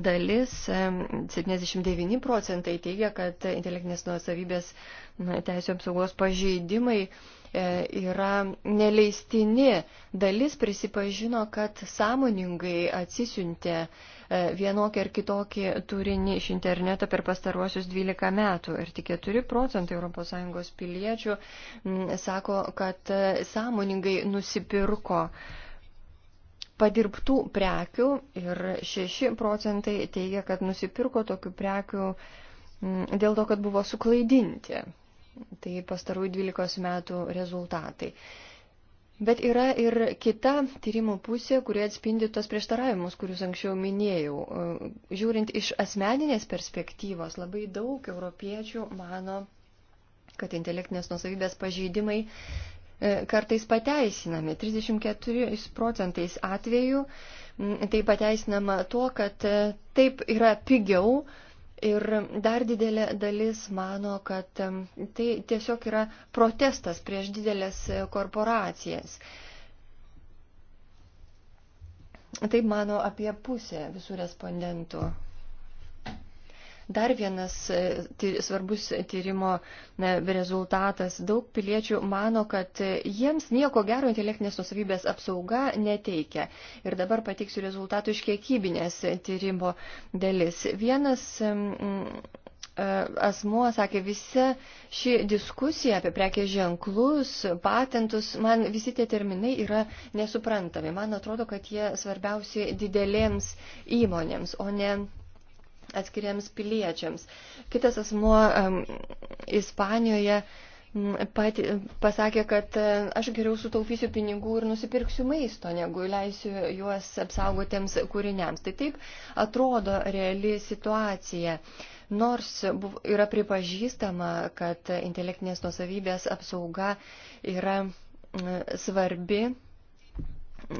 dalis, 79 procentai teigia, kad intelektinės nuosavybės teisų apsaugos pažeidimai e, yra neleistini. Dalis prisipažino, kad sąmoningai atsisiuntė e, vienokį ar kitokį turinį iš interneto per pastaruosius 12 metų. Ir tik 4 procentai ES piliečių sako, kad e, sąmoningai nusipirko padirbtų prekių ir 6 procentai teigia, kad nusipirko tokių prekių mm, dėl to, kad buvo suklaidinti. Tai pastarųjų 12 metų rezultatai. Bet yra ir kita tyrimų pusė, kurie atspindi tos prieštaravimus, kuriuos anksčiau minėjau. E, žiūrint iš asmeninės perspektyvos, labai daug europiečių mano, kad intelektinės nusavybės pažeidimai E, kartais pateisinami. 34 procentais atveju tai pateisinama tuo, kad e, taip yra pigiau ir dar didelė dalis mano, kad tai tiesiog yra protestas prieš didelės e, korporacijas. Taip mano apie pusę visų respondentų. Dar vienas e, svarbus tyrimo e, rezultatas. Daug piliečių mano, kad e, jiems nieko gero intelektinės nusavybės apsauga neteikia. Ir dabar pateiksiu rezultatų iš kiekybinės tyrimo dalis. Vienas asmuo sakė, visa ši diskusija apie prekės ženklus, patentus, man visi tie terminai yra nesuprantami. Man atrodo, kad jie svarbiausi didelėms įmonėms, o ne atskiriems piliečiams. Kitas asmuo um, Ispanijoje pat, pasakė, kad e, aš geriau sutaupysiu pinigų ir nusipirksiu maisto, negu leisiu juos apsaugotiems kūriniams. Tai taip atrodo reali situacija. Nors yra pripažįstama, kad intelektinės nusavybės apsauga yra svarbi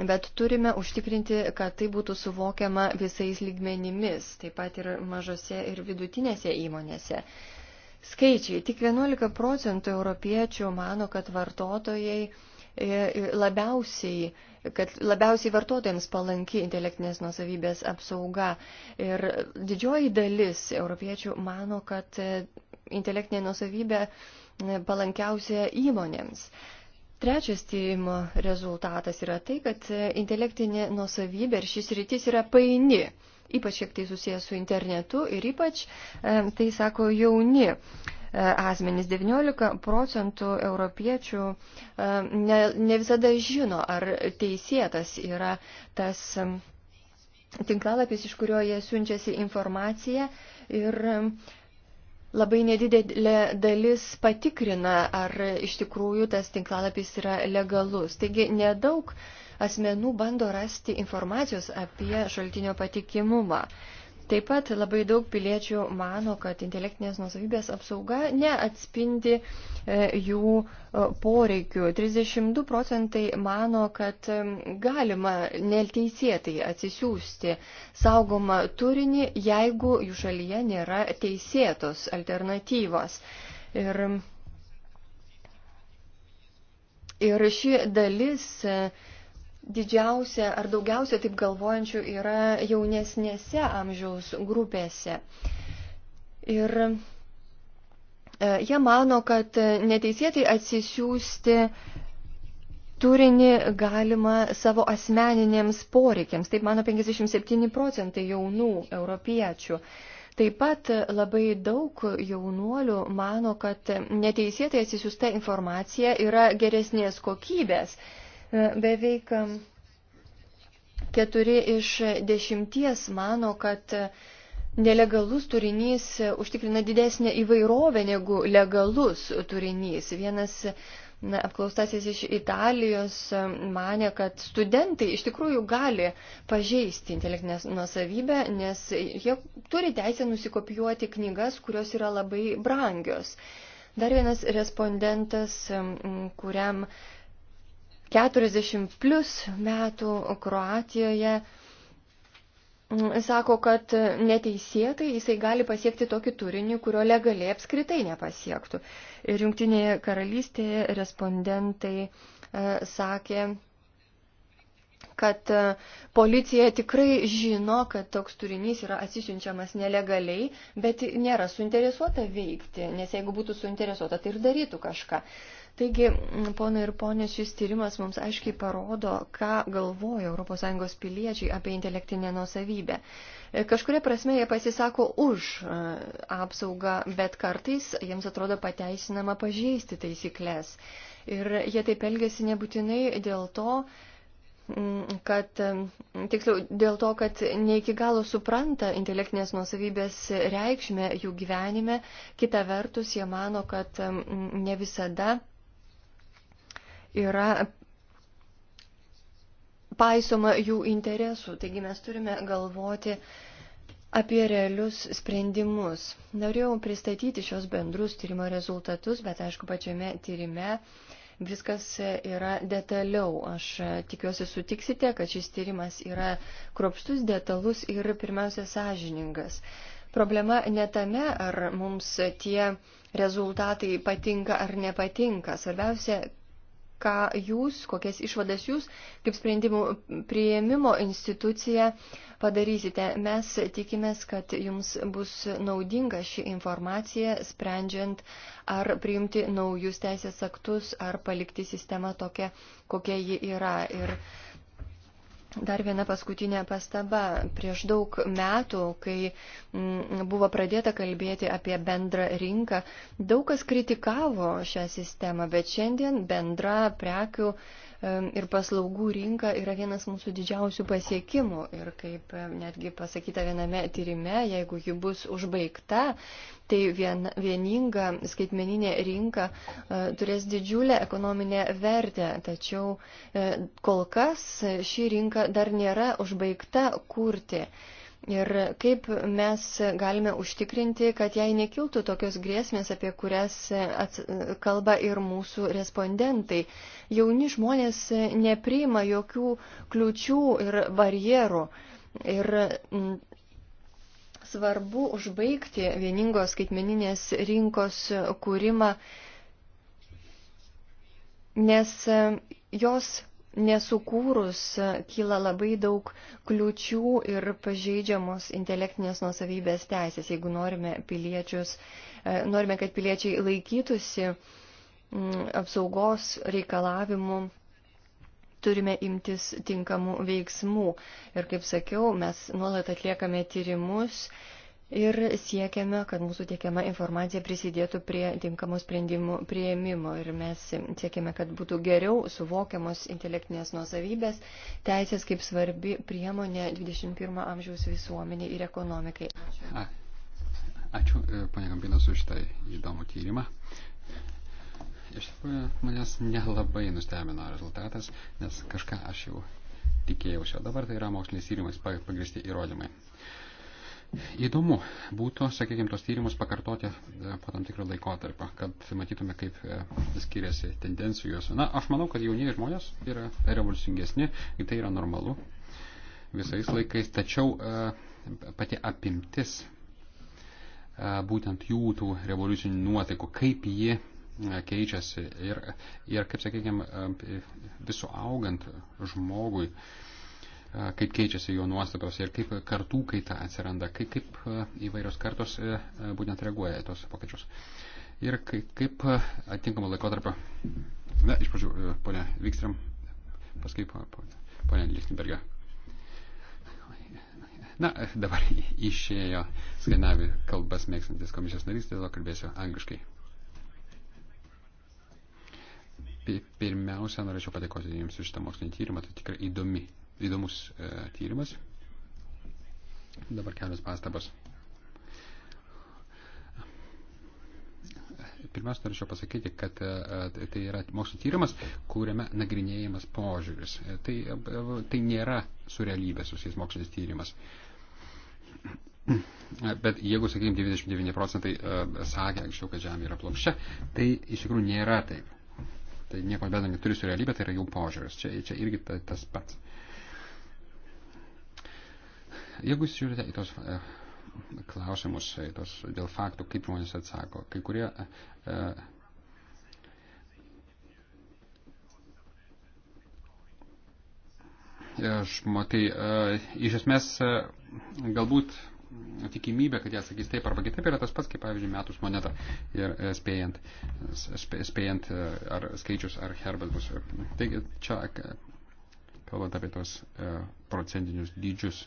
Bet turime užtikrinti, kad tai būtų suvokiama visais lygmenimis, taip pat ir mažose ir vidutinėse įmonėse. Skaičiai. Tik 11 procentų europiečių mano, kad vartotojai e, e, labiausiai, kad labiausiai vartotojams palanki intelektinės nusavybės apsauga. Ir didžioji dalis europiečių mano, kad e, intelektinė nusavybė palankiausia įmonėms. Trečias tyrimo rezultatas yra tai, kad intelektinė nuosavybė ir šis rytis yra paini, ypač kiek tai susijęs su internetu ir ypač, e, tai sako, jauni e, asmenys. 19 procentų europiečių e, ne, ne visada žino, ar teisėtas yra tas tinklalapis, iš kurio jie siunčiasi informaciją ir labai nedidelė dalis patikrina, ar iš tikrųjų tas tinklalapis yra legalus. Taigi nedaug asmenų bando rasti informacijos apie šaltinio patikimumą. Taip pat labai daug piliečių mano, kad intelektinės nusavybės apsauga neatspindi e, jų e, poreikių. 32 procentai mano, kad galima neteisėtai atsisiųsti saugomą turinį, jeigu jų šalyje nėra teisėtos alternatyvos. Ir, ir ši dalis e, didžiausia ar daugiausia taip galvojančių yra jaunesnėse amžiaus grupėse. Ir e, jie mano, kad neteisėtai atsisiųsti turinį galima savo asmeninėms poreikiams. Taip mano 57 procentai jaunų europiečių. Taip pat labai daug jaunuolių mano, kad neteisėtai atsisiųsta informacija yra geresnės kokybės E, beveik e, keturi iš dešimties mano, kad e, nelegalus turinys užtikrina didesnę įvairovę negu legalus turinys. Vienas na, apklaustasis iš Italijos mane, kad studentai iš tikrųjų gali pažeisti intelektinę nuosavybę, nes jie turi teisę nusikopijuoti knygas, kurios yra labai brangios. Dar vienas respondentas, kuriam 40 plus metų Kroatijoje mm, sako, kad neteisėtai jisai gali pasiekti tokį turinį, kurio legaliai apskritai nepasiektų. Ir Junktinėje karalystėje respondentai e, sakė, kad e, policija tikrai žino, kad toks turinys yra atsisiunčiamas nelegaliai, bet nėra suinteresuota veikti, nes jeigu būtų suinteresuota, tai ir darytų kažką. Taigi, ponai ir ponės, šis tyrimas mums aiškiai parodo, ką galvoja ES piliečiai apie intelektinę nuosavybę. E, kažkuria prasme jie pasisako už e, apsaugą, bet kartais jiems atrodo pateisinama pažeisti taisyklės. Ir jie taip elgesi nebūtinai dėl to, kad, tiksliau, dėl to, kad ne iki galo supranta intelektinės nuosavybės reikšmę jų gyvenime, kita vertus jie mano, kad ne visada yra paisoma jų interesų. Taigi mes turime galvoti apie realius sprendimus. Norėjau pristatyti šios bendrus tyrimo rezultatus, bet aišku, pačiame tyrime viskas yra detaliau. Aš tikiuosi sutiksite, kad šis tyrimas yra kropštus, detalus ir pirmiausia sąžiningas. Problema ne tame, ar mums tie rezultatai patinka ar nepatinka. Svarbiausia, ką jūs, kokias išvadas jūs, kaip sprendimų prieimimo institucija padarysite. Mes tikimės, kad jums bus naudinga ši informacija, sprendžiant ar priimti naujus teisės aktus, ar palikti sistemą tokią, kokia ji yra. Ir Dar viena paskutinė pastaba. Prieš daug metų, kai mm, buvo pradėta kalbėti apie bendrą rinką, daug kas kritikavo šią sistemą, bet šiandien bendra prekių ir paslaugų rinka yra vienas mūsų didžiausių pasiekimų. Ir kaip netgi pasakyta viename tyrime, jeigu ji bus užbaigta, tai vien, vieninga skaitmeninė rinka e, turės didžiulę ekonominę vertę. Tačiau e, kol kas e, ši rinka dar nėra užbaigta kurti. Ir kaip mes galime užtikrinti, kad jai nekiltų tokios grėsmės, apie kurias e, ats... kalba ir mūsų respondentai. Jauni žmonės e, nepriima jokių kliučių ir barjerų. Ir svarbu užbaigti vieningos skaitmeninės rinkos kūrimą, nes e, jos nesukūrus kyla labai daug kliučių ir pažeidžiamos intelektinės nusavybės teisės, jeigu norime, piliečius, e, norime, kad piliečiai laikytųsi mm, apsaugos reikalavimų. Turime imtis tinkamų veiksmų. Ir kaip sakiau, mes nuolat atliekame tyrimus, uh, ir siekiame, kad mūsų tiekiama informacija prisidėtų prie tinkamų sprendimų prieimimo ir mes siekiame, kad būtų geriau suvokiamos intelektinės nuosavybės teisės kaip svarbi priemonė 21 amžiaus visuomeniai ir ekonomikai. Ačiū, Ačiū e, ponia Gambinas, už tai įdomų tyrimą. Iš tikrųjų, manęs nelabai nustebino rezultatas, nes kažką aš jau tikėjausi, o dabar tai yra mokslinis tyrimas pagristi įrodymai. Įdomu būtų, sakykime, tos tyrimus pakartoti e, po tam tikro laikotarpio, kad matytume, kaip e, skiriasi tendencijos. Na, aš manau, kad jaunieji žmonės yra revoliucingesni ir tai yra normalu visais laikais, tačiau e, pati apimtis būtent jų tų revoliucinių nuotaikų, kaip ji keičiasi ir, ir kaip, sakykime, visų augant žmogui kaip keičiasi jo nuostatos ir kaip kartų kaita atsiranda, kaip, kaip įvairios kartos e, e, būtent reaguoja į tos pokyčius. Ir kaip, kaip atinkamo laikotarpio, na, iš pradžių, e, ponia Vikstram, paskui ponia Lichtenberger. Na, dabar išėjo skandinavių kalbas mėgstantis komisijos narys, todėl kalbėsiu angliškai. Pirmiausia, norėčiau padėkoti Jums už šitą mokslinį tyrimą, tai tikrai įdomi įdomus e, tyrimas. Dabar kelios pastabos. Pirmiausia, norėčiau pasakyti, kad e, e, tai yra mokslo tyrimas, kuriame nagrinėjimas požiūris. E, tai, tai nėra su realybė susijęs mokslinis tyrimas. Bet jeigu, sakykime, 99 procentai sakė anksčiau, kad Žemė yra plokščia, tai iš tikrųjų nėra taip. Tai nieko bendro neturi su realybė, tai yra jų požiūris. Čia, čia irgi ta, tas pats. Jeigu jūs žiūrite į tos e, klausimus, į tos dėl faktų, kaip žmonės atsako, kai kurie. E, e Aš matai, e, iš esmės e, galbūt tikimybė, kad jie sakys taip arba kitaip, yra tas pats, kaip pavyzdžiui, metus moneta ir e, spėjant, spėjant ar skaičius, ar herbas bus. Taigi čia, kalbant apie tos procentinius dydžius,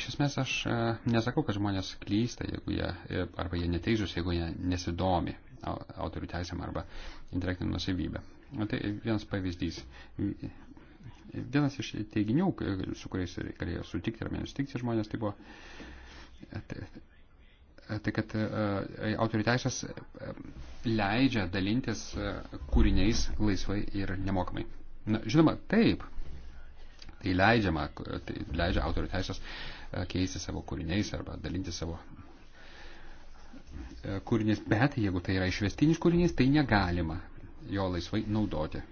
Iš esmės aš e, nesakau, kad žmonės klysta, jeigu jie, e, arba jie neteisus, jeigu jie nesidomi autorių teisėm arba intelektinė nusavybė. Tai vienas pavyzdys. E, vienas iš teiginių, su kuriais galėjo sutikti ar nesutikti žmonės, tai buvo, tai, tai kad autorių teisės leidžia dalintis kūriniais laisvai ir nemokamai. Na, žinoma, taip, tai leidžiama, tai leidžia autorių teisės E, keisti savo kūriniais arba dalinti savo e, kūrinis, bet jeigu tai yra išvestinis kūrinys, tai negalima jo laisvai naudoti.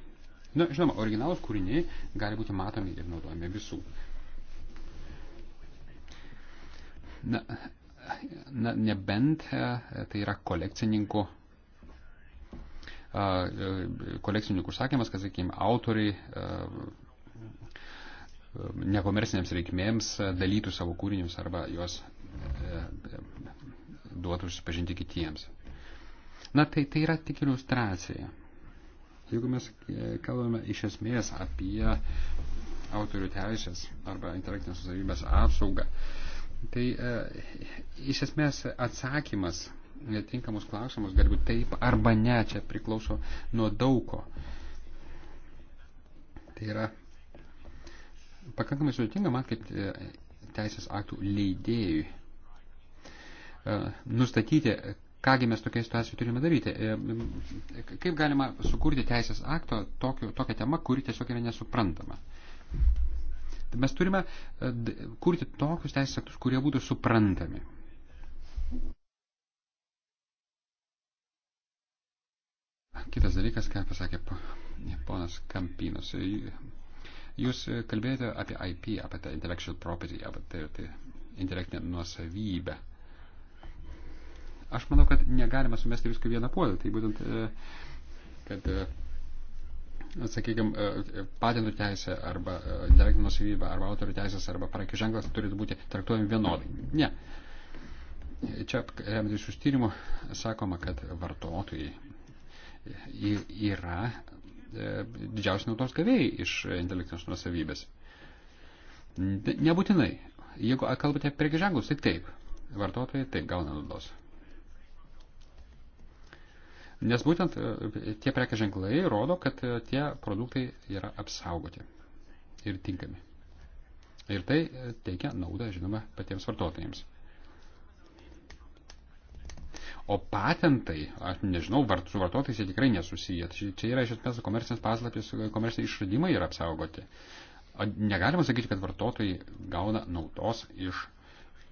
Na, žinoma, originalus kūriniai gali būti matomi ir naudojami visų. Na, na nebent e, tai yra kolekcininkų kolekcininkų sakymas, kad, sakykime, autoriai nekomersinėms reikmėms dalytų savo kūrinius arba juos e, e, duotų susipažinti kitiems. Na, tai, tai yra tik iliustracija. Jeigu mes e, kalbame iš esmės apie autorių teisės arba intelektinės nusavybės apsaugą, tai e, iš esmės atsakymas netinkamus klausimus gali būti taip arba ne, čia priklauso nuo daugo. Tai yra pakankamai sudėtinga man kaip e, teisės aktų leidėjui e, nustatyti, kągi mes tokia situacija turime daryti. E, kaip galima sukurti teisės akto tokio, tokią temą, kuri tiesiog yra nesuprantama. Tai mes turime kurti tokius teisės aktus, kurie būtų suprantami. Kitas dalykas, ką pasakė ponas Kampinos. Jūs e, kalbėjote apie IP, apie tą intellectual property, apie tai, tai intelektinę nuosavybę. Aš manau, kad negalima sumesti visko vieną puodą. Tai būtent, e, kad, e, sakykime, patentų teisė arba intelektinė nuosavybė arba autorių teisės arba parakių ženklas turėtų būti traktuojami vienodai. Ne. Čia remiantis iš tyrimų sakoma, kad vartotojai yra E, didžiausi naudos gavėjai iš intelektinės nusavybės. Nebūtinai. Jeigu kalbate apie prekiženklus, tai taip. Vartotojai taip gauna naudos. Nes būtent e, tie prekiženklai rodo, kad e, tie produktai yra apsaugoti ir tinkami. Ir tai teikia naudą, žinoma, patiems vartotojams. O patentai, aš nežinau, vart, su vartotojais jie tikrai nesusiję. Čia yra iš esmės komercinės paslapis, komerciniai išradimai yra apsaugoti. Negalima sakyti, kad vartotojai gauna naudos iš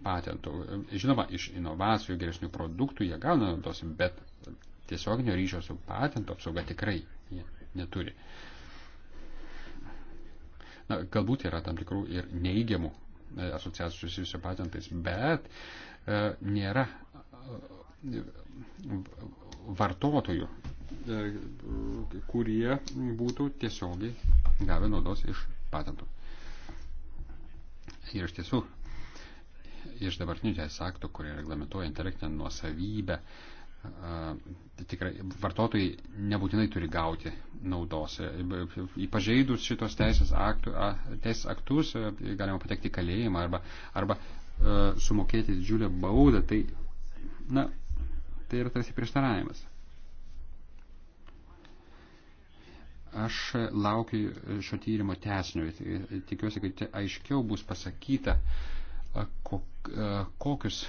patentų. Žinoma, iš inovacijų, geresnių produktų jie gauna naudos, bet tiesioginio ryšio su patentų apsauga tikrai jie neturi. Na, galbūt yra tam tikrų ir neigiamų e, asociacijų susijusių patentais, bet e, nėra vartotojų, e, kurie būtų tiesiogiai gavę naudos iš patentų. Ir iš tiesų, iš dabartinių teisės aktų, kurie reglamentuoja intelektinę nuosavybę, e, tai tikrai vartotojai nebūtinai turi gauti naudos. E, Įpažeidus šitos teisės, aktų, teisės aktus galima patekti į kalėjimą arba, arba sumokėti didžiulę baudą. Tai, na, tai yra tarsi prieštaravimas. Aš laukiu šio tyrimo tesnio ir tikiuosi, kad aiškiau bus pasakyta, kok, kokius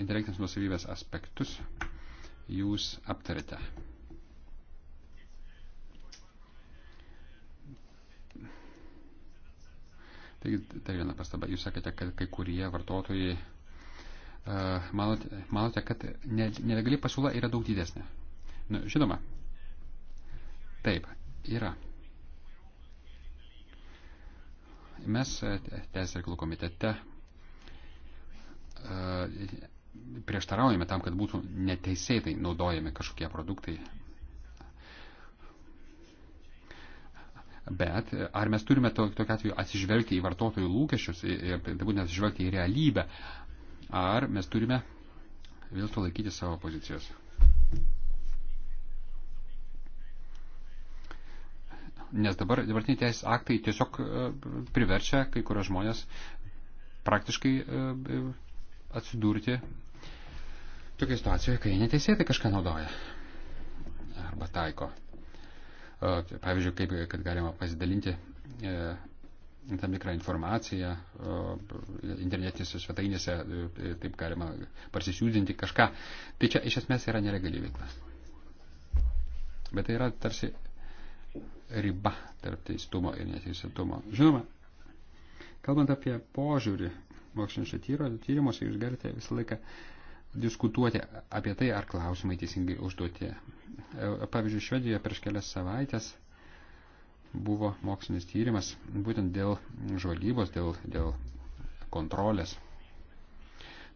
intelektinės nusavybės aspektus jūs aptarėte. Taigi, tai viena pastaba. Jūs sakėte, kad kai kurie vartotojai manote, manote kad nelegali pasiūla yra daug didesnė? Nu, žinoma, taip, yra. Mes e, Teisės reikalų komitete e, prieštaraujame tam, kad būtų neteisėtai naudojami kažkokie produktai. Bet e, ar mes turime tokiu atveju atsižvelgti į vartotojų lūkesčius ir būtent atsižvelgti į realybę, ar mes turime vėl sulaikyti savo pozicijos. Nes dabar dabartiniai teisės aktai tiesiog e, priverčia kai kurios žmonės praktiškai e, atsidurti tokia situacijoje, kai neteisėtai kažką naudoja arba taiko. E, pavyzdžiui, kaip kad galima pasidalinti tam tikrą informaciją internetinėse svetainėse, e, e, taip galima parsisiūdinti kažką. Tai čia iš esmės yra nelegali veikla. Bet tai yra tarsi riba tarp teistumo ir neteisėtumo. Žinoma, kalbant apie požiūrį mokslinio tyrimuose, jūs galite visą laiką diskutuoti apie tai, ar klausimai teisingai užduoti. E, pavyzdžiui, Švedijoje prieš kelias savaitės buvo mokslinis tyrimas būtent dėl žvalgybos, dėl, dėl kontrolės.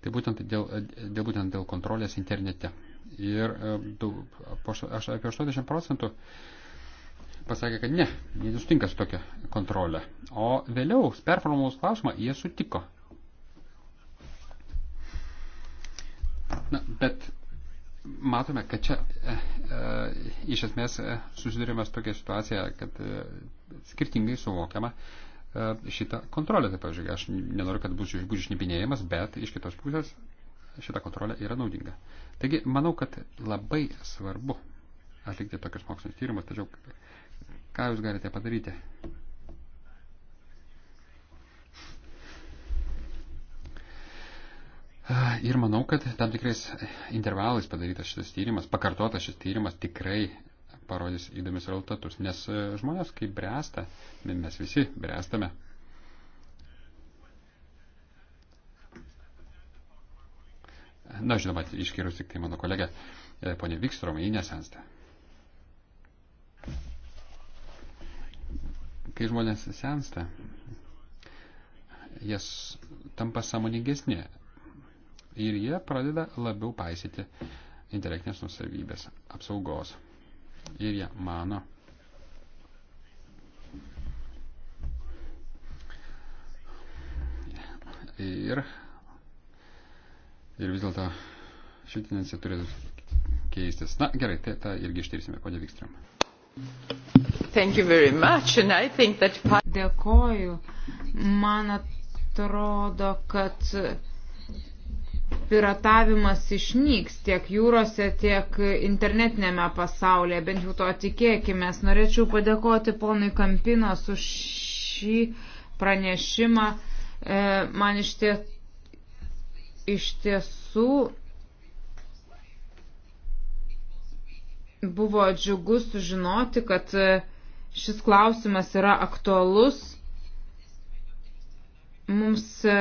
Tai būtent dėl, dėl, būtent dėl kontrolės internete. Ir e, daug, aš apie 80 procentų pasakė, kad ne, jie nesutinka su tokia kontrolė. O vėliau, performavus klausimą, jie sutiko. Na, bet matome, kad čia e, e, iš esmės e, susidurime su tokia situacija, kad e, skirtingai suvokiama e, šitą kontrolę. Tai, pavyzdžiui, aš nenoriu, kad bus žnipinėjimas, bet iš kitos pusės šita kontrolė yra naudinga. Taigi, manau, kad labai svarbu atlikti tokius mokslinius tyrimus, tačiau ką jūs galite padaryti? Ir manau, kad tam tikrais intervalais padarytas šitas tyrimas, pakartotas šis tyrimas tikrai parodys įdomius rezultatus, nes e, žmonės, kai bręsta, mes visi bręstame. Na, žinoma, išskyrus tik tai mano kolegė, e, ponė Vikstromai, ji nesensta. Kai žmonės sensta, jas tampa samoningesnė ir jie pradeda labiau paisyti intelektinės nusavybės apsaugos. Ir jie mano, ir, ir vis dėlto ši tendencija turėtų keistis. Na gerai, tai tą irgi ištirsime, ponia Vikstrom. That... Dėkoju. Man atrodo, kad piratavimas išnyks tiek jūrose, tiek internetinėme pasaulyje, bent jau to tikėkime. Norėčiau padėkoti ponui Kampinos už šį pranešimą. E, man iš, tie, iš tiesų buvo džiugu sužinoti, kad e, šis klausimas yra aktualus. Mums e,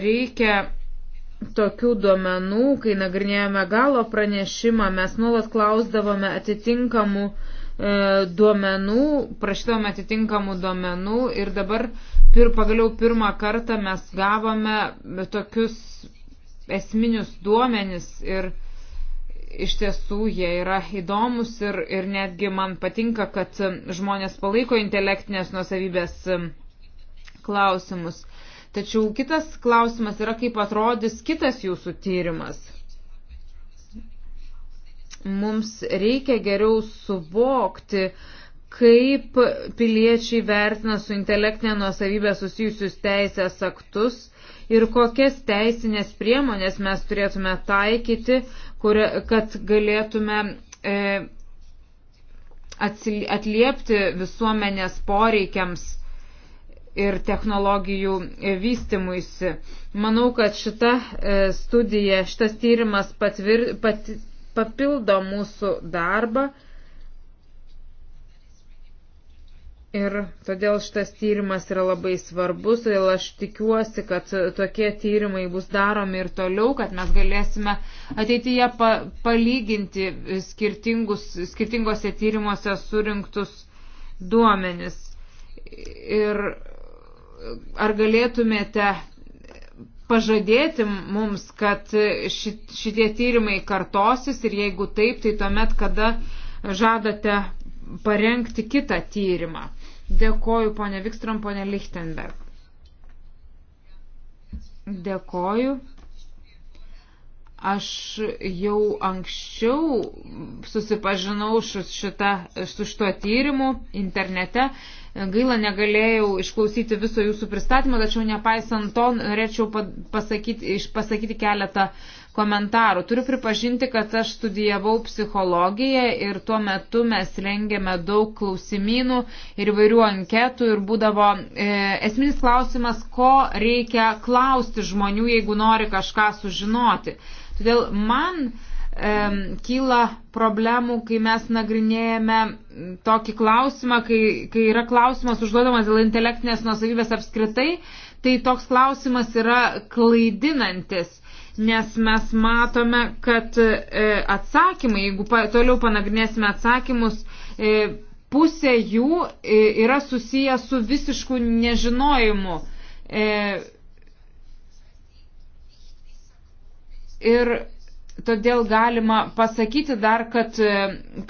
reikia tokių duomenų, kai nagrinėjome galo pranešimą, mes nuolat klausdavome atitinkamų e, duomenų, prašydavome atitinkamų duomenų ir dabar pir, pagaliau pirmą kartą mes gavome tokius esminius duomenis ir iš tiesų jie yra įdomus ir, ir netgi man patinka, kad žmonės palaiko intelektinės nuosavybės e, klausimus. Tačiau kitas klausimas yra, kaip atrodys kitas jūsų tyrimas. Mums reikia geriau suvokti, kaip piliečiai vertina su intelektinė nuosavybė susijusius teisės aktus ir kokias teisinės priemonės mes turėtume taikyti, kuria, kad galėtume e, atsili, atliepti visuomenės poreikiams ir technologijų e, vystimuisi. Manau, kad šita e, studija, šitas tyrimas patvir, pat, papildo mūsų darbą ir todėl šitas tyrimas yra labai svarbus, todėl aš tikiuosi, kad tokie tyrimai bus daromi ir toliau, kad mes galėsime ateityje pa, palyginti skirtingose tyrimuose surinktus duomenis. Ir ar galėtumėte pažadėti mums, kad šitie tyrimai kartosis ir jeigu taip, tai tuomet kada žadate parengti kitą tyrimą. Dėkoju, ponė Vikstrom, ponė Lichtenberg. Dėkoju. Aš jau anksčiau susipažinau šita, su šituo tyrimu internete Gaila negalėjau išklausyti viso jūsų pristatymo, tačiau nepaisant to norėčiau pasakyti, pasakyti keletą komentarų. Turiu pripažinti, kad aš studijavau psichologiją ir tuo metu mes rengėme daug klausimynų ir vairių anketų ir būdavo e, esminis klausimas, ko reikia klausti žmonių, jeigu nori kažką sužinoti. Todėl man e, kyla problemų, kai mes nagrinėjame tokį klausimą, kai, kai yra klausimas užduodamas dėl intelektinės nusavybės apskritai, tai toks klausimas yra klaidinantis, nes mes matome, kad e, atsakymai, jeigu pa, toliau panagrinėsime atsakymus, e, pusė jų e, yra susiję su visišku nežinojimu. Ir Todėl galima pasakyti dar, kad, e,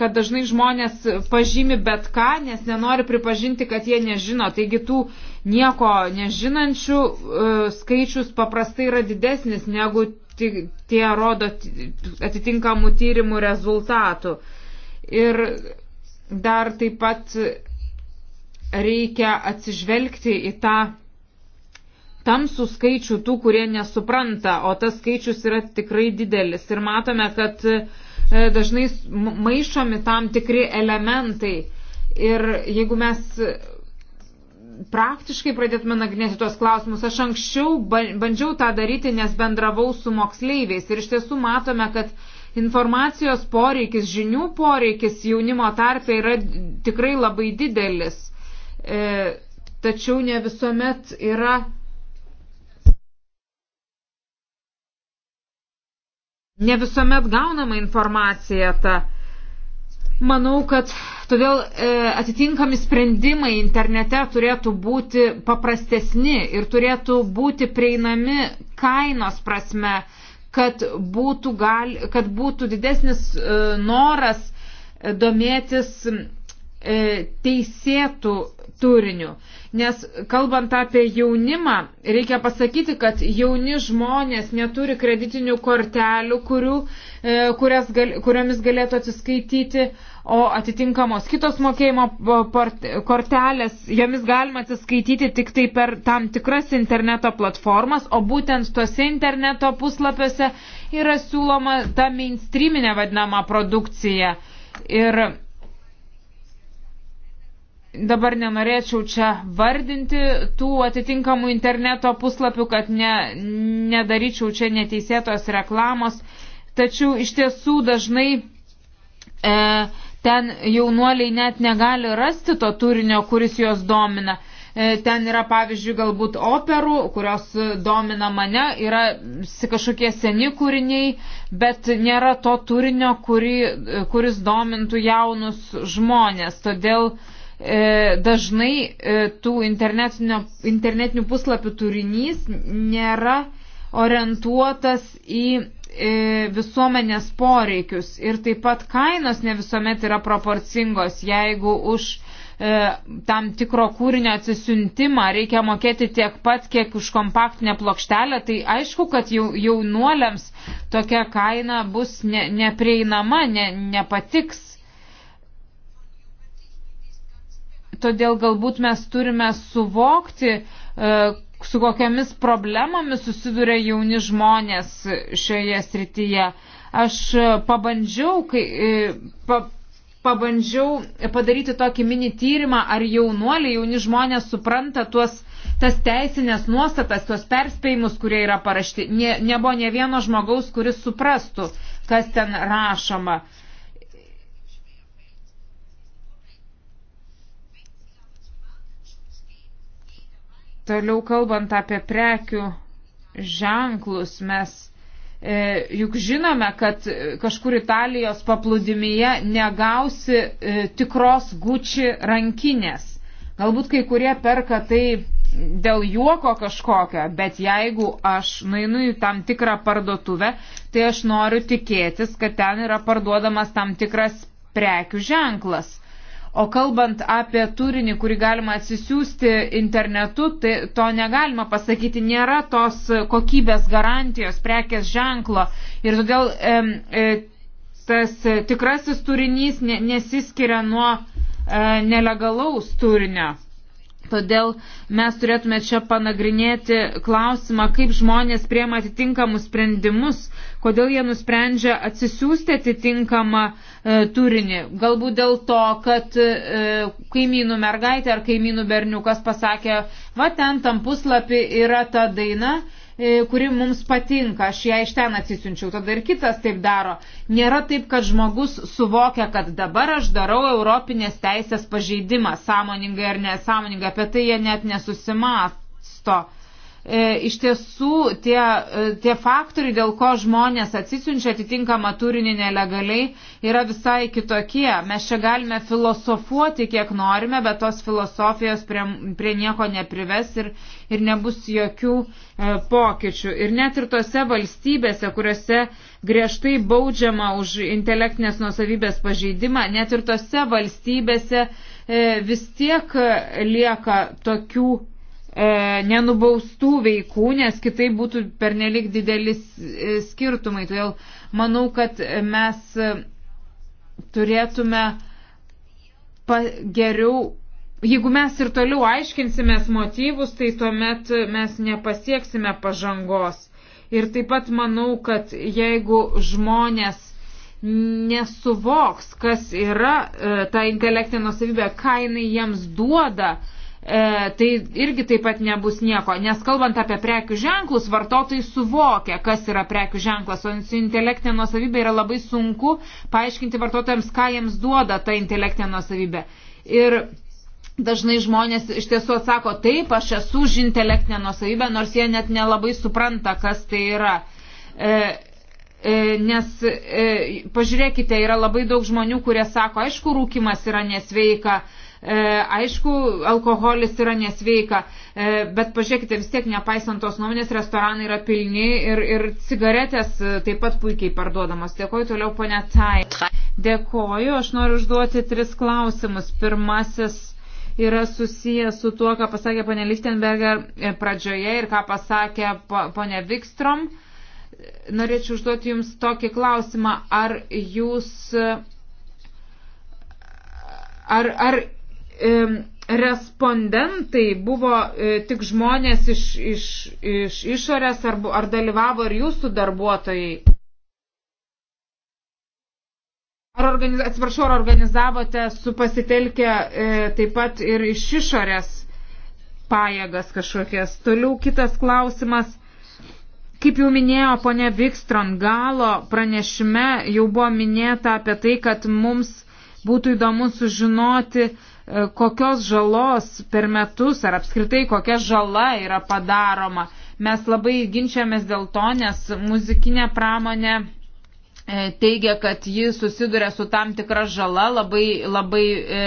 kad dažnai žmonės pažymi bet ką, nes nenori pripažinti, kad jie nežino. Taigi tų nieko nežinančių e, skaičius paprastai yra didesnis negu tie rodo atitinkamų tyrimų rezultatų. Ir dar taip pat reikia atsižvelgti į tą tamsų skaičių tų, kurie nesupranta, o tas skaičius yra tikrai didelis. Ir matome, kad e, dažnai maišomi tam tikri elementai. Ir jeigu mes e, praktiškai pradėtume nagrinėti tuos klausimus. Aš anksčiau bandžiau tą daryti, nes bendravau su moksleiviais ir iš tiesų matome, kad informacijos poreikis, žinių poreikis jaunimo tarpe yra tikrai labai didelis. E, tačiau ne visuomet yra Ne visuomet gaunama informacija ta. Manau, kad todėl e, atitinkami sprendimai internete turėtų būti paprastesni ir turėtų būti prieinami kainos prasme, kad būtų, gal, kad būtų didesnis e, noras e, domėtis e, teisėtų turiniu. Nes kalbant apie jaunimą, reikia pasakyti, kad jauni žmonės neturi kreditinių kortelių, kurių, e, kurias, gal, kuriomis galėtų atsiskaityti, o atitinkamos kitos mokėjimo kortelės, jomis galima atsiskaityti tik tai per tam tikras interneto platformas, o būtent tuose interneto puslapiuose yra siūloma ta mainstreaminė vadinama produkcija. Ir Dabar nenorėčiau čia vardinti tų atitinkamų interneto puslapių, kad ne, nedaryčiau čia neteisėtos reklamos, tačiau iš tiesų dažnai e, ten jaunuoliai net negali rasti to turinio, kuris juos domina. E, ten yra, pavyzdžiui, galbūt operų, kurios domina mane, yra kažkokie seni kūriniai, bet nėra to turinio, kuri, kuris domintų jaunus žmonės. Todėl uh, E, dažnai e, tų internetinių puslapių turinys nėra orientuotas į e, visuomenės poreikius ir taip pat kainos ne visuomet yra proporcingos, jeigu už tam tikro kūrinio atsisiuntimą reikia mokėti tiek pat, kiek už kompaktinę plokštelę, tai aišku, kad jau, jaunuoliams tokia kaina bus ne, neprieinama, ne, nepatiks. todėl galbūt mes turime suvokti, e, su kokiamis problemomis susiduria jauni žmonės šioje srityje. Aš e, pabandžiau, kai, e, pa, pabandžiau padaryti tokį mini tyrimą, ar jaunuoliai, jauni žmonės supranta tuos, tas teisinės nuostatas, tuos perspėjimus, kurie yra parašti. Ne, nebuvo ne vieno žmogaus, kuris suprastų, kas ten rašoma. Uh, Toliau kalbant apie prekių ženklus, mes e, juk žinome, kad kažkur Italijos paplūdimyje negausi e, tikros guči rankinės. Galbūt kai kurie perka tai dėl juoko kažkokio, bet jeigu aš nainu į tam tikrą parduotuvę, tai aš noriu tikėtis, kad ten yra parduodamas tam tikras prekių ženklas. O kalbant apie turinį, kurį galima atsisiųsti internetu, tai to negalima pasakyti, nėra tos kokybės garantijos, prekės ženklo. Ir todėl e, e, tas tikrasis turinys ne, nesiskiria nuo e, nelegalaus turinio. Todėl mes turėtume čia panagrinėti klausimą, kaip žmonės priema atitinkamus sprendimus, kodėl jie nusprendžia atsisiųsti atitinkamą e, E, turinį. Galbūt dėl to, kad e, kaimynų mergaitė ar kaimynų berniukas pasakė, va ten tam puslapį yra ta daina e, kuri mums patinka, aš ją iš ten atsisiunčiau, tada ir kitas taip daro. Nėra taip, kad žmogus suvokia, kad dabar aš darau Europinės teisės pažeidimą, sąmoningai ar nesąmoningai, apie tai jie net nesusimasto. E, iš tiesų tie, e, tie faktoriai, dėl ko žmonės atsisiunčia atitinkamą turinį nelegaliai, yra visai kitokie. Mes čia galime filosofuoti, kiek norime, bet tos filosofijos prie, prie nieko neprives ir, ir nebus jokių e, pokyčių. Ir net ir tose valstybėse, kuriuose griežtai baudžiama už intelektinės nuosavybės pažeidimą, net ir tose valstybėse e, vis tiek e, lieka tokių e, nenubaustų veikų, nes kitai būtų pernelik didelis e, skirtumai. Todėl manau, kad mes e, turėtume pa, geriau. Jeigu mes ir toliau aiškinsimės motyvus, tai tuomet mes nepasieksime pažangos. Ir taip pat manau, kad jeigu žmonės nesuvoks, kas yra e, ta intelektinė nusavybė, ką jinai jiems duoda, e, e, tai irgi taip pat nebus nieko, nes kalbant apie prekių ženklus, vartotojai suvokia, kas yra prekių ženklas, o su intelektinė nuosavybė yra labai sunku paaiškinti vartotojams, ką jiems duoda ta intelektinė nuosavybė. Ir dažnai žmonės iš tiesų atsako, taip, aš esu už intelektinę nuosavybę, nors jie net nelabai supranta, kas tai yra. E, e, nes e, pažiūrėkite, yra labai daug žmonių, kurie sako, aišku, rūkimas yra nesveika, e, E, aišku, alkoholis yra nesveika, e, bet pažiūrėkite, vis tiek nepaisant tos nuomonės, restoranai yra pilni ir, ir cigaretės e, taip pat puikiai parduodamos. Dėkoju toliau, ponia Tai. Dėkoju, aš noriu užduoti tris klausimus. Pirmasis yra susijęs su tuo, ką pasakė ponė Lichtenberger pradžioje ir ką pasakė ponė Vikstrom. Norėčiau užduoti Jums tokį klausimą, ar Jūs. Ar, ar respondentai buvo e, tik žmonės iš, iš, iš išorės ar, ar dalyvavo ir jūsų darbuotojai? Ar organiz, atsiprašau, ar organizavote su pasitelkę e, taip pat ir iš išorės pajėgas kažkokias? Toliau kitas klausimas. Kaip jau minėjo ponė Vikstron, galo pranešime jau buvo minėta apie tai, kad mums būtų įdomu sužinoti, kokios žalos per metus ar apskritai kokia žala yra padaroma. Mes labai ginčiamės dėl to, nes muzikinė pramonė e, teigia, kad ji susiduria su tam tikra žala, labai, labai e,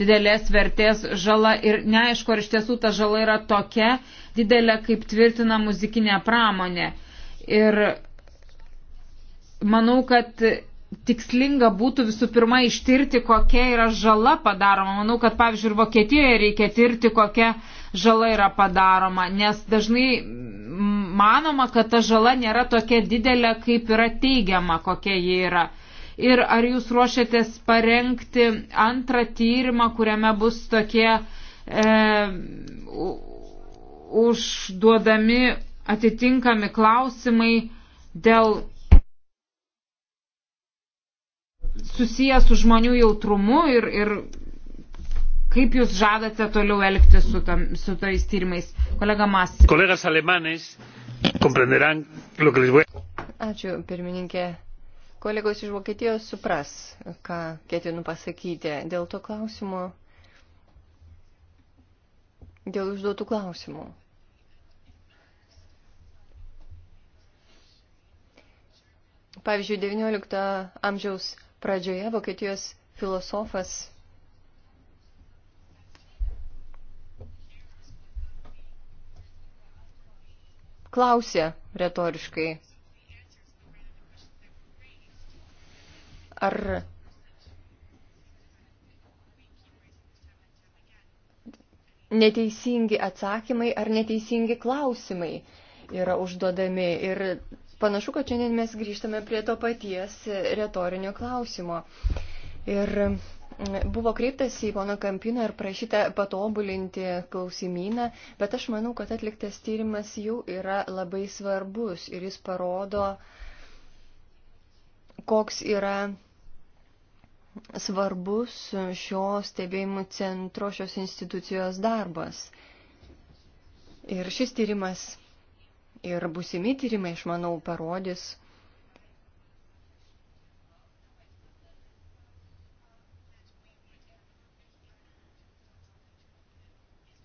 didelės vertės žala ir neaišku, ar iš tiesų ta žala yra tokia didelė, kaip tvirtina muzikinė pramonė. Ir manau, kad tikslinga būtų visų pirma ištirti, kokia yra žala padaroma. Manau, kad pavyzdžiui ir Vokietijoje reikia tirti, kokia žala yra padaroma, nes dažnai manoma, kad ta žala nėra tokia didelė, kaip yra teigiama, kokia ji yra. Ir ar jūs ruošiatės parengti antrą tyrimą, kuriame bus tokie e, užduodami atitinkami klausimai dėl susijęs su žmonių jautrumu ir, ir kaip jūs žadate toliau elgtis su, tam, su tais tyrimais. Kolega Masi. Kolegas alemanes comprenderán lo que les voy a... Ačiū, pirmininkė. Kolegos iš Vokietijos supras, ką ketinu pasakyti dėl to klausimo, dėl užduotų klausimų. Pavyzdžiui, XIX amžiaus Pradžioje Vokietijos filosofas klausė retoriškai, ar neteisingi atsakymai ar neteisingi klausimai yra užduodami. Ir Panašu, kad šiandien mes grįžtame prie to paties retorinio klausimo. Ir mm, buvo kreiptas į poną Kampiną ir prašyta patobulinti klausimyną, bet aš manau, kad atliktas tyrimas jau yra labai svarbus ir jis parodo, koks yra svarbus šio stebėjimų centro, šios institucijos darbas. Ir šis tyrimas Ir busimi tyrimai, aš manau, parodys,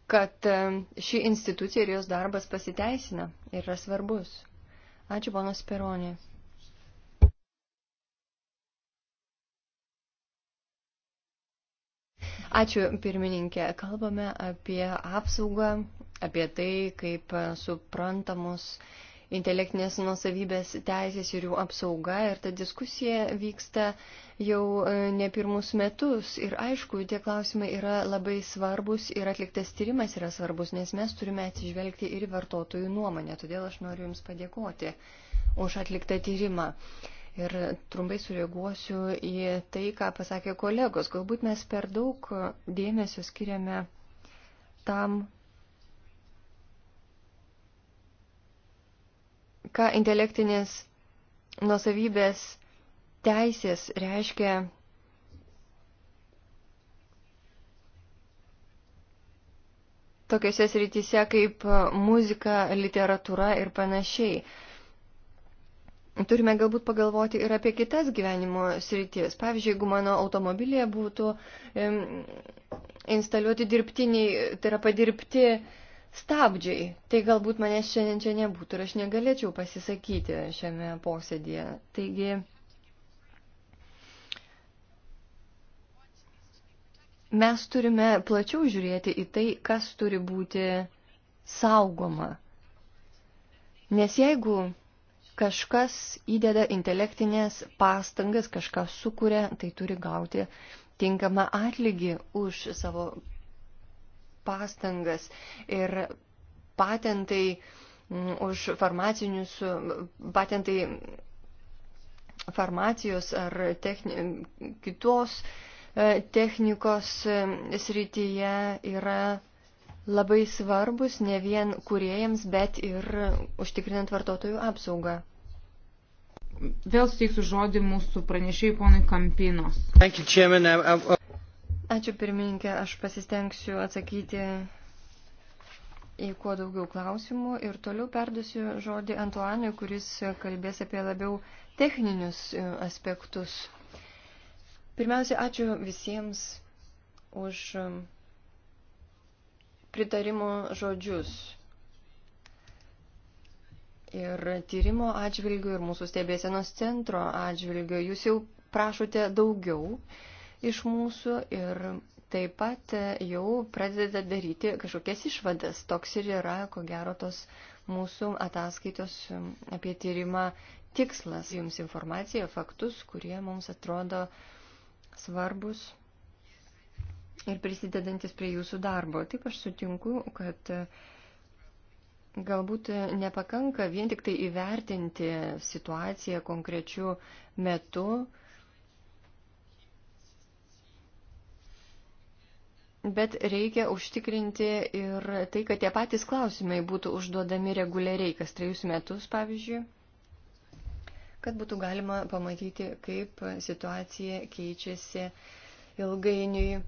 kad ši institucija ir jos darbas pasiteisina ir yra svarbus. Ačiū, ponas Peronė. Ačiū, pirmininkė. Kalbame apie apsaugą apie tai, kaip e, suprantamos intelektinės nusavybės teisės ir jų apsauga. Ir ta diskusija vyksta jau e, ne pirmus metus. Ir aišku, tie klausimai yra labai svarbus ir atliktas tyrimas yra svarbus, nes mes turime atsižvelgti ir vartotojų nuomonę. Todėl aš noriu Jums padėkoti už atliktą tyrimą. Ir trumpai sureaguosiu į tai, ką pasakė kolegos. Galbūt mes per daug dėmesio skiriame tam, ką intelektinės nusavybės teisės reiškia tokiuose srityse kaip muzika, literatūra ir panašiai. Turime galbūt pagalvoti ir apie kitas gyvenimo sritis. Pavyzdžiui, jeigu mano automobilėje būtų um, instaliuoti dirbtiniai, tai yra padirbti uh, stabdžiai. Tai galbūt manęs šiandien čia nebūtų ir aš negalėčiau pasisakyti šiame posėdėje. Taigi, mes turime plačiau žiūrėti į tai, kas turi būti saugoma. Nes jeigu kažkas įdeda intelektinės pastangas, kažką sukuria, tai turi gauti tinkamą atlygį už savo pastangas ir patentai mm, už farmacinius, patentai farmacijos ar techni, kitos e, technikos e, srityje yra labai svarbus ne vien kuriejams, bet ir užtikrinant vartotojų apsaugą. Vėl steiksiu žodį mūsų pranešėjai ponui Kampinos. Thank you, Chairman. I, I, I... Ačiū pirmininkė, aš pasistengsiu atsakyti į kuo daugiau klausimų ir toliau perdusiu žodį Antuanui, kuris kalbės apie labiau techninius e, aspektus. Pirmiausia, ačiū visiems už e, pritarimo žodžius. Ir tyrimo atžvilgių, ir mūsų stebėsenos centro atžvilgių. Jūs jau prašote daugiau. Uh, iš mūsų ir taip pat jau pradeda daryti kažkokias išvadas. Toks ir yra, ko gero, tos mūsų ataskaitos apie tyrimą tikslas. Jums informacija, faktus, kurie mums atrodo svarbus ir prisidedantis prie jūsų darbo. Taip aš sutinku, kad galbūt nepakanka vien tik tai įvertinti situaciją konkrečiu metu Bet reikia užtikrinti ir tai, kad tie patys klausimai būtų užduodami reguliariai, kas trejus metus, pavyzdžiui, kad būtų galima pamatyti, kaip situacija keičiasi ilgainiui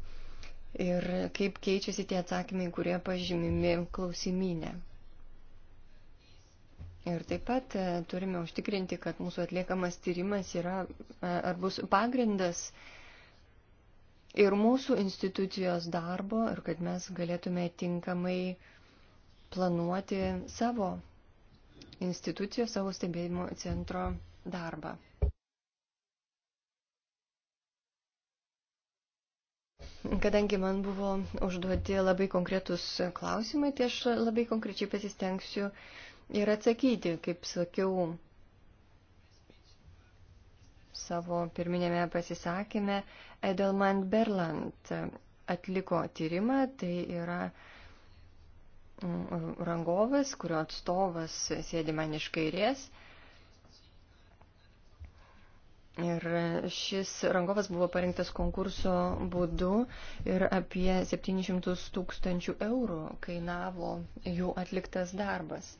ir kaip keičiasi tie atsakymai, kurie pažymimi klausimynė. Ir taip pat e, turime užtikrinti, kad mūsų atliekamas tyrimas yra e, ar bus pagrindas uh, ir mūsų institucijos darbo ir kad mes galėtume tinkamai planuoti savo institucijos, savo stebėjimo centro darbą. Kadangi man buvo užduoti labai konkretus klausimai, tai aš labai konkrečiai pasistengsiu ir atsakyti, kaip sakiau, savo pirminėme pasisakymė Edelman Berland atliko tyrimą, tai yra mm, rangovas, kurio atstovas sėdi man iš kairės. Ir šis rangovas buvo parinktas konkurso būdu ir apie 700 tūkstančių eurų kainavo jų atliktas darbas.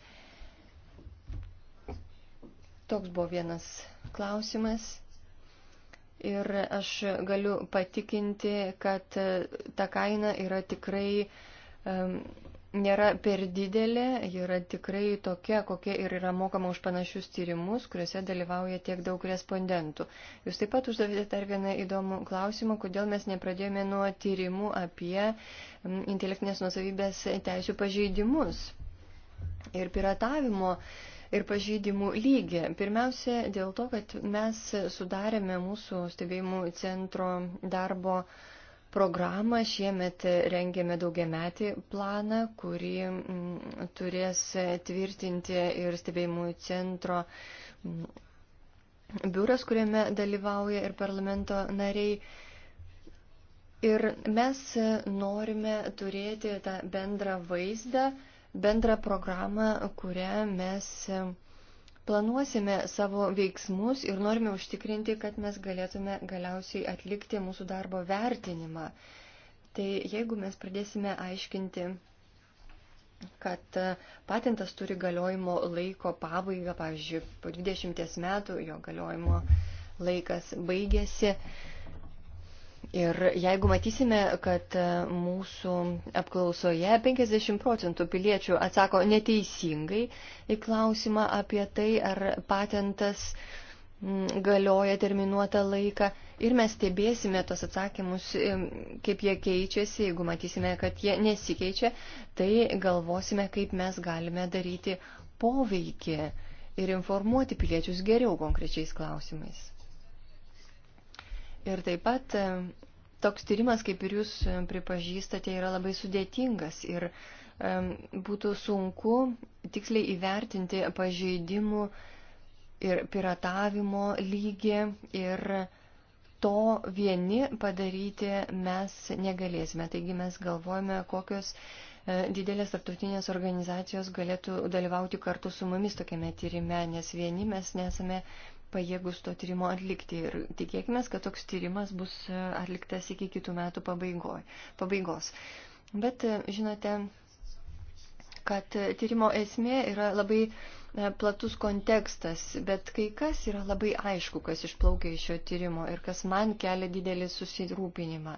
Toks buvo vienas klausimas. Ir aš galiu patikinti, kad e, ta kaina yra tikrai um, nėra per didelė, yra tikrai tokia, kokia ir yra mokama už panašius tyrimus, kuriuose dalyvauja tiek daug respondentų. Jūs taip pat uždavėte dar vieną įdomų klausimą, kodėl mes nepradėjome nuo tyrimų apie intelektinės nusavybės teisų pažeidimus ir piratavimo ir pažydimų lygį. Pirmiausia, dėl to, kad mes sudarėme mūsų stebėjimų centro darbo programą. Šiemet rengėme daugiametį planą, kurį mm, turės tvirtinti ir stebėjimų centro mm, biuras, kuriame dalyvauja ir parlamento nariai. Ir mes norime turėti tą bendrą vaizdą bendrą programą, kurią mes planuosime savo veiksmus ir norime užtikrinti, kad mes galėtume galiausiai atlikti mūsų darbo vertinimą. Tai jeigu mes pradėsime aiškinti, kad patentas turi galiojimo laiko pabaigą, pavyzdžiui, po 20 metų jo galiojimo laikas baigėsi, Ir jeigu matysime, kad mūsų apklausoje 50 procentų piliečių atsako neteisingai į klausimą apie tai, ar patentas galioja terminuotą laiką ir mes stebėsime tos atsakymus, kaip jie keičiasi, jeigu matysime, kad jie nesikeičia, tai galvosime, kaip mes galime daryti poveikį ir informuoti piliečius geriau konkrečiais klausimais. Ir taip pat e, toks tyrimas, kaip ir jūs pripažįstate, yra labai sudėtingas ir e, būtų sunku tiksliai įvertinti pažeidimų ir piratavimo lygį ir to vieni padaryti mes negalėsime. Taigi mes galvojame, kokios e, didelės tarptautinės organizacijos galėtų dalyvauti kartu su mumis tokiame tyrime, nes vieni mes nesame pajėgus to tyrimo atlikti ir tikėkime, kad toks tyrimas bus e, atliktas iki kitų metų pabaigos. Bet e, žinote, kad tyrimo esmė yra labai e, platus kontekstas, bet kai kas yra labai aišku, kas išplaukia iš šio tyrimo ir kas man kelia didelį susirūpinimą.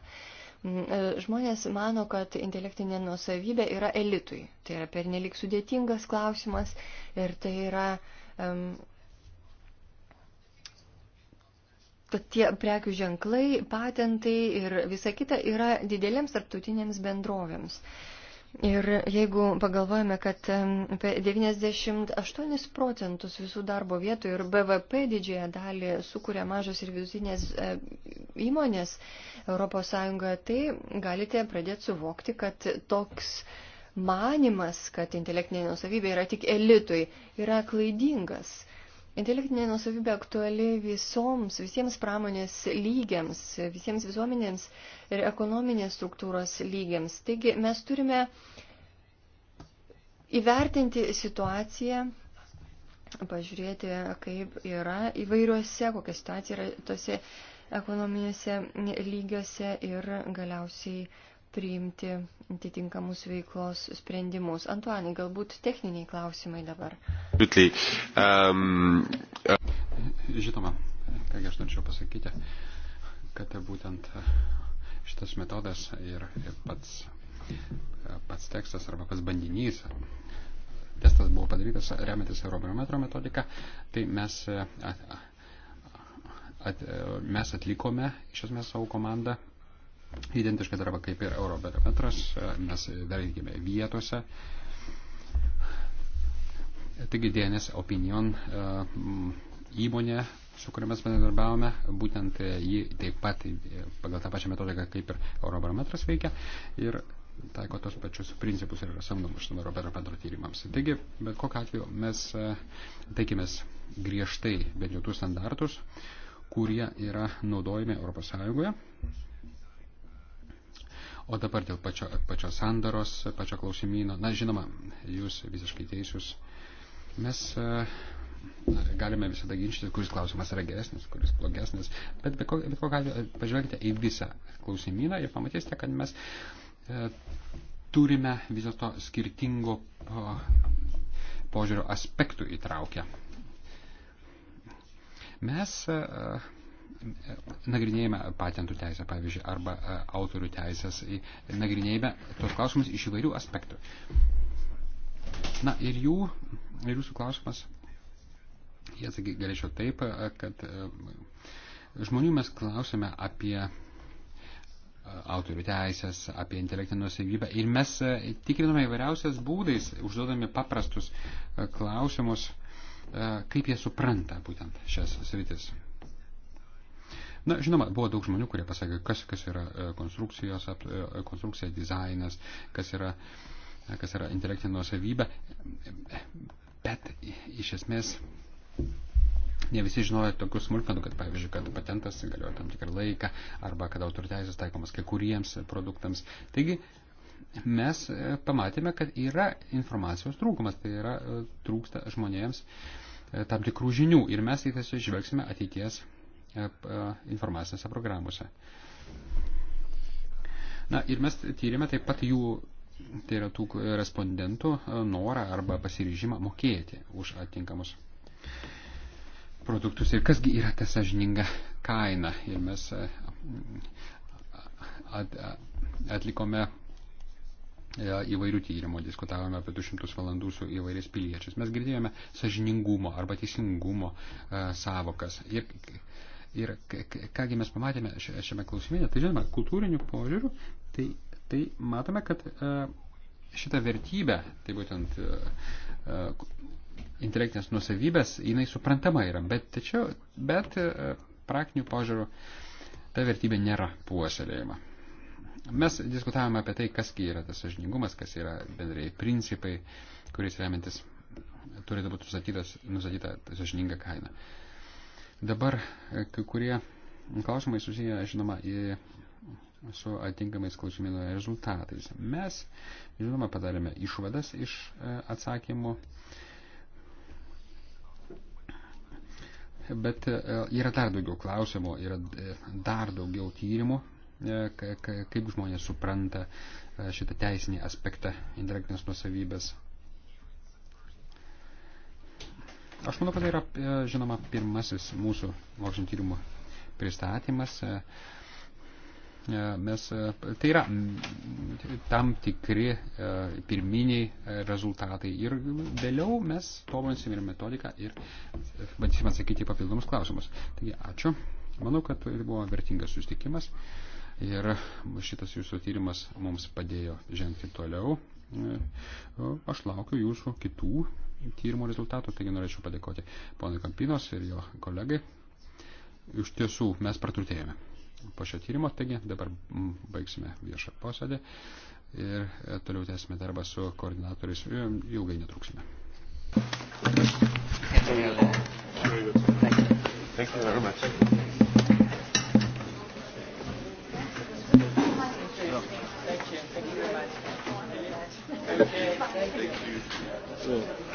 Mm, žmonės mano, kad intelektinė nuosavybė yra elitui. Tai yra pernelik sudėtingas klausimas ir tai yra um, tie prekių ženklai, patentai ir visa kita yra didelėms tarptautinėms bendrovėms. Ir jeigu pagalvojame, kad 98 procentus visų darbo vietų ir BVP didžiąją dalį sukuria mažos ir vidutinės e, įmonės ES, tai galite pradėti suvokti, kad toks manimas, kad intelektinė nusavybė yra tik elitui, yra klaidingas. Intelektinė nusavybė aktuali visoms, visiems pramonės lygiams, visiems visuomenėms ir ekonominės struktūros lygiams. Taigi mes turime įvertinti situaciją, pažiūrėti, kaip yra įvairiuose, kokia situacija yra tose ekonominėse lygiuose ir galiausiai priimti atitinkamus veiklos sprendimus. Antuanai, galbūt techniniai klausimai dabar. Um, Žinoma, ką aš norėčiau pasakyti, kad tai būtent uh, šitas metodas ir pats, uh, pats tekstas arba pats bandinys testas buvo padarytas remiantis Eurobarometro metodika, tai mes, uh, at, at, mes atlikome iš esmės savo komandą Identiška darba kaip ir eurobarometras, mes darykime vietose. Taigi DNS Opinion e, įmonė, su kuria mes bendradarbiavome, būtent e, ji taip pat e, pagal tą pačią metodiką kaip ir eurobarometras veikia ir taiko tos pačius principus ir yra samdomas šitam eurobarometro tyrimams. Taigi, bet kokiu atveju mes taikėmės griežtai bent jau tų standartus, kurie yra naudojami Europos Sąjungoje O dabar dėl pačio, pačios sandaros, pačio klausimyno. Na, žinoma, jūs visiškai teisūs. Mes e, galime visada ginčyti, kuris klausimas yra geresnis, kuris blogesnis, bet bet kokio ko atveju pažvelgite į visą klausimyną ir pamatysite, kad mes e, turime vis dėlto skirtingo po, požiūrio aspektų įtraukę. Mes e, nagrinėjame patentų teisę, pavyzdžiui, arba e, autorių teisės, nagrinėjame tos klausimus iš įvairių aspektų. Na ir, jų, ir jūsų klausimas, jie sakė, galėčiau taip, e, kad e, žmonių mes klausėme apie autorių teisės, apie intelektinę nusavybę ir mes tikriname įvairiausias būdais, užduodami paprastus klausimus, kaip jie supranta būtent šias sritis. Na, žinoma, buvo daug žmonių, kurie pasakė, kas, kas yra e, konstrukcijos, e, konstrukcija, dizainas, kas yra, e, kas yra intelektinė nuosavybė, bet iš esmės ne visi žinojo tokių smulkmenų, kad pavyzdžiui, kad patentas galioja tam tikrą laiką arba kad autorių teisės taikomas kai kuriems produktams. Taigi mes pamatėme, kad yra informacijos trūkumas, tai yra trūksta žmonėms tam tikrų žinių ir mes į tai sužvelgsime ateities E, informacinėse programuose. Na ir mes tyrėme taip pat jų, tai yra tų respondentų, e, norą arba pasiryžimą mokėti už atinkamus produktus ir kasgi yra ta sažininga kaina. Ir mes e, atlikome įvairių tyrimų, diskutavome apie 200 valandų su įvairiais piliečiais. Mes girdėjome sažiningumo arba teisingumo savokas. Ir Ir kągi mes pamatėme šiame klausimėne, tai žinoma, kultūriniu požiūriu, tai, tai matome, kad e, šitą vertybę, tai būtent e, e, intelektinės nusavybės, jinai suprantama yra, bet, tačiau, bet praktiniu požiūriu ta vertybė nėra puoselėjama. Mes diskutavome apie tai, kas yra tas sažiningumas, kas yra bendrai principai, kuriais remiantis turėtų būti nusatyta sažininga kaina. Uh, Dabar e, kai kurie klausimai susiję, žinoma, į, su atinkamais klausimino rezultatais. Mes, žinoma, padarėme išvadas iš e, atsakymų, bet e, yra dar daugiau klausimų, yra dar daugiau tyrimų, kaip žmonės supranta šitą teisinį aspektą intelektinės nusavybės Aš manau, kad tai yra, e, žinoma, pirmasis mūsų mokslinio tyrimo pristatymas. E, e, mes, tai yra tam tikri pirminiai rezultatai ir vėliau mes tobulinsim ir metodiką ir bandysim atsakyti į papildomus klausimus. Taigi, ačiū. Manau, kad tai buvo vertingas susitikimas ir šitas jūsų tyrimas mums padėjo žengti toliau. Aš laukiu jūsų kitų tyrimo rezultatų, taigi norėčiau padėkoti ponui Kampinos ir jo kolegai. Iš tiesų mes praturtėjome po šio tyrimo, taigi dabar baigsime viešą posėdį ir e, toliau tęsime darbą su koordinatoriais, e, ilgai netruksime. Thank you very much. Thank you. Thank you very much. Thank you. Thank you.